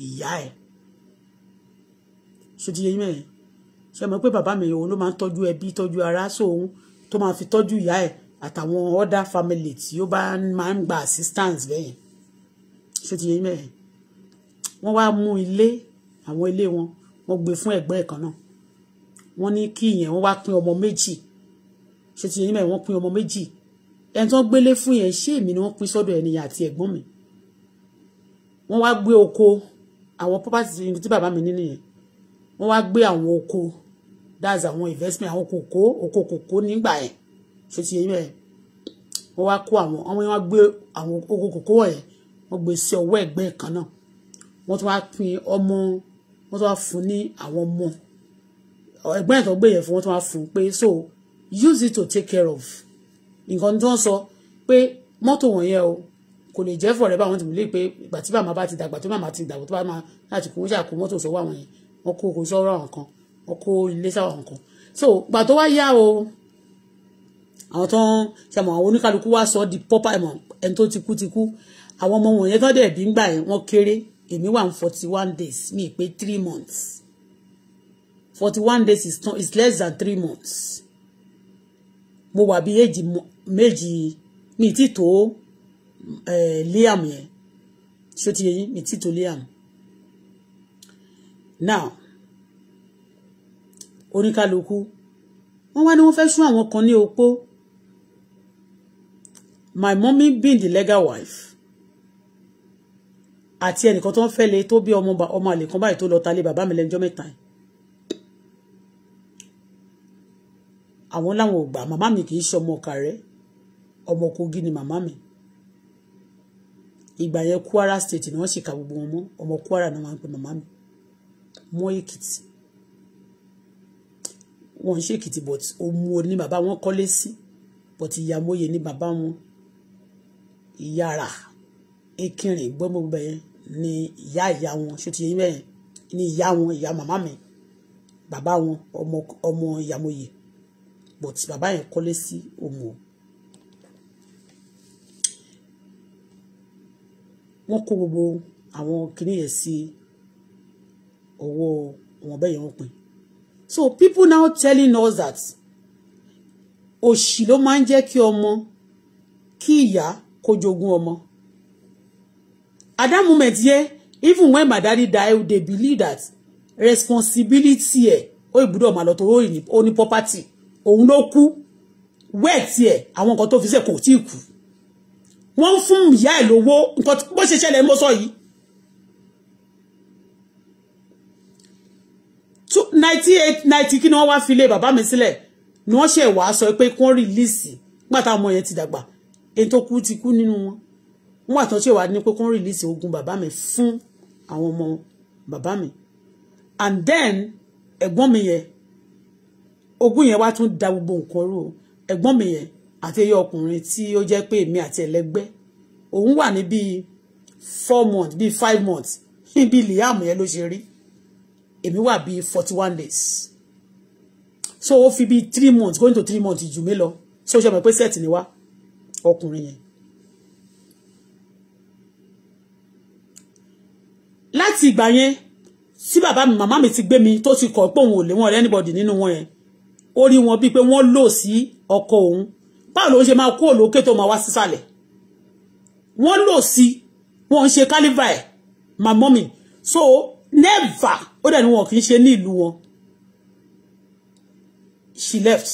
ìyá ẹ̀ sotí yẹn mẹ́rin ṣe mọ̀ pé bàbá mi òun ló máa ń tọ́jú ẹbí tọ́jú ara sóun tó máa fi tọ́jú ìyá ẹ̀ àtàwọn other family tí ó bá máa ń gba assistance bẹ́yẹn sotí yẹn mẹ́rin wọ́n wá mú ilé àwọn ilé wọn wọ́n gbé fún ẹ̀gbọ́n ẹ̀ kan náà wọ́n ní kí ìyẹn wọ́n wá pín ọmọ méjì sotí yẹn mẹ́rin wọ́n pín ọmọ méjì ẹni tó gbélé fún yẹn ṣé èmi ni wọ́n pín sọ́dọ̀ ẹni àti ẹ̀gbọ́n mi wọ́n wá gbé oko àwọn property tí bàbá mi ní nìyẹn wọ́n wá gbé àwọn oko that's àwọn investment àwọn kòkó oko kòkó nígbà yẹn ṣe ti yẹn bẹ́ẹ̀ wọ́n wá kó àwọn àwọn yẹn wá gbé àwọn oko kòkó wọ̀nyẹn wọ́n gbé sí ọwọ́ ẹ̀gbẹ́ kan náà wọ́n tún wá pín ọmọ wọ́n tún wá fún ní àwọn ọmọ ẹ̀gbọ́n ẹ̀ tó gbé yẹn fún wọ́n tún wá fún pé so use it to take care of nǹkan tó ń sọ pé mọ́tò wọ̀nyẹn o kò lè jẹ́ fọ̀rẹ́ bá wọn ti bìlẹ̀ pé ìgbà tí màmá bá ti dàgbà tó màmá ti dàgbà tó bá máa láti kó ṣàkó mọ́tò sọ́wọ́ àwọn yẹn wọn kó kó sọ́wọ́ àwọn kan wọn kó ilé sáwọn kan so gbà tó wá yá o àwọn tó ń ṣàmọ̀ àwọn oníkálukú wá sọ di pọ́pá ẹ̀mọ̀ ẹni tó ti kú ti kú àwọn ọmọ wọ̀nyẹn tó dẹ̀ bí ń gbà yẹn wọ́n kéré èmi wà ní forty one days mi pé three months forty one days is, not, is less than three months mo wà bí èjì méjì mi ti tó Liam yẹn So ti yẹ yín mi ti tó Liam now oníkálukú wọ́n wá ní wọ́n fẹ́ sún àwọn kan ní opó my mommy being the legal wife àti ẹnìkan tó ń fẹ́ le tó bí ọmọ ọmọ àlè kan báyìí tó lọ talé bàbá mi lẹ́jọ́ mẹ́ta yìí àwọn láwọn ò mama màmá mi kì í ṣọmọ ọkà rẹ̀ ọmọ Kogi ni màmá mi ìgbà yẹn Kwara state ni wọ́n sì ka gbogbo wọn mọ́ ọmọ Kwara ni wọ́n pe màmá mi mọ́ Èkìtì wọ́n ṣe Èkìtì but òmu ni bàbá wọn kọ́lé sí but ìyàmóye ni bàbá wọn ìyára ekinrin gbọ́mọgbẹ́ yẹn ni ìyá ìyá wọn ṣó ti yẹ ni ìyá wọn ìyá màmá mi bàbá wọn ọmọ ọmọ ìyàmóye but bàbá yẹn kọ́lé sí òmu o wọ́n kó gbogbo àwọn kinní yẹn sí ọwọ́ wọn bẹ́ẹ̀ yẹn wọ́n pè so people now telling us that òṣì ló máa ń jẹ́ kí ọmọ kí ìyá kó jogún ọmọ at that moment yẹ even when my daddy die they believe that responsibility ẹ̀ ó ìbúdọ̀ màá lọ ó ní property òun ló kú wẹ́ẹ̀tì ẹ̀ àwọn nǹkan tó fi ṣe kò tí ì kú wọ́n ń fún ìyá ẹ̀ lówó nǹkan bó ṣe ṣẹlẹ̀ mo sọ yìí. ninety eight ninety kí ni wọ́n wá fi lé bàbá mi sílẹ̀ ni wọ́n ṣe wàá sọ pé kí wọ́n rìlíìsì nígbà táwọn ọmọ yẹn ti dàgbà èyí tó kú ti kú nínú wọn nígbà tó ṣe wàá ní pé kí rìlíìsì ogún bàbá mi fún àwọn ọmọ bàbá mi and then ẹ̀gbọ́n mi yẹn ogún yẹn wá tún da gbogbo nǹkan rú ẹ̀gbọ́n mi yẹn àti eyín ọkùnrin tí ó jẹ́ pé èmi àti ẹlẹgbẹ́ òun wà ní bíi four months bíi five months níbi liam yẹn ló ṣe rí èmi wà bíi forty one days so ó fi bíi three months going to three months jù mí lọ so ó ṣe mọ̀ pé set ni wá ọkùnrin yẹn. láti ìgbà yẹn tí bàbá mi màmá mi ti gbé mi tó ti kọ̀ pé òun ò lè wọn rẹ anybody nínú wọn yẹn ó rí wọn bíi pé wọ́n lò sí ọkọ òun báwo ló ń ṣe máa kú òlókè tó máa wá sísàlẹ̀ wọ́n lò sí wọ́n my mommy so never ó dẹ̀ ni wọn kì í ṣe ní ìlú she left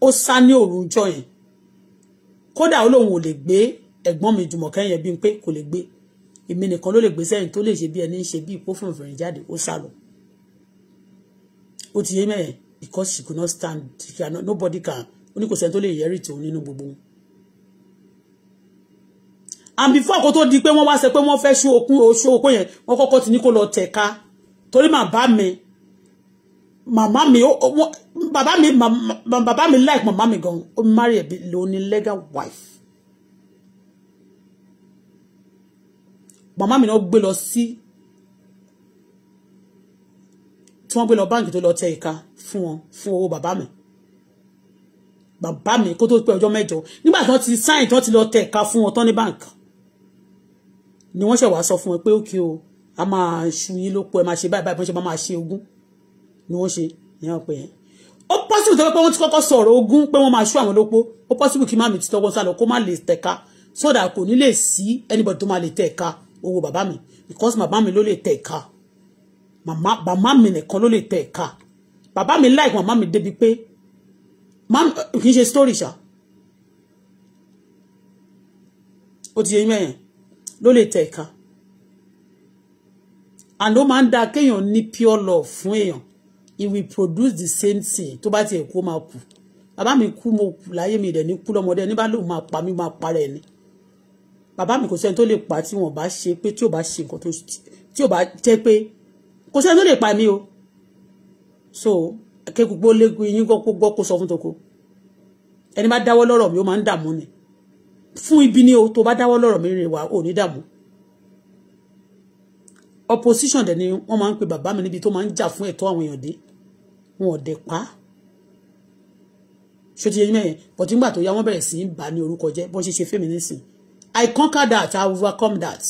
O sá ní òru ọjọ́ yẹn kódà ó lóun ò lè gbé ẹ̀gbọ́n mi jùmọ̀kẹ́ yẹn bí pé kò lè gbé èmi nìkan ló lè gbé sẹ́yìn tó lè ṣe bí ẹni ń ṣe bí ìpófìnfìnrin jáde ó sá lọ ó ti yé because she could not stand she cannot nobody can ó ní kò sẹ́ni tó lè yẹ́rì tó nínú gbogbo and before kó tó di pé wọ́n wá sẹ pé wọ́n fẹ́ ṣó okun oṣó okun yẹn wọ́n kọ́kọ́ ti ní kó lọ tẹ̀ka torí màbá mi màmá mi bàbá mi bàbá mi like màmá mi gan ó marry ẹ̀ ló ní legal wife. màmá mi náà gbé lọ sí tí wọ́n gbé lọ báǹkì tó lọ tẹ fún wọn fún owó bàbá mi bàbá mi kó tó pé ọjọ́ mẹ́jọ nígbà tí wọ́n ti sáìn tí wọ́n ti lọ tẹ̀ ká fún wọn tán bank ni wọ́n ṣẹ̀ wá sọ fún wọn pé ókè o a máa ṣu yín lóko ẹ máa ṣe báyìí báyìí bọ́n ṣe máa ṣe ogún ni wọ́n ṣe ní wọ́n pè é ó pọ́sibù tó pé wọ́n ti kọ́kọ́ sọ̀rọ̀ ogún pé wọ́n máa ṣú àwọn lóko ó pọ́sibù kí màmí ti tọ́gbọ́n sálọ kó má lè tẹ̀ka sódà kò ní lè sí anybody tó máa lè tẹ̀ka owó bàbá mi because màmá mi ló lè tẹ̀ka màmá mi nìkan ló lè tẹ̀ka Baba mi like màmá mi débi pé kì í ṣe story ṣá ó ti yẹ yín mẹ́yìn ló lè tẹ̀ ẹ̀ka and ó máa ń da kéèyàn ní pure love fún èèyàn it will produce the same thing To ba ti kú ó máa kú bàbá mi kú mo kú láyé mi ìdẹ̀ ní kú lọ́mọdé ni ba lo ma pa ma pa parẹ́ ni Baba mi ko se tó lè pa tí wọ́n bá ṣe pé tí ò ba ṣe nǹkan tó ti ò bá jẹ́ pé kò sẹ́ni to le pa mí o so kékugbó léegun yín gbọ́ gbọ́ kó sọ fún toko ẹni bá dáwọ́ lọ́rọ̀ mi ó máa ń dààmú ni fún ibi ni o tó bá dáwọ́ lọ́rọ̀ mi rìn wá ò ní dààmú opposition dẹ̀ ni wọ́n máa ń pe bàbá mi níbi tó máa ń jà fún ẹ̀tọ́ àwọn èèyàn dé wọn ò dẹ̀ pa á ṣé ti yẹ mẹ́yẹn bọ̀tí nígbà tó yá wọ́n bẹ̀rẹ̀ sí í bà ní orúkọ jẹ́ bọ́n ṣe ṣe fẹ́mi I conquer that I overcome that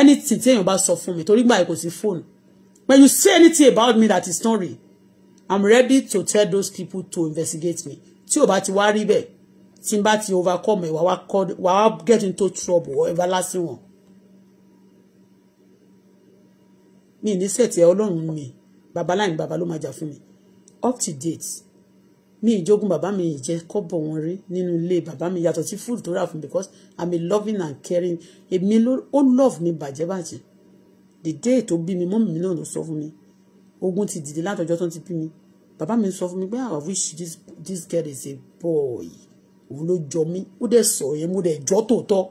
anything tí èèyàn bá sọ fún mi torí gbà kò sí fóònù When you say anything about me that is not real, I'm ready to tell those people to investigate me. Tí o bá ti wá rí bẹ́ẹ̀, tí n ti overcome me, wà wá call, wà wá get into trouble or everlasting one. Mi ní sẹ̀tì ọlọ́run mi, babaláyìn baba ló máa jà fún mi. Up to date, mi ìjogún bàbá mi ìjẹ́ kọ́bọ̀ wọn rí nínú ilé bàbá mi yàtọ̀ sí food to rà fún because I'm a loving and caring. Èmi ló ó love me bàjẹ́ bàjẹ́ the day tó bí mi mọ́mì mi náà ló sọ fún mi ogun ti dìde látọjọ́ tó ti bí mi bàbá mi sọ fún mi pé ah, I wish this this girl is a boy òun ló jọ mí ó dẹ̀ sọ̀rọ̀ yẹn mo dẹ̀ jọ́ tòótọ́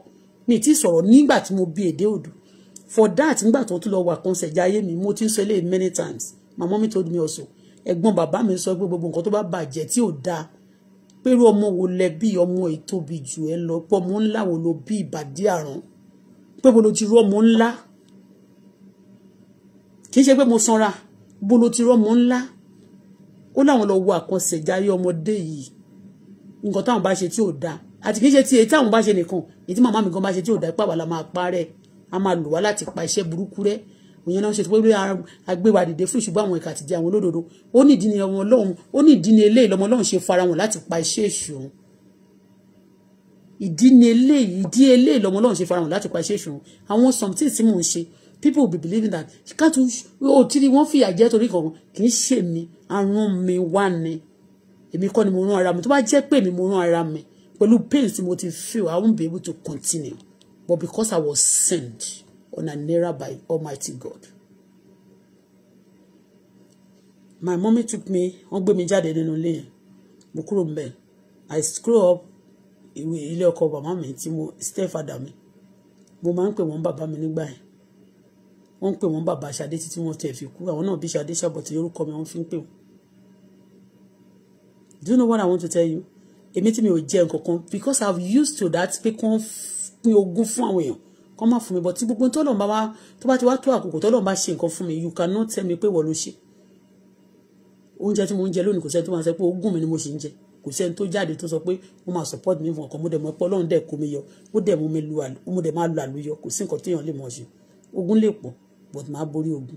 mi ti sọ̀rọ̀ nígbà tí mo bí èdè òdù for that nígbà tó tún lọ wà kan ṣẹ̀já ayé mi mo ti ń sọ eléyìí many times my mommy told me also ẹ̀gbọ́n bàbá mi sọ pé gbogbo nǹkan tó bá bàjẹ́ tí ò dáa pẹ̀lú ọmọ wo lẹ bí ọmọ ìtóbi jù ẹ lọ pé ọmọ ńlá wo ló bí ìbàdí àrùn pé mo lo ti rú ọmọ ńlá kì í ṣe pé mo sanra bó ló ti rọ́mọ ńlá ó láwọn lọ wo àkọsẹ̀jáyé ọmọdé yìí nǹkan táwọn bá ṣe tí ò dáa àti kì í ṣe ti èyí táwọn bá ṣe nìkan èyí tí màmá mi gan bá ṣe tí ò dáa ipá wa la máa parẹ́ a máa lò wá láti pa iṣẹ́ burúkú rẹ́ òyìn náà ṣe tó pé agbéwà dìde fún ìṣùgbọ́n àwọn ìka àtijọ́ àwọn olódodo ó ní ìdí ni ọmọ ọlọ́run ó ní ìdí ni eléyìí lọmọ ọlọ́run ṣe fara wọn láti pa iṣẹ́ èṣù òun ìdí ni eléyìí ìdí eléyìí lọmọ ọlọ́run ṣe fara wọn láti pa iṣẹ́ èṣù òun àwọn something tí mò ń ṣe people will be believing that ká tún ó oh, tí ni wọ́n fìyà jẹ torí kankan kì í ṣe mi àrùn mi wá ni èmi kọ́ ni mo rán ara mi tó bá jẹ́ pé èmi mo rán ara mi pẹ̀lú pain tí mo ti feel I won't be able to continue but because I was sent on an error by Almighty God my mommy took me wọ́n gbé mi jáde nínú ilé yẹn mo kúrò ń I screw up ilé ọkọ bàmá mi tí mo stepfather mi mo máa ń pè wọ́n bàbá mi nígbà yẹn wọ́n ń pè wọ́n bàbá Ṣadé títí wọ́n tẹ̀ fi kú àwọn náà bí Ṣadé ṣàbọ̀tì orúkọ mi wọ́n fi ń pè wọ́n. do you know what I want to tell you? èmi tí mi ò jẹ nǹkan kan because I have used to that pé kán pín ogún fún àwọn èèyàn kán má fún mi but tí gbogbo tọ́lọ̀ bá wá tó bá ti wá tó àkókò tọ́lọ̀ bá ṣe nǹkan fún mi you cannot tell me pé wọ́n ló ṣe oúnjẹ tí mo ń jẹ lónìí kò sẹ́ni tó máa sọ pé ogún mi ni mo ṣì ń jẹ kò sẹ́ni tó jáde tó sọ pé wọ́n máa support mi fún ọkàn mo dẹ̀ mọ́ pé ọlọ́run dẹ̀ kó mi yọ ó dẹ̀ mú mi lu àlù mo dẹ̀ máa lu àlù yọ kò sí nǹkan téèyàn lè mọ̀ ṣe ogún lè pọ̀ but màá borí ogun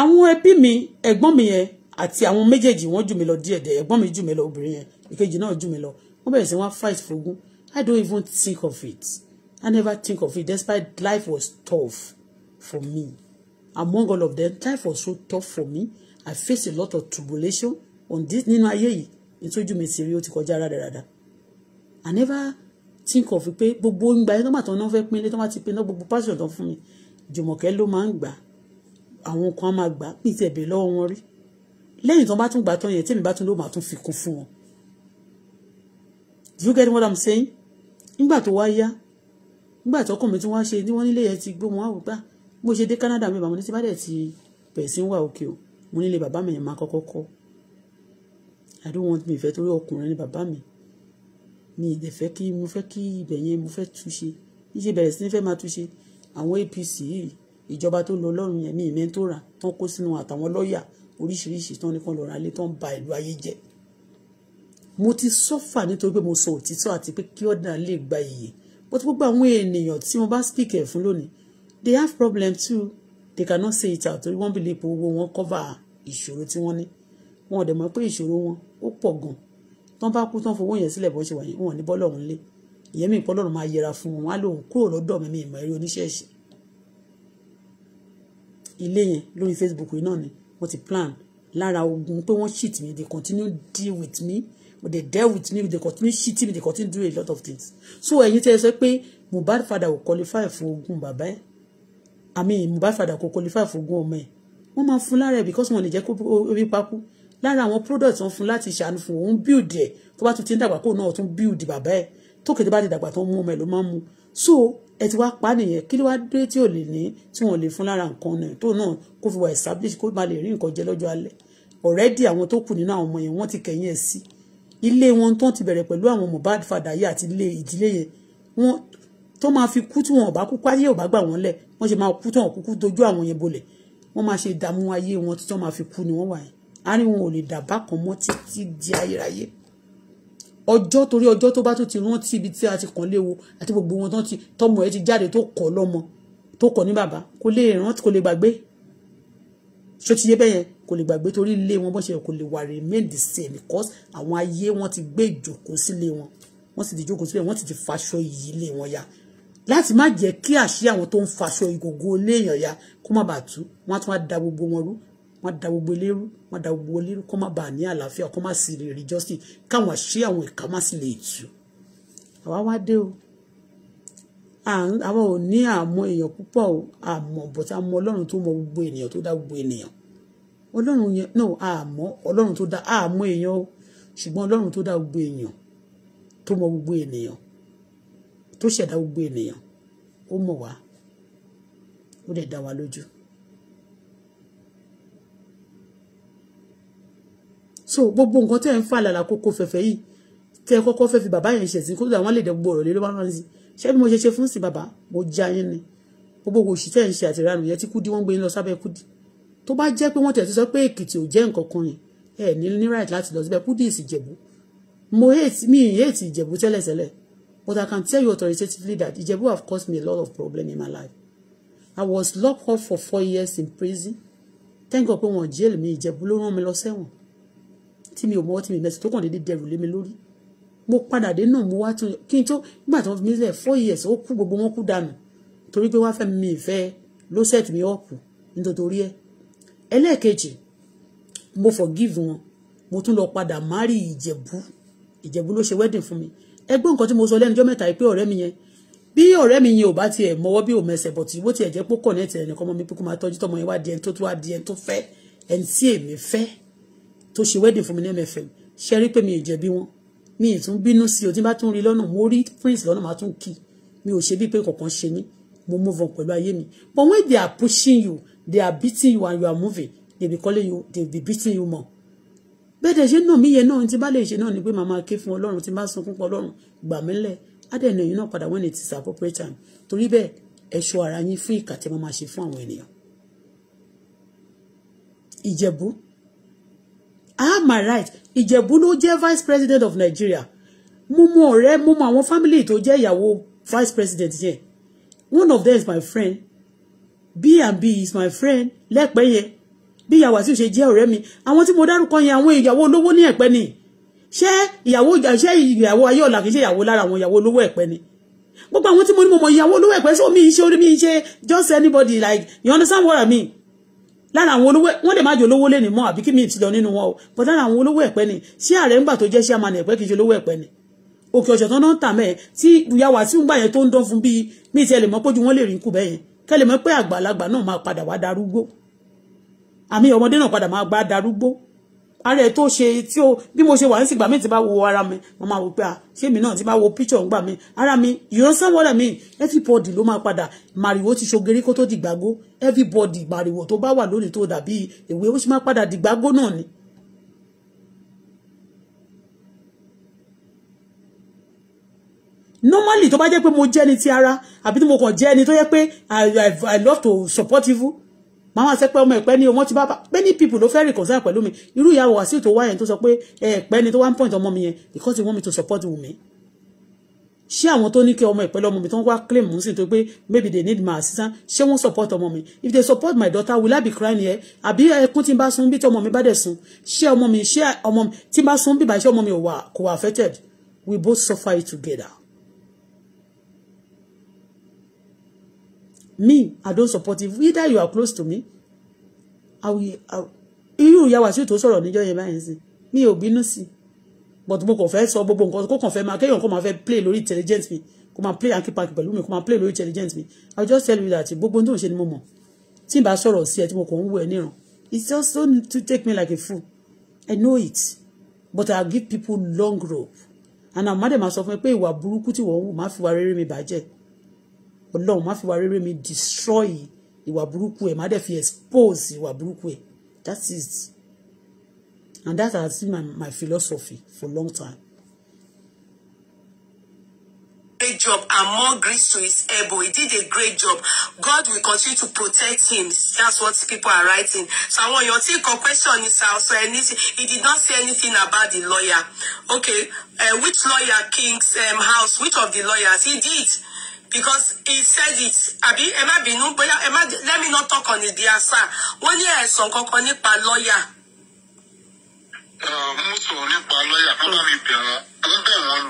àwọn ẹbí mi ẹ̀gbọ́n mi yẹn àti àwọn méjèèjì wọ́n jù mí lọ díẹ̀ díẹ̀ ẹ̀gbọ́n mi jù mí lọ obìnrin yẹn ìkejì náà jù mí lọ wọ́n bẹ̀rẹ̀ sí wọ́n fight fogun I don't even think of it I never think of it despite life was tough for me among all of them life was so tough for me I faced a lot of tribulation on this nínú ayé yìí nítorí mi ti rí ó ti kọjá rádaràda I never think of pé gbogbo ìgbà yẹn tó bá fẹ́ pinlé tó bá ti pinlé gbogbo pásítọ̀ tán fún mi jùmọ̀kẹ́ ló máa ń gbà àwọn kan máa gbà pí ti lọ́wọ́ wọn rí lẹ́yìn tó bá tún gbà tán yẹn tèmi bá tún ló máa tún fi kún fún wọn. do you get what i'm saying? nígbà tó wá yá nígbà tó kàn mí tí wọ́n ṣe ní wọ́n nílé yẹn ti gbé wọn àwọn gbà bó ṣe dé Canada mi bàmí tí bá dẹ̀ ti bẹ̀rẹ̀ sí wà òkè o mo nílé bàbá mi yẹn máa kọ́kọ́ kọ́ I don't want me ìfẹ́ torí ọkùnrin ni bàbá mi ní ìdẹ̀fẹ́ kí mo fẹ́ kí ibẹ̀ yẹn mo fẹ́ túnṣe níṣẹ́ bẹ̀rẹ̀ sí ní fẹ́ máa túnṣe àwọn APC ìjọba tó lọ lọ́rùn yẹn ní ìmẹ́ntòrà tán kó sínú àtàwọn lọ́ọ̀yà oríṣiríṣi tán nìkan lọ́ra lé tán ba ìlú ayé jẹ́ mo ti sọ́fà nítorí pé mo sọ òtítọ́ àti pé kí ọ̀dà lè gba iye bó ti gbogbo àwọn ènìyàn tí mo bá speak ẹ̀ fún lónìí they have problem too they cannot say it out torí wọ́n believe owó wọn cover ìṣòro tí wọ́n ní wọn ò dẹ̀ mọ̀ pé ìṣòro wọn ó pọ̀ gan-an tán bá kú tán fowó yẹn sílẹ̀ bó ṣe wà yìí wọn ní bọ́lọ́run lé ìyẹn mi ìpọ́lọ́run máa yẹra fún wọn wọn á lòun kúrò lọ́dọ̀ mi mi ìmọ̀ eré oníṣẹ́ẹ̀ṣì ilé yẹn lórí Facebook yìí náà ni wọ́n ti plan lára ogun pé wọ́n cheat me they continue deal with me but they deal with me they continue cheat me they continue do a lot of things so ẹ̀yin tẹ́ ẹ sọ pé Mohbad father kò qualify fún ogun bàbá ẹ̀ àmì Mohbad father kò qualify fún ogun ọmọ ẹ̀ wọ́n máa fún lára ẹ̀ because wọ́n lè jẹ́ kó orí pákú lára àwọn product wọn fún láti ṣàánú fún òun build ẹ̀ tó bá tún ti ń dàgbà kó náà tún build bàbá ẹ̀ tó kété bá ti dàgbà tó ń mú ọmọ ẹ̀ ló máa ń mu so ẹ ti wá pa nìyẹn kí ló wá dé tí ò lè ní tí wọn lè fún lára nǹkan náà tó náà kó fi wà establish kó má lè rí nǹkan jẹ lọ́jọ́ alẹ́ already àwọn tó kù nínú àwọn ọmọ yẹn wọ́n ti kẹ̀yìn ẹ̀ sí ilé wọn tó ti bẹ̀rẹ̀ pẹ̀lú àwọn Mohbad father yìí àti ilé ìdílé yẹn wọ́n tó máa fi kú tí wọn ò bá kú káyé ò bá gbà wọ́n lẹ̀ wọ́n ṣe máa kú tó wọn kúkú dojú àwọn yẹn bolẹ̀ wọ́n máa ṣe ìdààmú ayé wọn tí wọ́n máa fi kú ni wọ́n wà yẹn àárín wọn ò lè dà bákan mọ́ títí di ayérayé ọjọ́ torí ọjọ́ tó bá tó ti rántí ibi tí a ti kàn léwu àti gbogbo wọn tán ti tọmọ ẹ ti jáde tó kọ lọ́mọ tó kọ ní bàbá kò lè rántí kò lè gbàgbé ṣó ti yé bẹ́ẹ̀ yẹn kò lè gbàgbé torí ilé wọn bọ́n kò lè wà remain the same because àwọn ayé wọn ti gbé ìjókòó sílé wọn wọ́n sì ti jókòó síbẹ̀ wọ́n sì ti faṣọ yìí ilé wọn ya láti má jẹ́ kí àṣírí àwọn tó ń faṣọ ìgògó léèyàn ya kó má bàa tú á tún wá da gbogbo wọn rú wọ́n da gbogbo elérú wọ́n da gbogbo elérú kó má bà ní àlàáfíà kó má sì rèrè justin káwọn àṣírí àwọn ìka má sì lè tú àwa wá dé o àwa ò ní àmọ́ èèyàn púpọ̀ o àmọ́ bọ̀tà mọ ọlọ́run tó mọ gbogbo ènìyàn tó dá gbogbo ènìyàn ọlọ́run yẹn náà àmọ́ ọlọ́run tó dá àmọ́ èèyàn o ṣùgbọ́n ọlọ́run tó dá gbogbo èèyàn tó mọ gbogbo ènìyàn tó ṣẹ̀dá gbogbo ènìyàn ó mọ̀ wá ó dẹ̀ dá wa lójú. so gbogbo nǹkan tẹ́ ń fà lálà kókó fẹ̀fẹ̀ yìí tẹ́ kọ́kọ́ fẹ́ fi bàbá yẹn ṣẹ̀sìn kó dà wọ́n lè dẹ gbogbo ọ̀rọ̀ lé ló bá rán sí ṣé bí mo ṣe ṣe fún sí bàbá mo já yín ni gbogbo òṣì tẹ́ ń ṣe àtìránù yẹn tí Kúdí wọ́n gbé yín lọ sábẹ́ Kúdí tó bá jẹ́ pé wọ́n tẹ̀ ti sọ pé Èkìtì ò jẹ́ nǹkan kan yẹn ẹ ní ní right láti lọ síbẹ̀ Kúdí ìsì Ìjẹ̀bú mo hate mi hate Ìjẹ̀bú tẹ́lẹ̀tẹ́lẹ̀ but I can tell you authoritatively that Ìjẹ̀bú have caused me a lot of problem in my life I was locked up for four years in prison thank God pé wọn jail mi Ìjẹ̀bú ló rán mi lọ sẹ́wọ̀n tí mi ò mọ́ tí mi mẹ́sì tó kàn déédéé dẹrù lé mi lórí mo padà dé náà mo wá tún kí n tó nígbà tí wọ́n fi mí sílẹ̀ four years ó kú gbogbo wọn kú dànù torí pé wá fẹ́ mi ìfẹ́ ló set mi up nítorí ẹ̀ ẹlẹ́ẹ̀kejì mo forgive wọn mo tún lọ padà márì ìjẹ̀bú ìjẹ̀bú ló ṣe wedding fún mi ẹgbọ́n nǹkan tí mo sọ lẹ́nujọ́ mẹ́ta yìí pé ọ̀rẹ́ mi yẹn bí ọ̀rẹ́ mi yẹn ò bá tiẹ̀ mọwọ́ bí ò mẹsẹ̀ bọ̀ tí bó tiẹ̀ jẹ́ pé kọ̀ nẹ́ẹ̀tì ẹnìkan mọ́ mi pé kó máa tọ́jú tọmọ yẹn wá di ẹni tó tún wá di ẹni tó fẹ́ ẹni tí èmi fẹ́ tó ṣe wedding fún mi ní MFM ṣe rí pé mi ò jẹ̀bi wọn mi ì tún bínú sí o tí n bá tún rí lọ́nà mo rí prince lọ́nà máa tún kí mi ò ṣe bí pé kọ̀ọ̀kan ṣe ní mo move on pẹ̀lú ayé mi but when they are pushing you they are beating you and you are moving they be calling you they be beating you more bẹ́ẹ̀ dẹ̀ ṣe náà mí yẹn náà tí bá lè ṣe náà ni pé màmá ké fún ọlọ́run tí bá sunkún pọ̀ ọlọ́run gbà mí lẹ̀ adẹ̀nà yìí náà padà when it is appropriate time torí bẹ́ẹ̀ ẹ̀ṣọ́ ara yín fún ìkà tí wọ́n máa ṣe fún àwọn ènìyàn ìjẹ̀bú I have my right Ìjẹ̀bú ló jẹ́ vice president of Nigeria mo mọ ọ̀rẹ́ mo mọ àwọn family tó jẹ́ ìyàwó vice president yẹn one of them is my friend B and B is my friend lẹ́pẹ́ yẹn bí ìyàwó àti òṣè jẹ́ ọ̀rẹ́ mi àwọn tí mo dárúkọ yẹn àwọn ìyàwó olówó ní ẹ̀pẹ́ ni ṣé ìyàwó ṣé ìyàwó ayéọ̀la kì í ṣe ìyàwó lára àwọn ìyàwó olówó ẹ̀pẹ́ ni gbogbo àwọn tí mo ní mo mọ ìyàwó olówó ẹ̀pẹ́ sọ mi orí mi ṣe just anybody like you understand what I mean lára àwọn olówó wọn dè má jẹ́ olówó lẹ́nu mọ àbí kí mi ti lọ nínú wọn o but lára àwọn olówó ẹ̀pẹ́ ni sí ààrẹ ńgbà tó jẹ́ sí àmàlà ẹ̀pẹ́ kì í ṣe olówó ẹ̀pẹ́ ni òkè ọ̀sọ̀tọ̀ náà ń tà mẹ́ẹ̀ tí ìyá wa sí ńgbà yẹn tó ń dán fún bíi mi ti ẹ̀ lè mọ́ pójú wọn lè rí kù bẹ́yẹn kẹ́ lè pé àgbàlagbà náà máa padà wá ara ẹ̀ tó ṣe tí ó bí mo ṣe wà nísìgbà mi ti bá wo ara mi mo máa wò pé à ah, ṣé èmi náà ti bá wo picture ńgbà mi ara mi you understand what I mean everybody ló máa padà màrìwò ti ṣogerí kó tó dìgbàgbó everybody màrìwò tó bá wà lónìí tó dàbí èwe ó sì máa padà dìgbàgbó náà ni. normally tó bá jẹ́ pé mo jẹ́ ni ti ara àbí tí mo kàn jẹ́ ni tó yẹ pé I love to support you màá wá sẹ́pẹ́ ọmọ ẹ̀pẹ́ ni ọmọ ti bá bá many people ló fẹ́ reconcile pẹ̀lú mi irú ìyàwó Wàsíù tó wá yẹn tó sọ pé ẹ̀pẹ́ ni tó one point ọmọ mi yẹn because you want me to support Wùmí ṣé àwọn tó ní kí ọmọ ìpẹ́lẹ́ ọmọ mi tó ń wá claim mú sí tó pé maybe they need my assistance ṣé wọ́n support ọmọ mi if they support my daughter will I be crying here àbí ẹkún tí n bá sun bí tí ọmọ mi bá dẹ̀ sun ṣé ọmọ mi ṣé ọmọ mi tí n bá sun bí bá ṣé ọmọ mi kò wà affected we both suffer it together. me I don't support you either you are close to me irú ìyá wàsíù tó sọ̀rọ̀ níjọ́ yẹn báyìí sí mi ò bínú sí but mo kàn fẹ́ sọ gbogbo nǹkan kó kàn fẹ́ máa kéèyàn kó máa fẹ́ play lórí intelligence mi kó máa play anki park pẹ̀lú mi kó máa play lórí intelligence mi i just tell you that gbogbo tó ń ṣe ni mo mọ̀ tí n bá sọ̀rọ̀ sí ẹ tí mo kàn ń wú ẹ níran it's just so to take me like a fool i know it but i give people long rope and àwọn mádẹ̀ máa sọ fún mi pé ìwà burúkú tí wọ́n ń wù má fi wà rere mi bàjẹ́ ọlọ́run má fi wà rere mi destroy ìwà burúkú ẹ̀ má dẹ̀ fi expose ìwà burúkú ẹ̀ that is and that has been my, my philosophy for long time. Great job and more grace to his elbow. He did a great job. God will continue to protect him. That's what people are writing. So I want your take on question is also anything. He did not say anything about the lawyer. Okay, uh, which lawyer, King's um, house, which of the lawyers? He did because he said it Abi. ẹ má bínú bóyá ẹ má let me not talk on the asa wọ́n ní ẹ̀sùn kankan nípa lọ́ọ̀yà. mo sọ̀rọ̀ nípa lọ́ọ̀yà kó bá mi bẹ̀ wọ́n wọ́n bẹ̀ wọ́n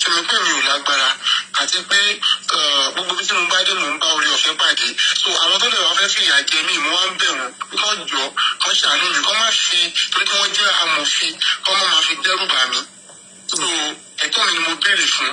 tí mo pè mí ò lágbára àti pé gbogbo bí tí mo bá dé mò ń bá orí ọ̀fẹ́ pàdé so àwọn tó lè wọ́n fẹ́ fìyà jẹ mí mo wá ń bẹ̀ wọ́n kọ́ jọ kọ́ ṣàánú mi kọ́ má fi torí kí wọ́n jẹ́ amòfin kọ́ má má fi dẹ́rù bà mí so ẹ̀tọ́ mi ni mo béèrè fún.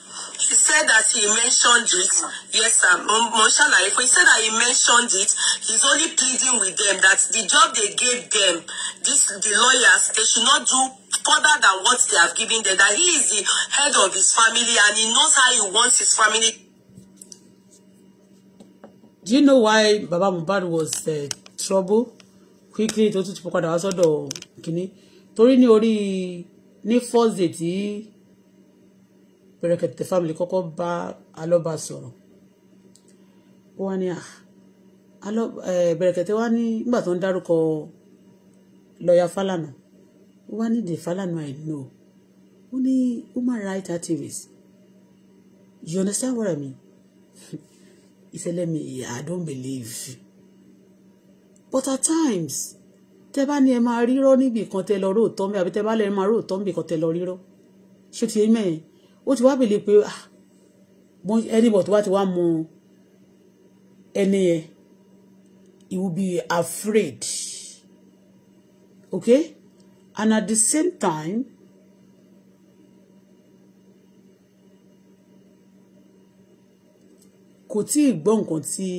he said that he mentioned it yes sir mo ṣàlàyé he said that he mentioned it he's only pleading with them that the job they gave them this the lawyers they should not do further than what they have given them that he is the head of his family and he knows how he wants his family. do you know why baba Mubad was uh, trouble quickly tó tún ti padà wá sọ́dọ̀ kínní torí ní orí ní first day tí. Brekete family kọ́kọ́ bá alọ́ba sọ̀rọ̀ ó wá ní à ah, Brekete wá ní nígbà tó ń dárúkọ lọ́ọ̀yà Falana ó wá the Falana I know ó ní human rights activist you understand what I mean he said let me I don't believe but at times tẹ bá ní ẹ máa rírọ́ níbì kan tẹ lọ róòtọ́ mi àbí tẹ bá lẹ máa róòtọ́ níbì kan tẹ lọ rírọ́ ṣé ti ẹ mẹ́rin ó ti wá bèlè pé ah, anybody tó bá ti wá mọ ẹni yẹn he will be afraid okay and at the same time kò tí ì gbọ́ nǹkan tí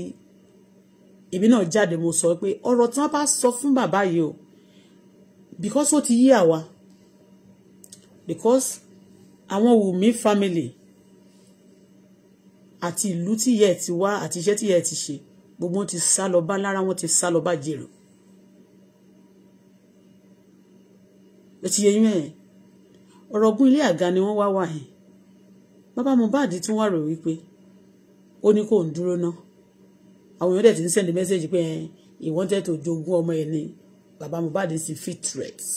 èmi náà jáde mo sọ pé ọ̀rọ̀ tí wọ́n bá sọ fún bàbá yìí o because ó ti yí àwa because àwọn Wùmí family àti ìlú tí ìyá ẹ̀ ti wá àti iṣẹ́ tí ìyá ẹ̀ ti ṣe gbogbo wọn ti sá lọ bá lára wọn ti sá lọ bá jèrò ó ti yẹ yín mẹ́rin ọ̀rọ̀ ọgbọ́n ilé àga ni wọ́n wá wà yẹn bàbá Mohbad tún wà rò wípé ó ní kò ń dúró ná àwọn èèyàn dẹ̀ ti ń send message pé he wanted to jogún ọmọ ẹ̀ ni bàbá Mohbad sì fi threats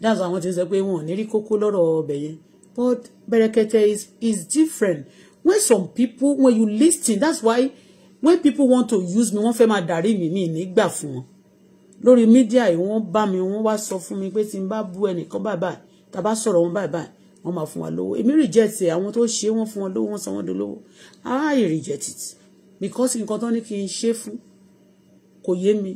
that's why wọ́n ti sọ pé wọn ò ní rí kókó lọ́rọ̀ ọbẹ̀ yẹn but bẹ̀rẹ̀kẹ̀tẹ̀ is is different when some people when you listen that's why when people want to use me wọ́n fẹ́ máa dàrí mi mi nígbà fún wọn lórí mídíà yìí wọ́n bá mi wọ́n wá sọ fún mi pé tí n bá bú ẹnìkan báyìí báyìí tá a bá sọ̀rọ̀ wọn báyìí báyìí wọ́n máa fún wa lówó èmi reject àwọn tó ṣe wọ́n fún wọn lówó wọ́n san wọ́n dolówó i reject it because nǹkan tó ní kí n ṣe fún kò yé mi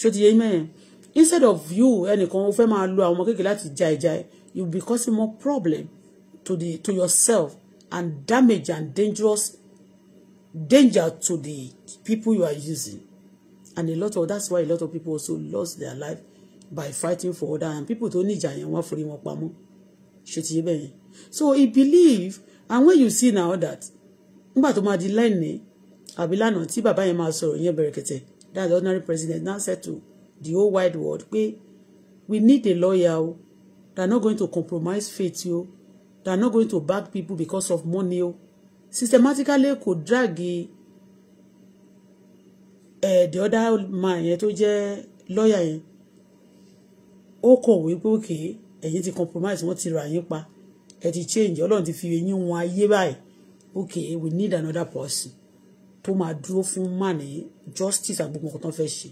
ṣó ti yé mẹ́yẹn instead of you ẹnìkan o fẹ́ máa lo àwọn ọmọ kékeré láti ja ìjà ẹ you be causing more problem to the to yourself and damage and dangerous danger to the people you are using and a lot of that's why a lot of people also lost their life by fighting for other and people tó ní ìjà yẹn wọ́n forí wọn pamọ́ ṣe ti yé bẹ́yẹn so he believe and when you see now that nígbà tó máa di lẹ́ni àbí lánàá tí bàbá yẹn máa sọ̀rọ̀ yẹn bẹ̀rẹ̀ kẹ̀tẹ̀ that the ordinary president now said to the whole wide world pé we need a lawyer o they are not going to compromise faith o they are not going to back people because of money o systematically kò drag eh, the other man yẹn tó jẹ́ lawyer yẹn ó kọ̀wé pé òkè ẹ̀yin ti compromise wọ́n ti ra yín pa ẹ ti change ọlọ́run ti fi eyín wọn ayé báyìí òkè we need another person tó máa dúró fún màní justice àgbègbè kan tó fẹ́ ṣe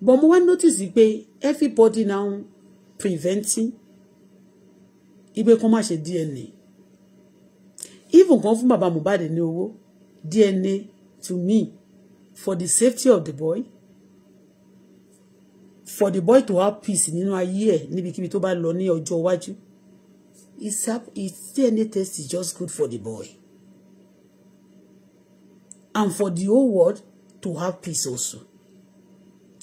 but mo wá notice pé everybody now preventing Ibe kan má ṣe DNA even kan fún bàbá Mohbad ní owó DNA to me for the safety of the boy for the boy to have peace nínú ayé ẹ̀ níbikíbi tó bá lọ ní ojo waju. it's DNA test is just good for the boy and for the whole world to have peace also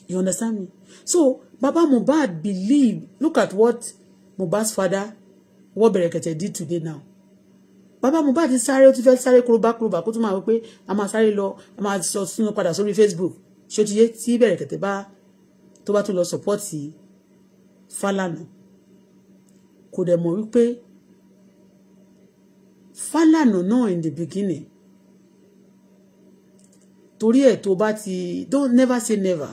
You understand me? So Baba Mubad believe look at what Mubad's father what Bẹ̀rẹ̀kẹ̀tẹ̀ did today now. Baba Mubad is sorry ó feel sorry sáré kúrúbákúrúbá kó tó máa wọ pé a máa sáré lọ a máa Facebook ṣé ó ti yé tí Bẹ̀rẹ̀kẹ̀tẹ̀ bá tó bá tún lọ Falano Fálànà kò dẹ̀ mọ̀ wípé in the beginning torí ẹ̀ tó bá ti don't never say never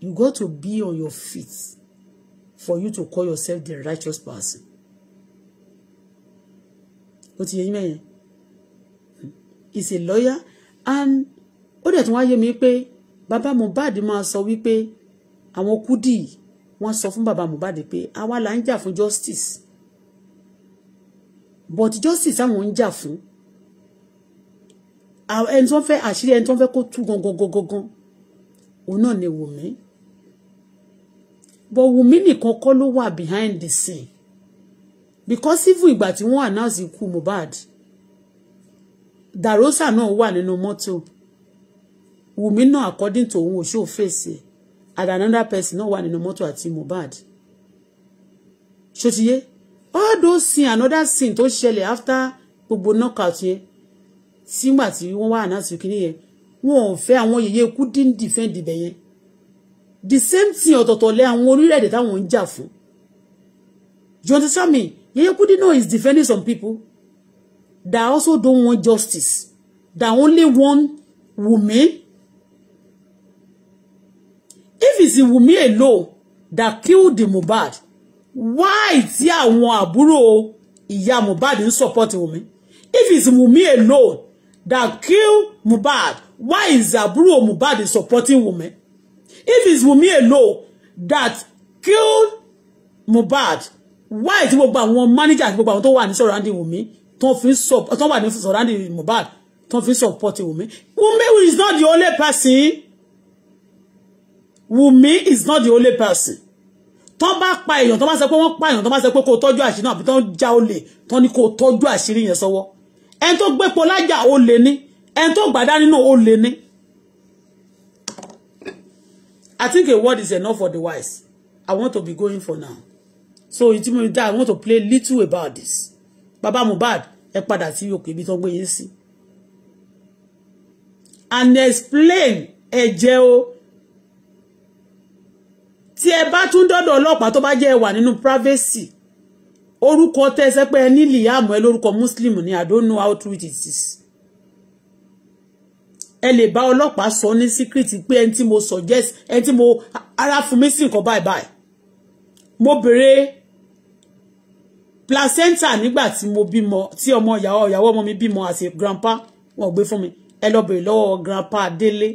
You got to be on your feet for you to call yourself the righteous person. Ó you mean? He's a lawyer and ó dẹ̀ tún wá yé mi pé bàbá Mohbad máa sọ wípé àwọn kúdì wọ́n sọ fún bàbá Mohbad pé àwa là ń jà justice but justice àwọn ń jà fún ẹni tó ń fẹ́ àṣírí ẹni tó ń fẹ́ kó tú gangan gangan òun náà but Wùmí nìkan kọ́ ló wà behind the scene because even ìgbà tí wọ́n announce ikú Mohbad Darosa náà wà nínú mọ́tò Wùmí náà according to òun òṣò fèsì and another person náà wà nínú mọ́tò àti Mohbad ṣòtìyé all those sin another sin tó ṣẹlẹ̀ after gbogbo knockout yẹn sígbà tí wọ́n wá announce kíní yẹn wọn ò fẹ́ àwọn yèyé kú dín defend ibẹ̀ yẹn the same thing ọ̀tọ̀ọ̀tọ̀ lẹ àwọn orílẹ̀-èdè táwọn ń jà fún you understand me Yeye Kudi now is defending some people that also don't want justice that only want Wunmi if it's Wunmi alone that killed the Mohbad why tí àwọn àbúrò ìyá Mohbad ń support Wunmi if it's Wunmi alone that killed Mohbad why is àbúrò Mohbad supporting Wunmi if it's Wunmi alone that killed Mohbad why is gbogbo one manager àti gbogbo àwọn tó surrounding Wunmi tó fi so, tó wà ní surrounding Mohbad tó fi support Wunmi Wunmi is not the only person Wunmi is not the only person tó bá pa èèyàn tó bá sọ pé wọ́n pa èèyàn tó bá sọ pé kó tọ́jú àṣírí náà àbí tó ń já olè tó ní kó tọ́jú àṣírí yẹn sọ́wọ́ ẹni tó gbépo lájà olè ni ẹni tó gbàdá nínú olè ni I think a word is enough for the wise. I want to be going for now. So it means that I want to play little about this. Baba mubad, ẹ padà sí òkè ibi And explain ẹ̀jẹ̀ o. Tí ẹ bá tún dọ́dọ̀ ọlọ́pàá tó bá jẹ́ ẹ wà privacy. Orúkọ tẹ́ ẹ sẹ́pẹ́ ẹ ní Liam ẹ lórúkọ Muslim ni I don't know how true it is ẹ lè bá ọlọ́pàá sọ ní secret pé ẹni tí mo suggest ẹni tí mo ara fún mi sí nǹkan báyìí báyìí mo béèrè placenta nígbà tí mo bímọ tí ọmọ ìyàwó ìyàwó ọmọ mi bímọ àti grandpa wọn ò gbé fún mi ẹ lọ béèrè lọ́wọ́ grandpa Délé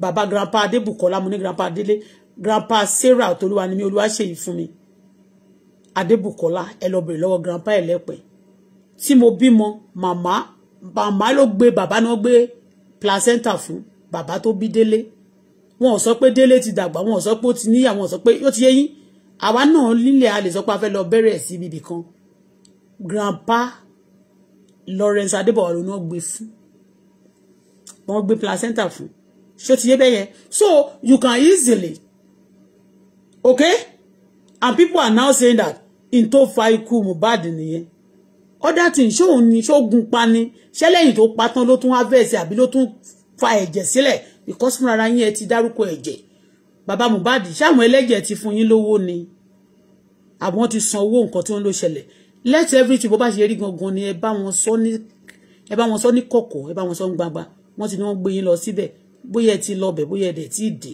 bàbá grandpa Adébùkọ́lá mo ní grandpa Délé grandpa Sarah Tolúwa ni mi Olúwa ṣe yìí fún mi Adébùkọ́lá ẹ lọ béèrè lọ́wọ́ grandpa Ẹlẹ́pẹ̀ tí mo bímọ màmá màmá ló gbé bàbá náà gbé placenta fún bàbá tó bí délé wọn ò sọ pé délé ti dàgbà wọn ò sọ pé ó ti níyà wọn ò sọ pé ó ti yé àwa náà nílẹ̀ a lè sọ pé a fẹ́ lọ bẹ̀rẹ̀ sí ibì kan grandpa Lawrence Adébọ̀wálé ni wọ́n gbé fún wọ́n gbé placenta fún ṣé ti yé bẹ́ẹ̀ so you can easily okay and people are now saying that in tó fa ikú Mohbad nìyẹn other thing ṣóun ni ṣógun pa ni ṣẹlẹ́yìn tó pa tán ló tún harvest àbí ló tún fa ẹ̀jẹ̀ sílẹ̀ because fúnra ara yín ẹ ti dárúkọ ẹ̀jẹ̀ bàbá Mohbad ṣáwọn ẹlẹ́jẹ̀ ti fún yín lówó ni àwọn ti san owó nǹkan tí wọ́n ló ṣẹlẹ̀ let everything bó bá ṣe rí gangan ni ẹ bá wọn sọ ní ẹ bá wọn sọ ní kọ̀kọ̀ ẹ bá wọn sọ ní gbangba wọ́n ti ní wọ́n gbé yín lọ síbẹ̀ bóyá ẹ ti lọ bẹ̀ bóyá ẹ dẹ̀ tí ì dé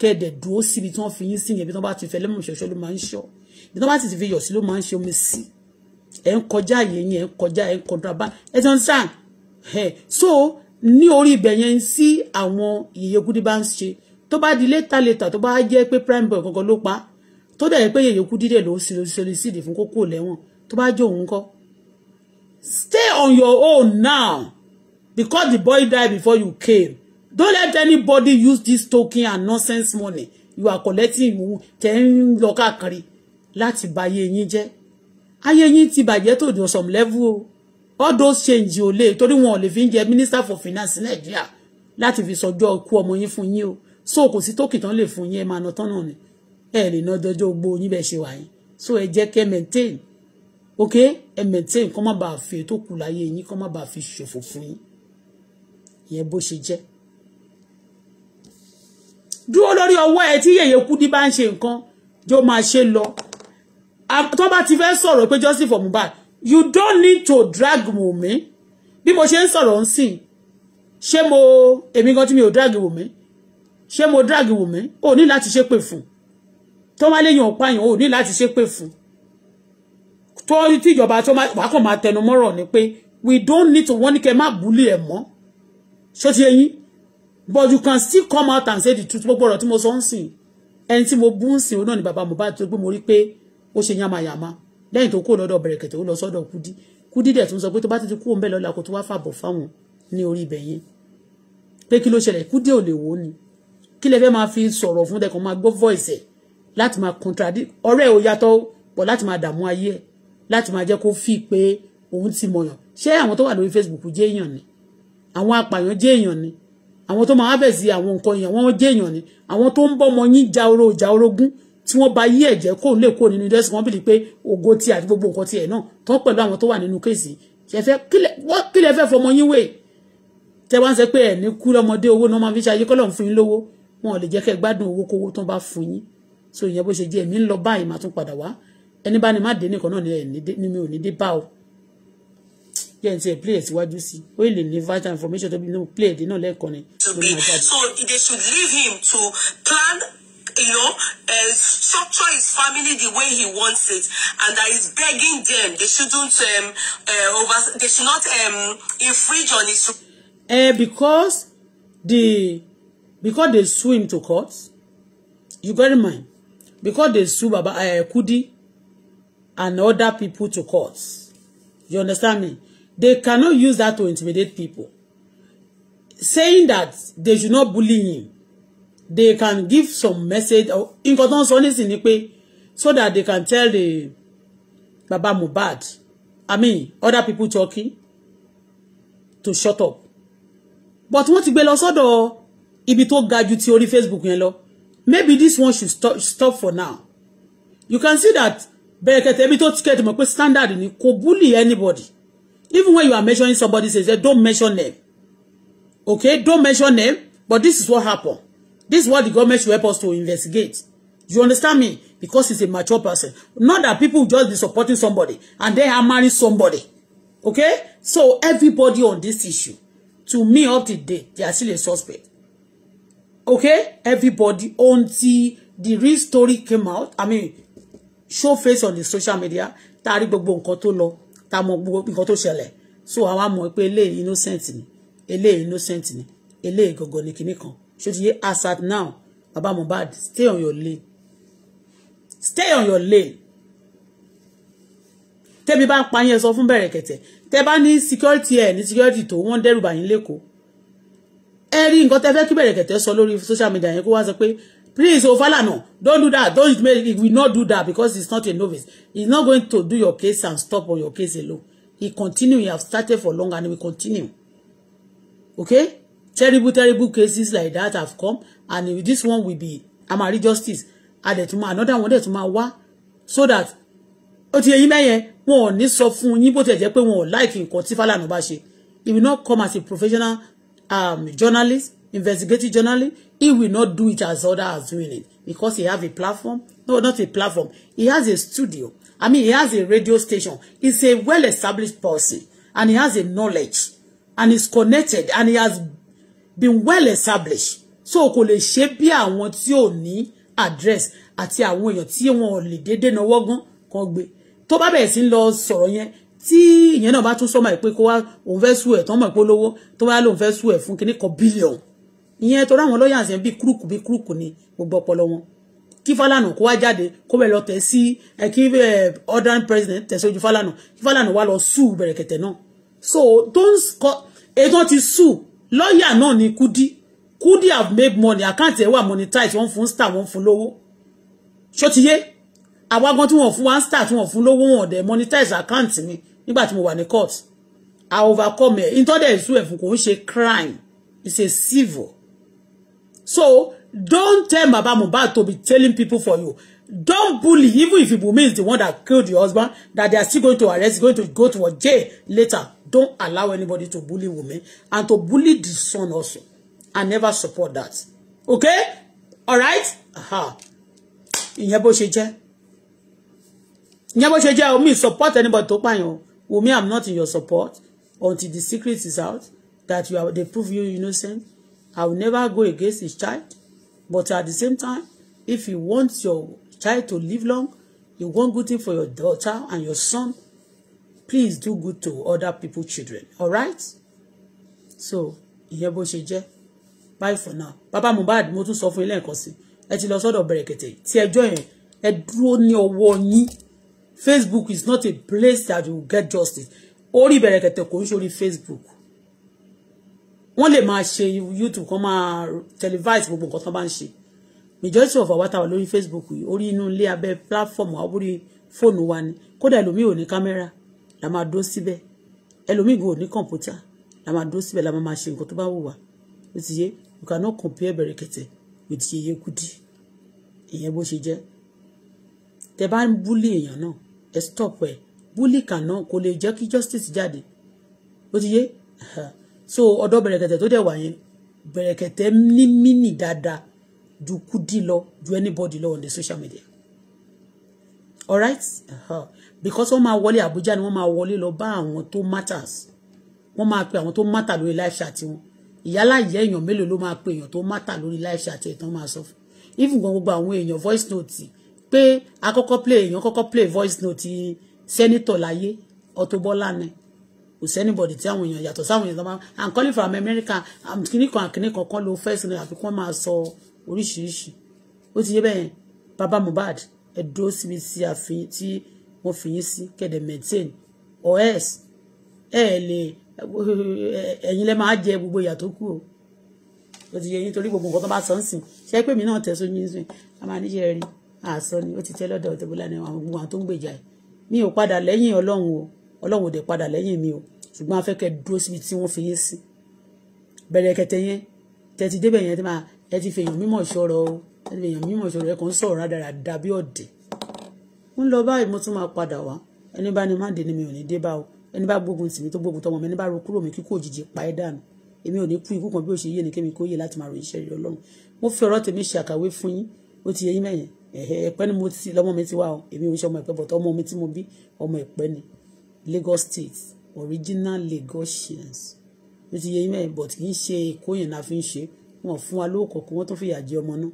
kẹ́ẹ̀dẹ̀ dúró síbi tí wọ́n fi yín sí yẹn bí wọ́n bá ti fẹ́ lẹ́mọ̀ ṣọ̀ṣọ́ ló máa ń ṣọ́ bí wọ́n bá ti fi yọ̀ sí ló máa ń ṣe omi sí i ẹ ń kọjá àyè yẹn ẹ ń kọjá ẹ ń kọjá bá ẹ ti sàn ẹ so ní orí ibẹ̀ yẹn sí àwọn Yèyégúdí bá ń ṣe tó bá di létà létà tó bá jẹ́ pé prime boy kankan ló pa tó dẹ̀ yẹ pé Yèyégúdí dẹ̀ ló solisidi fún kókó lẹ́wọ̀n tó bá jẹ́ òun kọ́ stay on your own now because the boy die before you came don't let anybody use this token and nonsense money you are collecting tẹ̀ ń lọ káàkiri láti bà yé yín jẹ́ ayé yín ti bàjẹ́ tó dùn some level o all those change ò lè torí wọn ò lè fi ń jẹ minister for finance nàìjíríà láti fi sọjọ́ ikú ọmọ yín fún yín o so kò sí tókì tán lè fún yín ẹ máa ná tán náà ni ẹ lè ná dọjọ́ gbó yín bẹ́ẹ̀ ṣe wà yín so ẹ jẹ́ kẹ́ maintain ok ẹ maintain kọ́ má bàa fi tó kù láyé yín kọ́ má bàa fi ṣòfò fún yín ìyẹn bó ṣe jẹ́ dúró lórí ọwọ́ ẹ tí yèyé kú ní bá ń ṣe nǹkan jó máa ṣe lọ tó bá ti fẹ́ sọ̀rọ̀ pé justice for Mohbad you don't need to drag Wunmi bí mo ṣe ń sọ̀rọ̀ ń sìn ṣé mo èmi gan tí mi ò drag Wunmi ṣé mo drag Wunmi ò ní láti ṣépè fún tó má léyìn ọ̀páyàn ò ní láti ṣépè fún tó tí ìjọba tó má wà kàn máa tẹnu mọ́rọ̀ ni pé we don't need to wọ́n ní kẹ́ má búlé ẹ̀ mọ́ ṣó ti eyín but you can still come out and say the truth gbogbo ọ̀rọ̀ tí mo sọ ń sìn ẹni tí mo bú ń sìn òun náà ni bàbá Mohbad tó gbé mo rí pé ó ṣe yamayama lẹ́yìn tó kó lọ́dọ̀ bẹ̀rẹ̀kẹ̀tẹ̀ ó lọ sọ́dọ̀ kudi kudi dẹ̀ tún sọ pé tó bá ti kú òun bẹ́ẹ̀ lọ́la kó tó wá fàbọ̀ fáwọn ní orí ibẹ̀ yẹn pé kí ló ṣẹlẹ̀ kudi ò lè wò ó ni kí lè fẹ́ máa fi sọ̀rọ̀ fún dẹ́kun máa gbọ́ voice ẹ̀ láti máa contradict ọ̀rẹ́ ò yàtọ̀ pọ̀ láti máa dààmú ayé ẹ̀ láti máa jẹ́ kó fi pé òun ti mọ̀yàn ṣé àwọn tó wà lórí Facebook jẹ́ èèyàn ni àwọn apààyàn jẹ́ èèyàn ni àwọn tó máa bẹ̀ sí àwọn nǹkan èèyàn wọ́n jẹ́ èèyàn ni àwọn tó ń bọ́ ọmọ yín ja oró ja orógún tí wọ́n bá yí ẹ̀jẹ̀ kó lè kó nínú dẹ́sí wọn bìlì pé ògo ti àti gbogbo nǹkan tiẹ̀ náà tó pẹ̀lú àwọn tó wà nínú kéèsì kí lẹ fẹ́ fọmọ yín wèé tẹ wá ń sẹ pé ẹ ní kú lọmọdé owó náà máa fi ṣe ayé kọlọ́run fún yín lówó wọn ò lè jẹ́ kẹ́ gbádùn owó kówó tó ń bá fún yín so ìyẹn bó ṣe jẹ́ èmi ń lọ báyìí máa tún padà wá ẹni bá ní má dé nìkan náà ni mi ò ní dé bá o yẹn ti ẹ play ẹ síwájú sí ó lè ní vital information tó bí nínú play ẹdín náà lẹ́ẹ̀kan ni. so they should leave him to plan you know, uh, structure his family the way he wants it, and that he's begging them they shouldn't um, uh, over they should not um, infringe on his. Uh, because the because they sue him to court, you got in mind. Because they sue Baba Kudi and other people to court, you understand me? They cannot use that to intimidate people, saying that they should not bully him they can give some message or nǹkan tó ń sọ nísìnyí so that they can tell the baba Mubad, i mean other people talking to shut up but wọ́n ti gbé lọ sọ́dọ̀ ibi tó ga jù ti orí Facebook yẹn lọ maybe this one should stop, stop for now you can see that bẹ̀rẹ̀kẹ̀tẹ̀ ibi tó ticket mọ̀ pé standard ni kò bully anybody even when you are mentioning somebody say don't mention name okay don't mention name but this is what happened. This is what the government should help us to investigate. You understand me? Because he's a mature person. Not that people just be supporting somebody and they are marrying somebody. Okay? So everybody on this issue, to me up to date, they are still a suspect. Okay? Everybody until the real story came out. I mean, show face on the social media. Tá rí gbogbo nǹkan tó lọ. Tá mọ gbogbo nǹkan tó ṣẹlẹ̀. So àwa mọ̀ pé eléyìí innocent ni. Eléyìí innocent ni. Eléyìí gogo ni kini kan ṣòtìyé as at now baba Mohbad stay on your lane stay on your lane tẹ́bi bá ń pa yín ẹ sọ fún Bẹ̀rẹ̀kẹ̀tẹ̀ tẹ́ bá ní security ẹ̀ ní security tó wọ́n dẹ́rù bàyín lẹ́kọ̀ọ́ ẹ rí nǹkan tẹ́ fẹ́ kí Bẹ̀rẹ̀kẹ̀tẹ̀ sọ lórí social media yẹn kó wá sọ pé please Ofalana don't do that don't make it we not do that because it's not a novice he's not going to do your case and stop on your case alone he continue he have started for long and he will continue okay terrible terrible cases like that have come and this one will be amari justice adẹ̀túnmọ̀ another one dẹ̀túnmọ̀ wá so that ó ti eyín mẹ́yẹn wọn ò ní sọ fún yín bó ti jẹ́ pé wọn ò láìkí nǹkan tí Fálànà he will not come as a professional um, journalist investigative journalist he will not do it as others are doing it because he have a platform no not a platform he has a studio I mean he has a radio station he's a well-established person and he has a knowledge and he's connected and he has been well established so kò lè ṣe bí àwọn tí ò ní address àti àwọn èèyàn tí wọn ò lè déédéé náwó gan kan gbé tó bá bẹ̀rẹ̀ sí lọ sọ̀rọ̀ yẹn tí ìyẹn náà bá tún sọ́mọ̀ pé kó wá òun fẹ́ sú ẹ̀ tán mọ̀ pé olówó tó bá lóun fẹ́ sú ẹ̀ fún ko kan bílíọ̀n ìyẹn tó ráwọn lọ́yà àti bí kúrúkù bí kúrúkù ni gbogbo ọpọlọ wọn kí Fálànà kó wá jáde kó bẹ̀rẹ̀ lọ tẹ̀ sí ẹ kí ọ̀dàn president tẹ̀ sójú Fálànà kí Fálànà wá lọ sú bẹ̀rẹ̀kẹ̀tẹ̀ náà so don't ètò ti sue lọ́ọ̀yà náà ni Kudi Kudi have made money àkáǹtì ẹ̀ wà monetize wọ́n fún star wọ́n fún lówó ṣó ti yé àwa gan tí wọ́n fún one star tí wọ́n fún lówó wọn dẹ̀ monetize àkáǹtì mi nígbà tí mo wà ní court I overcome ẹ̀ ìtọ́dẹ̀ ìṣú ẹ̀ fún kò ń ṣe crime it's a civil so don't tell baba Mohbad to be telling people for you don't bully, even if Ibumi is the one that killed your husband, that they are still going to arrest, going to go to a jail later. Don't allow anybody to bully women and to bully the son also. I never support that. Okay? All right? Aha. Ìyẹn bó ṣe jẹ́. Ìyẹn bó support anybody to tó you. Wumi, I'm not in your support until the secret is out that you are, they prove you innocent. I will never go against his child. But at the same time, if he wants your child to live long you want good thing for your daughter and your son please do good to other people children all right so ìyẹn bó ṣe jẹ́ bye for now bàbá Mohbad mo tún sọ fún yín lẹ́ẹ̀kan sí ẹ ti lọ sọ́dọ̀ Bẹ̀rẹ̀kẹ̀tẹ̀ tí ẹjọ́ yẹn ẹ dúró ní ọwọ́ yín Facebook is not a place that you get justice orí Bẹ̀rẹ̀kẹ̀tẹ̀ kò ń sórí Facebook wọ́n lè máa ṣe YouTube kan máa televise gbogbo nǹkan tán bá ń ṣe majority of àwa tá lórí facebook yìí orí inú ilé abẹ́ platform àwòrí fóònù wa ni kódà ẹlòmíì ò ní kámẹ́rà la máa dó síbẹ̀ ẹlòmíì gan ò ní kọ̀ǹpútà la máa dó síbẹ̀ la máa ṣe nǹkan tó bá wù wá ó ti yé you cannot compare Bẹ̀rẹ̀kẹ̀tẹ̀ with Yeye Kudi ìyẹn bó ṣe jẹ́ tẹ bá ń búlì èèyàn náà ẹ stop ẹ búlì kàná kò lè jẹ́ kí justice jáde ó ti yé so ọ̀dọ̀ Bẹ̀rẹ̀kẹ̀tẹ̀ tó dẹ̀ wà yẹn Bẹ̀rẹ̀kẹ̀tẹ̀ ní mínì dáadáa ju Kudi lọ do anybody lọ on the social media alright uh-huh. because wọ́n máa wọlé Abuja ni wọ́n máa wọlé lọ bá àwọn tó matters wọ́n máa pe àwọn tó matter lórí live chat wọn ìyálà ìyá èèyàn mélòó ló máa pe èèyàn tó matter lórí live chat ẹ̀ tán máa sọ fún even gan gbogbo àwọn voice note pe akoko play èèyàn kọ́kọ́ play voice note senator láyé Auto Bola ni kò sẹ́nibọ̀dì tí àwọn èèyàn yàtọ̀ sáwọn èèyàn tó máa i'm calling from America i'm kìnnìkan kìnnìkan kan ló fẹ́ sinmi àfikún máa sọ oríṣiríṣi ó ti yé bẹ́ẹ̀ baba Mohbad ẹ dúró síbi tí a fi tí wọ́n fi yín sí kẹ̀dẹ̀ maintain or else ẹ lè ẹ̀yin lẹ́ máa jẹ gbogbo ìyà tó kù o ó ti yé yín torí gbogbo nǹkan tó bá sọ ń sìn ṣe é pé mi náà tẹ̀sọ́ yín sìn a máa níṣẹ́ rí àṣọ ni ó ti tẹ́ lọ́dọ̀ tó bọ́lá ni àwọn gbogbo àwọn tó ń gbèjà ẹ̀ mi ò padà lẹ́yìn ọlọ́run o ọlọ́run ò dẹ̀ padà lẹ́yìn mi o ṣùgbọ́n afẹ́kẹ́ dúró síbi tí wọ́n fi yín sí bẹ̀rẹ̀ kẹtẹ yẹn tẹ̀tí débẹ̀ yẹn tẹ́ máa ẹ ti fèèyàn mímọ̀ ṣọ̀rọ̀ o ẹ ti fèèyàn mímọ̀ ṣọ̀rọ̀ ẹ kàn ń sọ̀rọ̀ rádaràda bí ọ̀dẹ̀ ń lọ báyìí mo tún máa padà wá ẹni bá ní má dé ni mi ò ní dé bá o ẹni bá gbógun tì mí tó gbógun tọmọ mi ẹni bá ro kúrò mi kíkú òjijì pa ẹ dànù èmi ò ní kú ikú kan bí ó ṣe yé ni kémi kó yé láti máa ròyìn iṣẹ́ rere Ọlọ́run mo fi ọ̀rọ̀ tèmi ṣe àkàwé fún yín ó ti yẹ mẹ́yìn ẹ̀hẹ́ ẹ̀pẹ́ ni mo ti lọ́mọ mi ti wá o èmi ò ṣe ọmọ ẹ̀pẹ́ bọ̀tọ̀ ọmọ mi tí mo bí ọmọ ẹ̀pẹ́ ni Lagos State original Lagosians ó ti yẹ yín mẹ́yìn bọ̀t kì í ṣe èkó yẹn la fi ń ṣe wọn fún wa lówó kọ̀ọ̀kan wọn tó fìyà jẹ ọmọ náà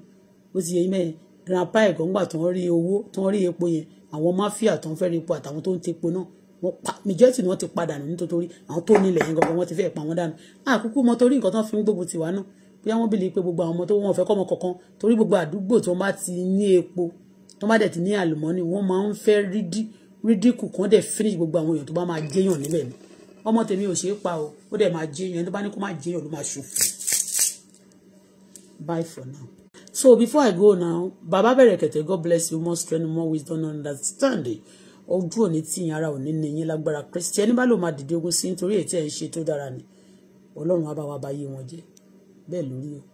ó ti yẹ yín mẹ́rin grandpa ẹ̀gọ́ ńgbà tó ń rí owó tó ń rí epo yẹn àwọn máfíà tó ń fẹ́ rí epo àtàwọn tó ń tepo náà wọ́n pa majority ni wọ́n ti padà nù nítorí àwọn tó nílẹ̀ yẹn gangan wọ́n ti fẹ́ pa wọ́n dànù àkókò mọ torí nǹkan tó ń fi gbógun tiwa náà bóyá wọ́n bìlì pé gbogbo àwọn ọmọ tó wọ́n fẹ́ kọ́ ọmọ kankan torí gbogbo àdúgbò tó bá ti ní epo tó bá dẹ̀ ti ní àlùmọ́nì wọ́n máa ń fẹ́ rídíkù kan dẹ̀ finish gbogbo àwọn èèyàn tó bá máa jẹyàn nílẹ̀ ni ọmọ tèmi ò ṣeé pa o ó dẹ̀ máa jẹyàn tó bá ní kó má jẹyàn ló máa ṣòfò bye for now so before i go now baba Brekete god bless you more strength more wisdom and understanding ojú òní tí ìyìn ara òní ní yín lágbára kristi ẹni bá lò máa dìde ogun sí nítorí èyí tí ẹ ń ṣe tó ni ọlọ́run á wa bá yé wọn jẹ bẹ́ẹ̀ o